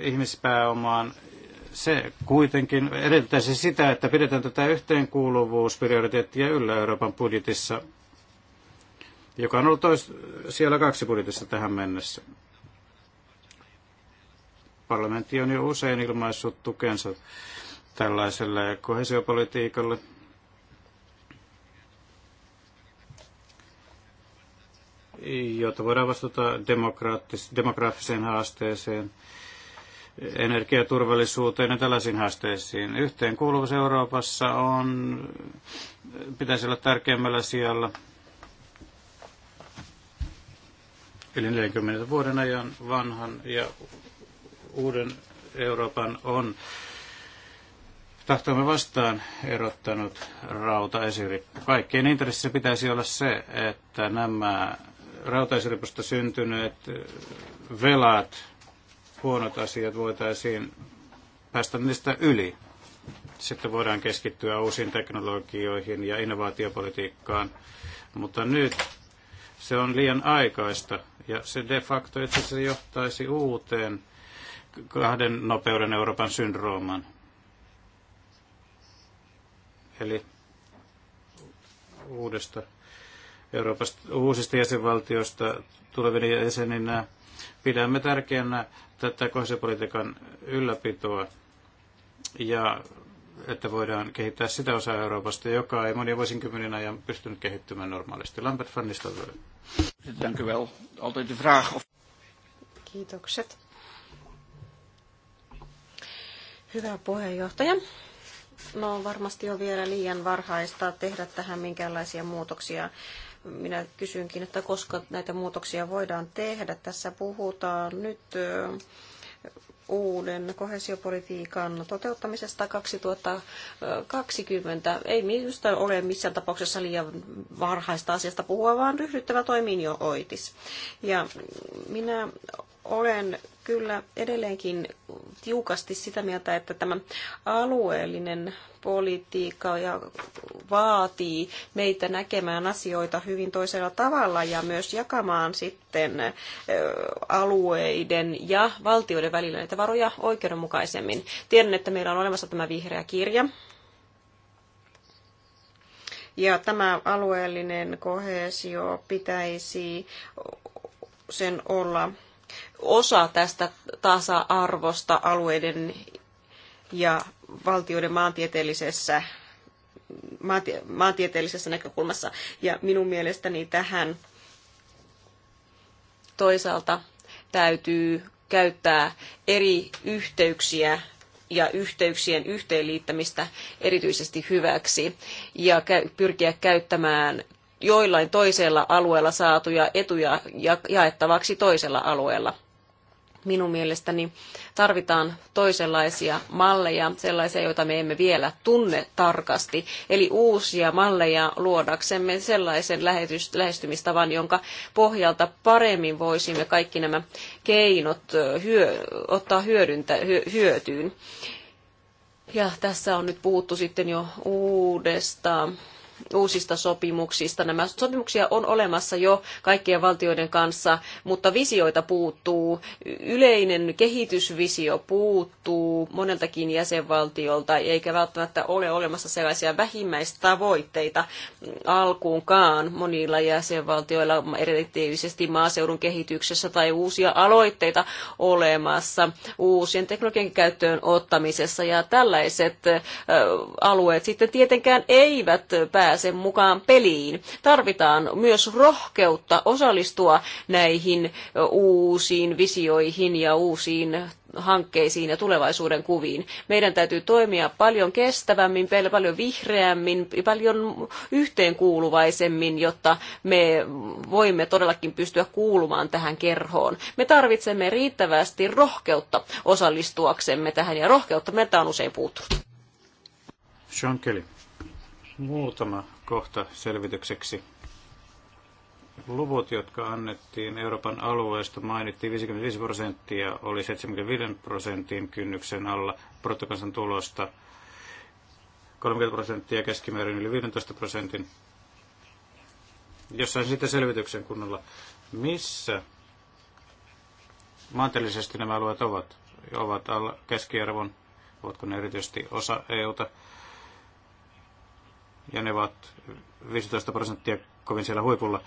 ihmispääomaan. Se kuitenkin edellyttäisi sitä, että pidetään tätä yhteenkuuluvuusprioriteettia yllä Euroopan budjetissa, joka on ollut tois, siellä kaksi budjetissa tähän mennessä. Parlamentti on jo usein ilmaissut tukensa tällaiselle kohesiopolitiikalle – jotta voidaan vastata demograafiseen haasteeseen, energiaturvallisuuteen ja tällaisiin haasteisiin. kuuluvassa Euroopassa on, pitäisi olla tärkeimmällä sijalla yli 40 vuoden ajan vanhan ja uuden Euroopan on tahtomme vastaan erottanut rautaesirippu. Kaikkien intressissä pitäisi olla se, että nämä rautaisirposta syntyneet velat, huonot asiat voitaisiin päästä niistä yli. Sitten voidaan keskittyä uusiin teknologioihin ja innovaatiopolitiikkaan. Mutta nyt se on liian aikaista ja se de facto itse asiassa johtaisi uuteen kahden nopeuden Euroopan syndrooman. Eli uudesta Euroopasta uusista jäsenvaltioista tulevina jäseninä. Pidämme tärkeänä tätä kohdepolitiikan ylläpitoa ja että voidaan kehittää sitä osaa Euroopasta, joka ei monia vuosikymmenen ajan pystynyt kehittymään normaalisti. Lambert van Nistelrooy. Kiitokset. Hyvä puheenjohtaja. No varmasti on vielä liian varhaista tehdä tähän minkäänlaisia muutoksia minä kysynkin, että koska näitä muutoksia voidaan tehdä. Tässä puhutaan nyt uuden kohesiopolitiikan toteuttamisesta 2020. Ei minusta ole missään tapauksessa liian varhaista asiasta puhua, vaan ryhdyttävä toimiin jo oitis. Ja minä olen kyllä edelleenkin tiukasti sitä mieltä, että tämä alueellinen politiikka ja vaatii meitä näkemään asioita hyvin toisella tavalla ja myös jakamaan sitten alueiden ja valtioiden välillä näitä varoja oikeudenmukaisemmin. Tiedän, että meillä on olemassa tämä vihreä kirja, ja tämä alueellinen kohesio pitäisi sen olla osa tästä tasa-arvosta alueiden ja valtioiden maantieteellisessä, maantie, maantieteellisessä näkökulmassa. Ja minun mielestäni tähän toisaalta täytyy käyttää eri yhteyksiä ja yhteyksien yhteenliittämistä erityisesti hyväksi ja pyrkiä käyttämään joillain toisella alueella saatuja etuja jaettavaksi toisella alueella minun mielestäni tarvitaan toisenlaisia malleja, sellaisia, joita me emme vielä tunne tarkasti, eli uusia malleja luodaksemme sellaisen lähestymistavan, jonka pohjalta paremmin voisimme kaikki nämä keinot hyö, ottaa hyödyntä, hyötyyn. Ja tässä on nyt puhuttu sitten jo uudesta uusista sopimuksista. Nämä sopimuksia on olemassa jo kaikkien valtioiden kanssa, mutta visioita puuttuu. Yleinen kehitysvisio puuttuu moneltakin jäsenvaltiolta, eikä välttämättä ole olemassa sellaisia vähimmäistavoitteita alkuunkaan monilla jäsenvaltioilla, erityisesti maaseudun kehityksessä tai uusia aloitteita olemassa uusien teknologian käyttöön ottamisessa. Ja tällaiset alueet sitten tietenkään eivät pääse pääse mukaan peliin. Tarvitaan myös rohkeutta osallistua näihin uusiin visioihin ja uusiin hankkeisiin ja tulevaisuuden kuviin. Meidän täytyy toimia paljon kestävämmin, paljon vihreämmin, paljon yhteenkuuluvaisemmin, jotta me voimme todellakin pystyä kuulumaan tähän kerhoon. Me tarvitsemme riittävästi rohkeutta osallistuaksemme tähän ja rohkeutta meiltä on usein puuttunut. Sean Kelly. Muutama kohta selvitykseksi. Luvut, jotka annettiin Euroopan alueesta, mainittiin 55 prosenttia, oli 75 prosentin kynnyksen alla bruttokansantulosta, 30 prosenttia keskimäärin yli 15 prosentin. Jossain sitten selvityksen kunnolla, missä maantieteellisesti nämä alueet ovat, ovat alla keskiarvon, ovatko ne erityisesti osa EUta, ja ne ovat 15 prosenttia kovin siellä huipulla.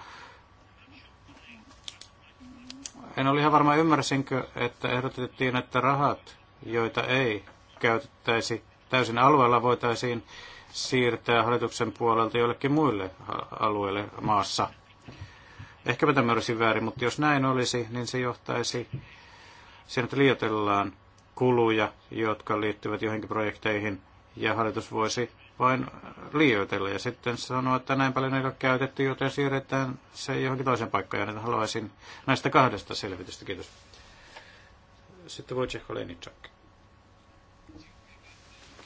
En ole ihan varma, ymmärsinkö, että ehdotettiin, että rahat, joita ei käytettäisi täysin alueella, voitaisiin siirtää hallituksen puolelta jollekin muille alueille maassa. Ehkäpä tämä olisi väärin, mutta jos näin olisi, niin se johtaisi siihen, että liioitellaan kuluja, jotka liittyvät johonkin projekteihin, ja hallitus voisi vain liioitella ja sitten sanoa, että näin paljon ei ole käytetty, joten siirretään se johonkin toiseen paikkaan. Ja haluaisin näistä kahdesta selvitystä. Kiitos. Sitten Wojciech Olenitschak.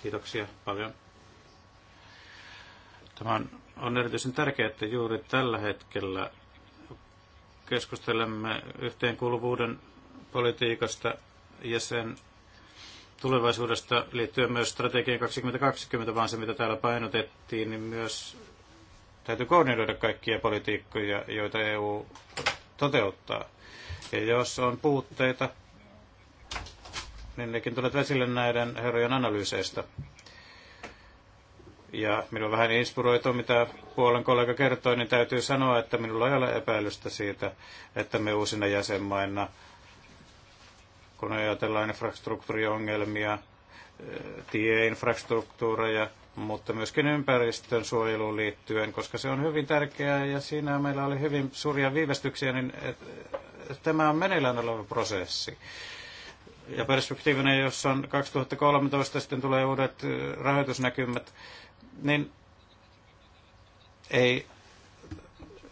Kiitoksia paljon. Tämä on, on erityisen tärkeää, että juuri tällä hetkellä keskustelemme yhteenkuuluvuuden politiikasta ja sen tulevaisuudesta liittyen myös strategian 2020, vaan se mitä täällä painotettiin, niin myös täytyy koordinoida kaikkia politiikkoja, joita EU toteuttaa. Ja jos on puutteita, niin nekin tulet esille näiden herrojen analyyseista. Ja minun vähän inspiroitu, mitä puolen kollega kertoi, niin täytyy sanoa, että minulla ei ole epäilystä siitä, että me uusina jäsenmaina kun ajatellaan infrastruktuuriongelmia, eh, tieinfrastruktuureja, mutta myöskin ympäristön suojeluun liittyen, koska se on hyvin tärkeää ja siinä meillä oli hyvin suuria viivästyksiä, niin tämä on meneillään oleva prosessi. Ja perspektiivinä, jos on 2013 sitten tulee uudet eh, rahoitusnäkymät, niin ei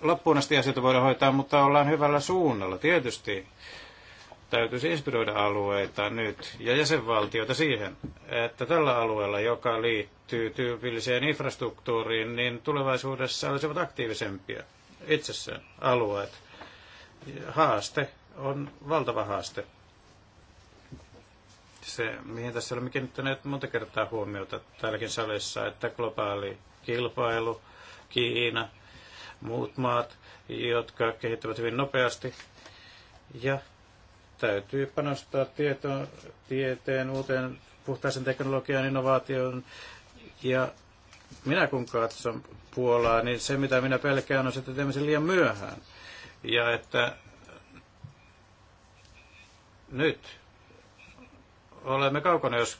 loppuun asti asioita voida hoitaa, mutta ollaan hyvällä suunnalla. Tietysti täytyisi inspiroida alueita nyt ja jäsenvaltioita siihen, että tällä alueella, joka liittyy tyypilliseen infrastruktuuriin, niin tulevaisuudessa olisivat aktiivisempia itsessään alueet. Haaste on valtava haaste. Se, mihin tässä olemme kiinnittäneet monta kertaa huomiota täälläkin salissa, että globaali kilpailu, Kiina, muut maat, jotka kehittyvät hyvin nopeasti, ja täytyy panostaa tietoon, tieteen, uuteen puhtaisen teknologian, innovaatioon. Ja minä kun katson Puolaa, niin se mitä minä pelkään on se, että teemme sen liian myöhään. Ja että nyt olemme kaukana, jos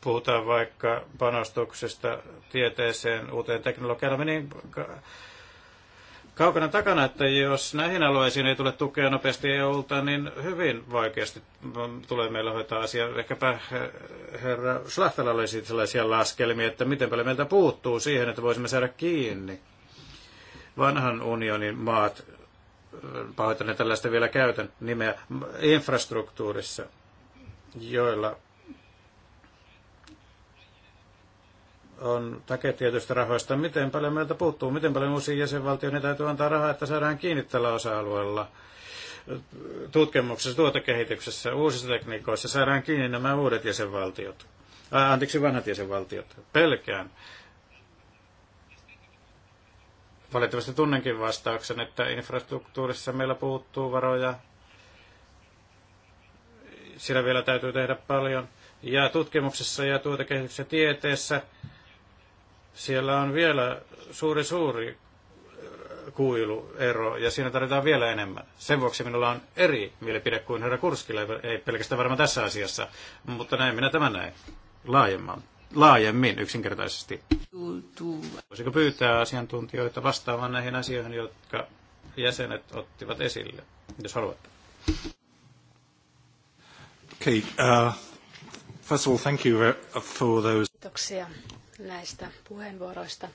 puhutaan vaikka panostuksesta tieteeseen, uuteen teknologiaan, niin kaukana takana, että jos näihin alueisiin ei tule tukea nopeasti EUlta, niin hyvin vaikeasti tulee meillä hoitaa asia. Ehkäpä eh, herra Schlachtel oli sellaisia laskelmia, että miten paljon meiltä puuttuu siihen, että voisimme saada kiinni vanhan unionin maat, eh, pahoittelen tällaista vielä käytän nimeä, infrastruktuurissa, joilla on take tietystä rahoista. Miten paljon meiltä puuttuu? Miten paljon uusia jäsenvaltioita täytyy antaa rahaa, että saadaan kiinni tällä osa-alueella? tutkimuksessa, tuotekehityksessä, uusissa tekniikoissa saadaan kiinni nämä uudet jäsenvaltiot. Äh, anteeksi, vanhat jäsenvaltiot. Pelkään. Valitettavasti tunnenkin vastauksen, että infrastruktuurissa meillä puuttuu varoja. Sillä vielä täytyy tehdä paljon. Ja tutkimuksessa ja tuotekehityksessä tieteessä siellä on vielä suuri suuri kuiluero ja siinä tarvitaan vielä enemmän. Sen vuoksi minulla on eri mielipide kuin herra Kurskilla, ei pelkästään varmaan tässä asiassa, mutta näin minä tämän näin laajemman, laajemmin yksinkertaisesti. Voisiko pyytää asiantuntijoita vastaamaan näihin asioihin, jotka jäsenet ottivat esille, jos haluatte? Okay, uh, first of all, thank you uh, for those. Kiitoksia näistä puheenvuoroista.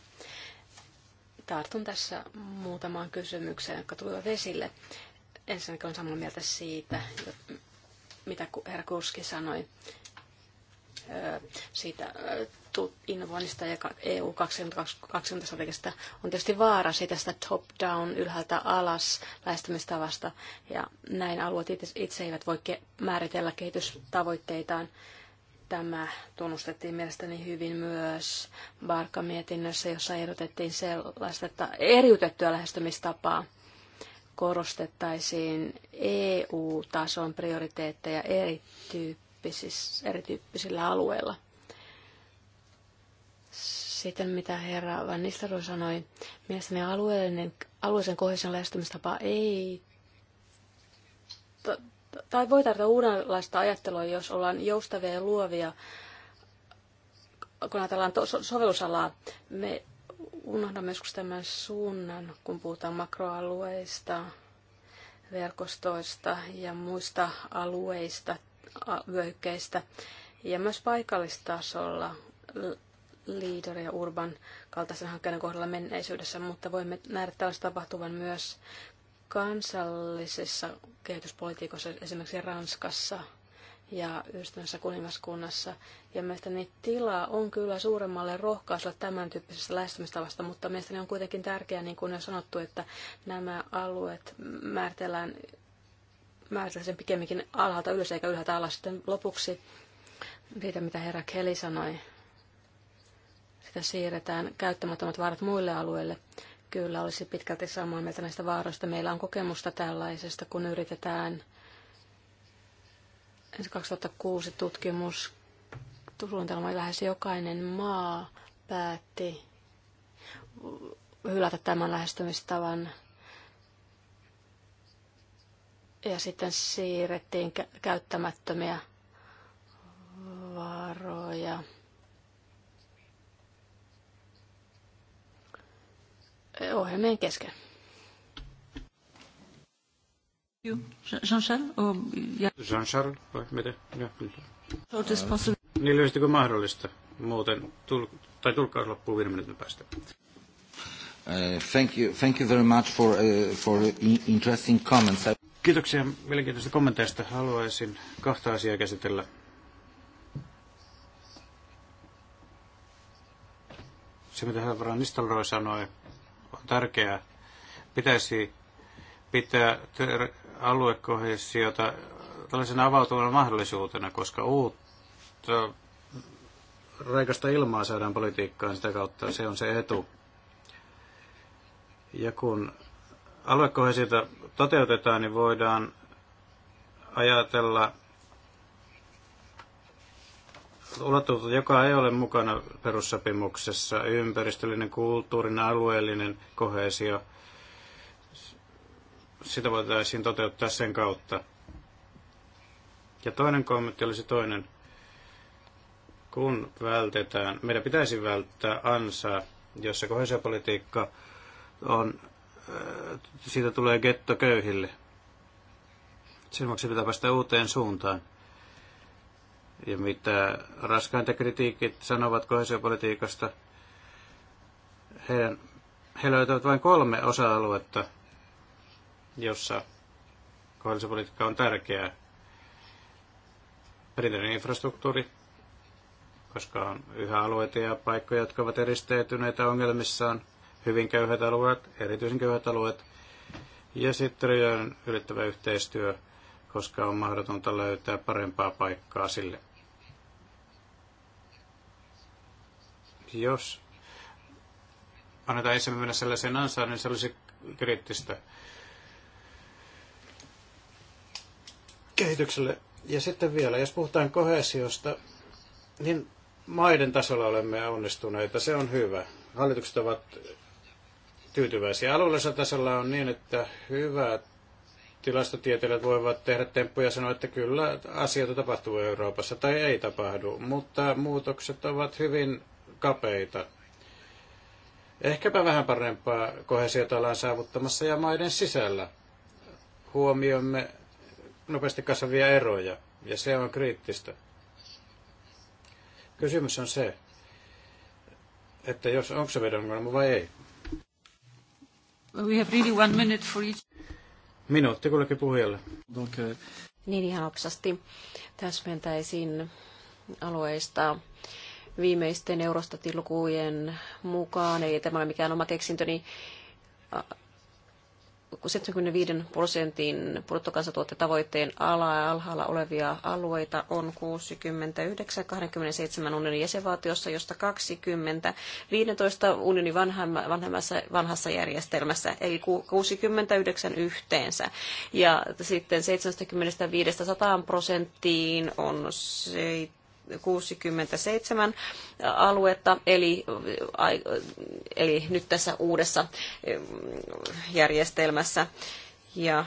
Tartun tässä muutamaan kysymykseen, jotka tulivat esille. Ensinnäkin on samaa mieltä siitä, mitä herra Kurski sanoi siitä innovoinnista ja EU 2020 on tietysti vaara siitä sitä top-down ylhäältä alas lähestymistavasta ja näin alueet itse, itse eivät voi määritellä kehitystavoitteitaan Tämä tunnustettiin mielestäni hyvin myös Barka-mietinnössä, jossa ehdotettiin sellaista että eriytettyä lähestymistapaa. Korostettaisiin EU-tason prioriteetteja erityyppisillä alueilla. Sitten mitä herra Van Nistelrooy sanoi, mielestäni alueellinen, alueellisen kohdisen lähestymistapa ei tai voi tarvita uudenlaista ajattelua, jos ollaan joustavia ja luovia, kun ajatellaan to- sovellusalaa. Me unohdamme joskus tämän suunnan, kun puhutaan makroalueista, verkostoista ja muista alueista, vyöhykkeistä. Ja myös paikallistasolla Leader ja Urban kaltaisen hankkeen kohdalla menneisyydessä, mutta voimme nähdä tällaista tapahtuvan myös Kansallisessa kehityspolitiikassa, esimerkiksi Ranskassa ja ystävässä kuningaskunnassa, ja mielestäni tilaa on kyllä suuremmalle rohkaisulle tämän tyyppisestä lähestymistavasta, mutta mielestäni on kuitenkin tärkeää, niin kuin on sanottu, että nämä alueet määritellään määritellään sen pikemminkin alhaalta ylös eikä ylhäältä alas. Sitten lopuksi siitä, mitä herra Kelly sanoi, sitä siirretään käyttämättömät varat muille alueille kyllä olisi pitkälti samaa mieltä näistä vaaroista. Meillä on kokemusta tällaisesta, kun yritetään ensin 2006 tutkimus suunnitelma lähes jokainen maa päätti hylätä tämän lähestymistavan ja sitten siirrettiin käyttämättömiä varoja ohjelmien kesken. Jean-Charles? Oh, ja. Jean-Charles, vai miten? Ja, kyllä. Niin lyhyesti kuin mahdollista. Muuten, tul- tai tulkkaus loppuu viiden minuutin päästä. Uh, thank, you, thank you very much for, uh, for interesting comments. Kiitoksia mielenkiintoisista kommenteista. Haluaisin kahta asiaa käsitellä. Se, mitä herra Nistelrooy sanoi, tärkeää. Pitäisi pitää ter- aluekohesiota tällaisena avautuvana mahdollisuutena, koska uutta raikasta ilmaa saadaan politiikkaan sitä kautta, se on se etu. Ja kun aluekohesiota toteutetaan, niin voidaan ajatella ulottuvuutta, joka ei ole mukana perussopimuksessa, ympäristöllinen, kulttuurinen, alueellinen kohesio, sitä voitaisiin toteuttaa sen kautta. Ja toinen kommentti olisi toinen. Kun vältetään, meidän pitäisi välttää ansaa, jossa kohesiopolitiikka on, äh, siitä tulee getto köyhille. Sen vuoksi pitää päästä uuteen suuntaan ja mitä raskainta kritiikit sanovat kohesiopolitiikasta, heidän, he löytävät vain kolme osa-aluetta, jossa kohesiopolitiikka on tärkeää. Perinteinen infrastruktuuri, koska on yhä alueita ja paikkoja, jotka ovat eristeytyneitä ongelmissaan, hyvin köyhät alueet, erityisen köyhät alueet, ja sitten rajojen ylittävä yhteistyö, koska on mahdotonta löytää parempaa paikkaa sille. Jos annetaan itsemme mennä sellaiseen ansaan, niin se olisi kriittistä kehitykselle. Ja sitten vielä, jos puhutaan kohesiosta, niin maiden tasolla olemme onnistuneita, se on hyvä. Hallitukset ovat tyytyväisiä. Alueellisella tasolla on niin, että hyvät tilastotieteilijät voivat tehdä temppuja ja sanoa, että kyllä asioita tapahtuu Euroopassa tai ei tapahdu, mutta muutokset ovat hyvin kapeita. Ehkäpä vähän parempaa kohesiota ollaan saavuttamassa ja maiden sisällä. Huomioimme nopeasti kasvavia eroja, ja se on kriittistä. Kysymys on se, että jos onko se meidän ongelma vai ei. We have really one minute for each. Minuutti kullekin puhujalle. Okay. Euh, niin ihan opsasti täsmentäisin alueista, viimeisten eurostatin lukujen mukaan, ei tämä ole mikään oma keksintö, niin 75 prosentin tavoitteen ala ja alhaalla olevia alueita on 69 27 unionin jäsenvaltiossa, josta 20 15 unionin vanhemmassa, vanhassa järjestelmässä, eli 69 yhteensä. Ja sitten 75-100 prosenttiin on 7 67 aluetta, eli, eli nyt tässä uudessa mm, järjestelmässä. Ja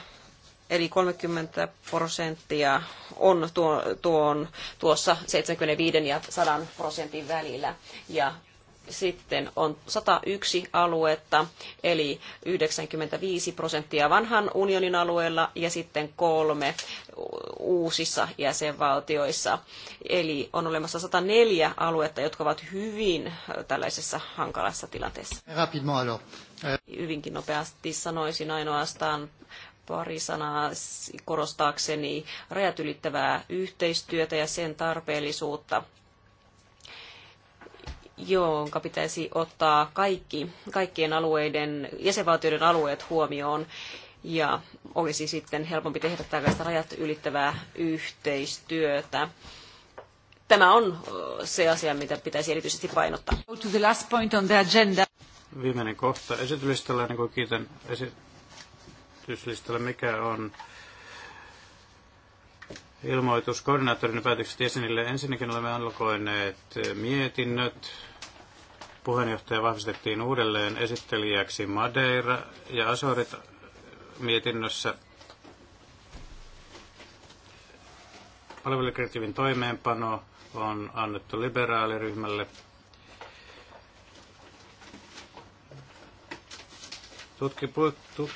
eli 30 prosenttia on tuon, tuossa 75 ja 100 prosentin välillä. Ja sitten on 101 aluetta, eli 95 prosenttia vanhan unionin alueella ja sitten kolme uusissa jäsenvaltioissa. Eli on olemassa 104 aluetta, jotka ovat hyvin äh, tällaisessa hankalassa tilanteessa. Äh. Hyvinkin nopeasti sanoisin ainoastaan pari sanaa korostaakseni rajat ylittävää yhteistyötä ja sen tarpeellisuutta jonka pitäisi ottaa kaikki, kaikkien alueiden, jäsenvaltioiden alueet huomioon ja olisi sitten helpompi tehdä tällaista rajat ylittävää yhteistyötä. Tämä on se asia, mitä pitäisi erityisesti painottaa. To the last point on the agenda. Viimeinen kohta esityslistalla, niin kuin kiitän esityslistalla, mikä on ilmoitus koordinaattorin päätökset jäsenille. Ensinnäkin olemme alkoineet mietinnöt. Puheenjohtaja vahvistettiin uudelleen esittelijäksi Madeira ja Asorit mietinnössä. Palvelukritiivin toimeenpano on annettu liberaaliryhmälle.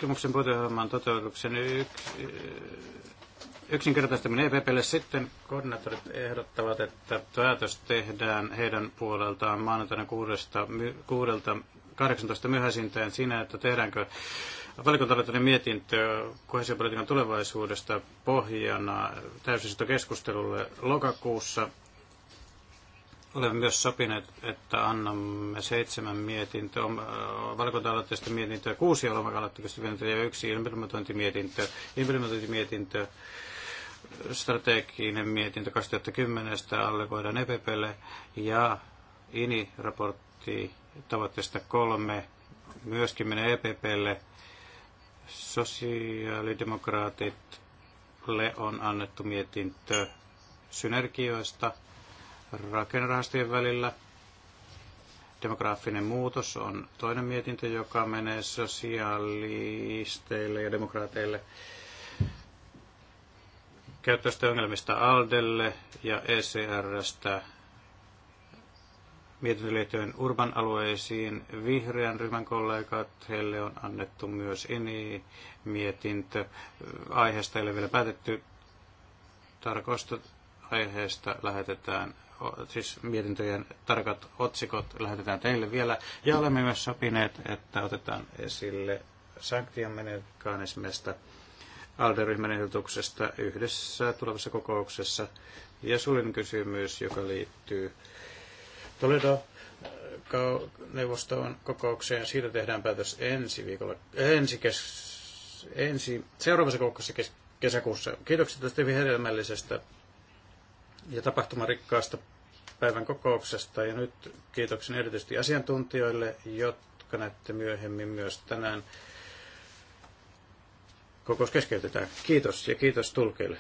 Tutkimuksen puiteohjelman toteutuksen yksi Yksinkertaistaminen EPPlle sitten koordinaattorit ehdottavat, että päätös tehdään heidän puoleltaan maanantaina kuudesta, kuudelta 18 myöhäisintään siinä, että tehdäänkö valikuntalaitoinen mietintö kohesiopolitiikan tulevaisuudesta pohjana täysistökeskustelulle lokakuussa. Olemme myös sopineet, että annamme seitsemän mietintöä, valkointaloitteista mietintöä, kuusi olemakalotteista mietintöä ja yksi implementointimietintö. Implementointimietintö strateginen mietintö 2010 allegoidaan EPPlle ja INI-raportti tavoitteesta kolme myöskin menee EPPlle. Sosiaalidemokraatille on annettu mietintö synergioista rakennerahastojen välillä. Demograafinen muutos on toinen mietintö, joka menee sosiaalisteille ja demokraateille käyttöistä ongelmista Aldelle ja ECRstä mietintö liittyen urban alueisiin. Vihreän ryhmän kollegat, heille on annettu myös eni mietintö aiheesta, ei ole vielä päätetty tarkoista aiheesta lähetetään siis mietintöjen tarkat otsikot lähetetään teille vielä. Ja olemme myös sopineet, että otetaan esille sanktion menekaan ALDE-ryhmän ehdotuksesta yhdessä tulevassa kokouksessa. Ja sulin kysymys, joka liittyy Toledo äh, neuvoston kokoukseen. Siitä tehdään päätös ensi viikolla, äh, ensi, kes, ensi seuraavassa kokouksessa kes, kesäkuussa. Kiitokset tästä hyvin hedelmällisestä ja tapahtumarikkaasta päivän kokouksesta. Ja nyt kiitoksen erityisesti asiantuntijoille, jotka näette myöhemmin myös tänään Kokous keskeytetään. Kiitos ja kiitos tulkeille.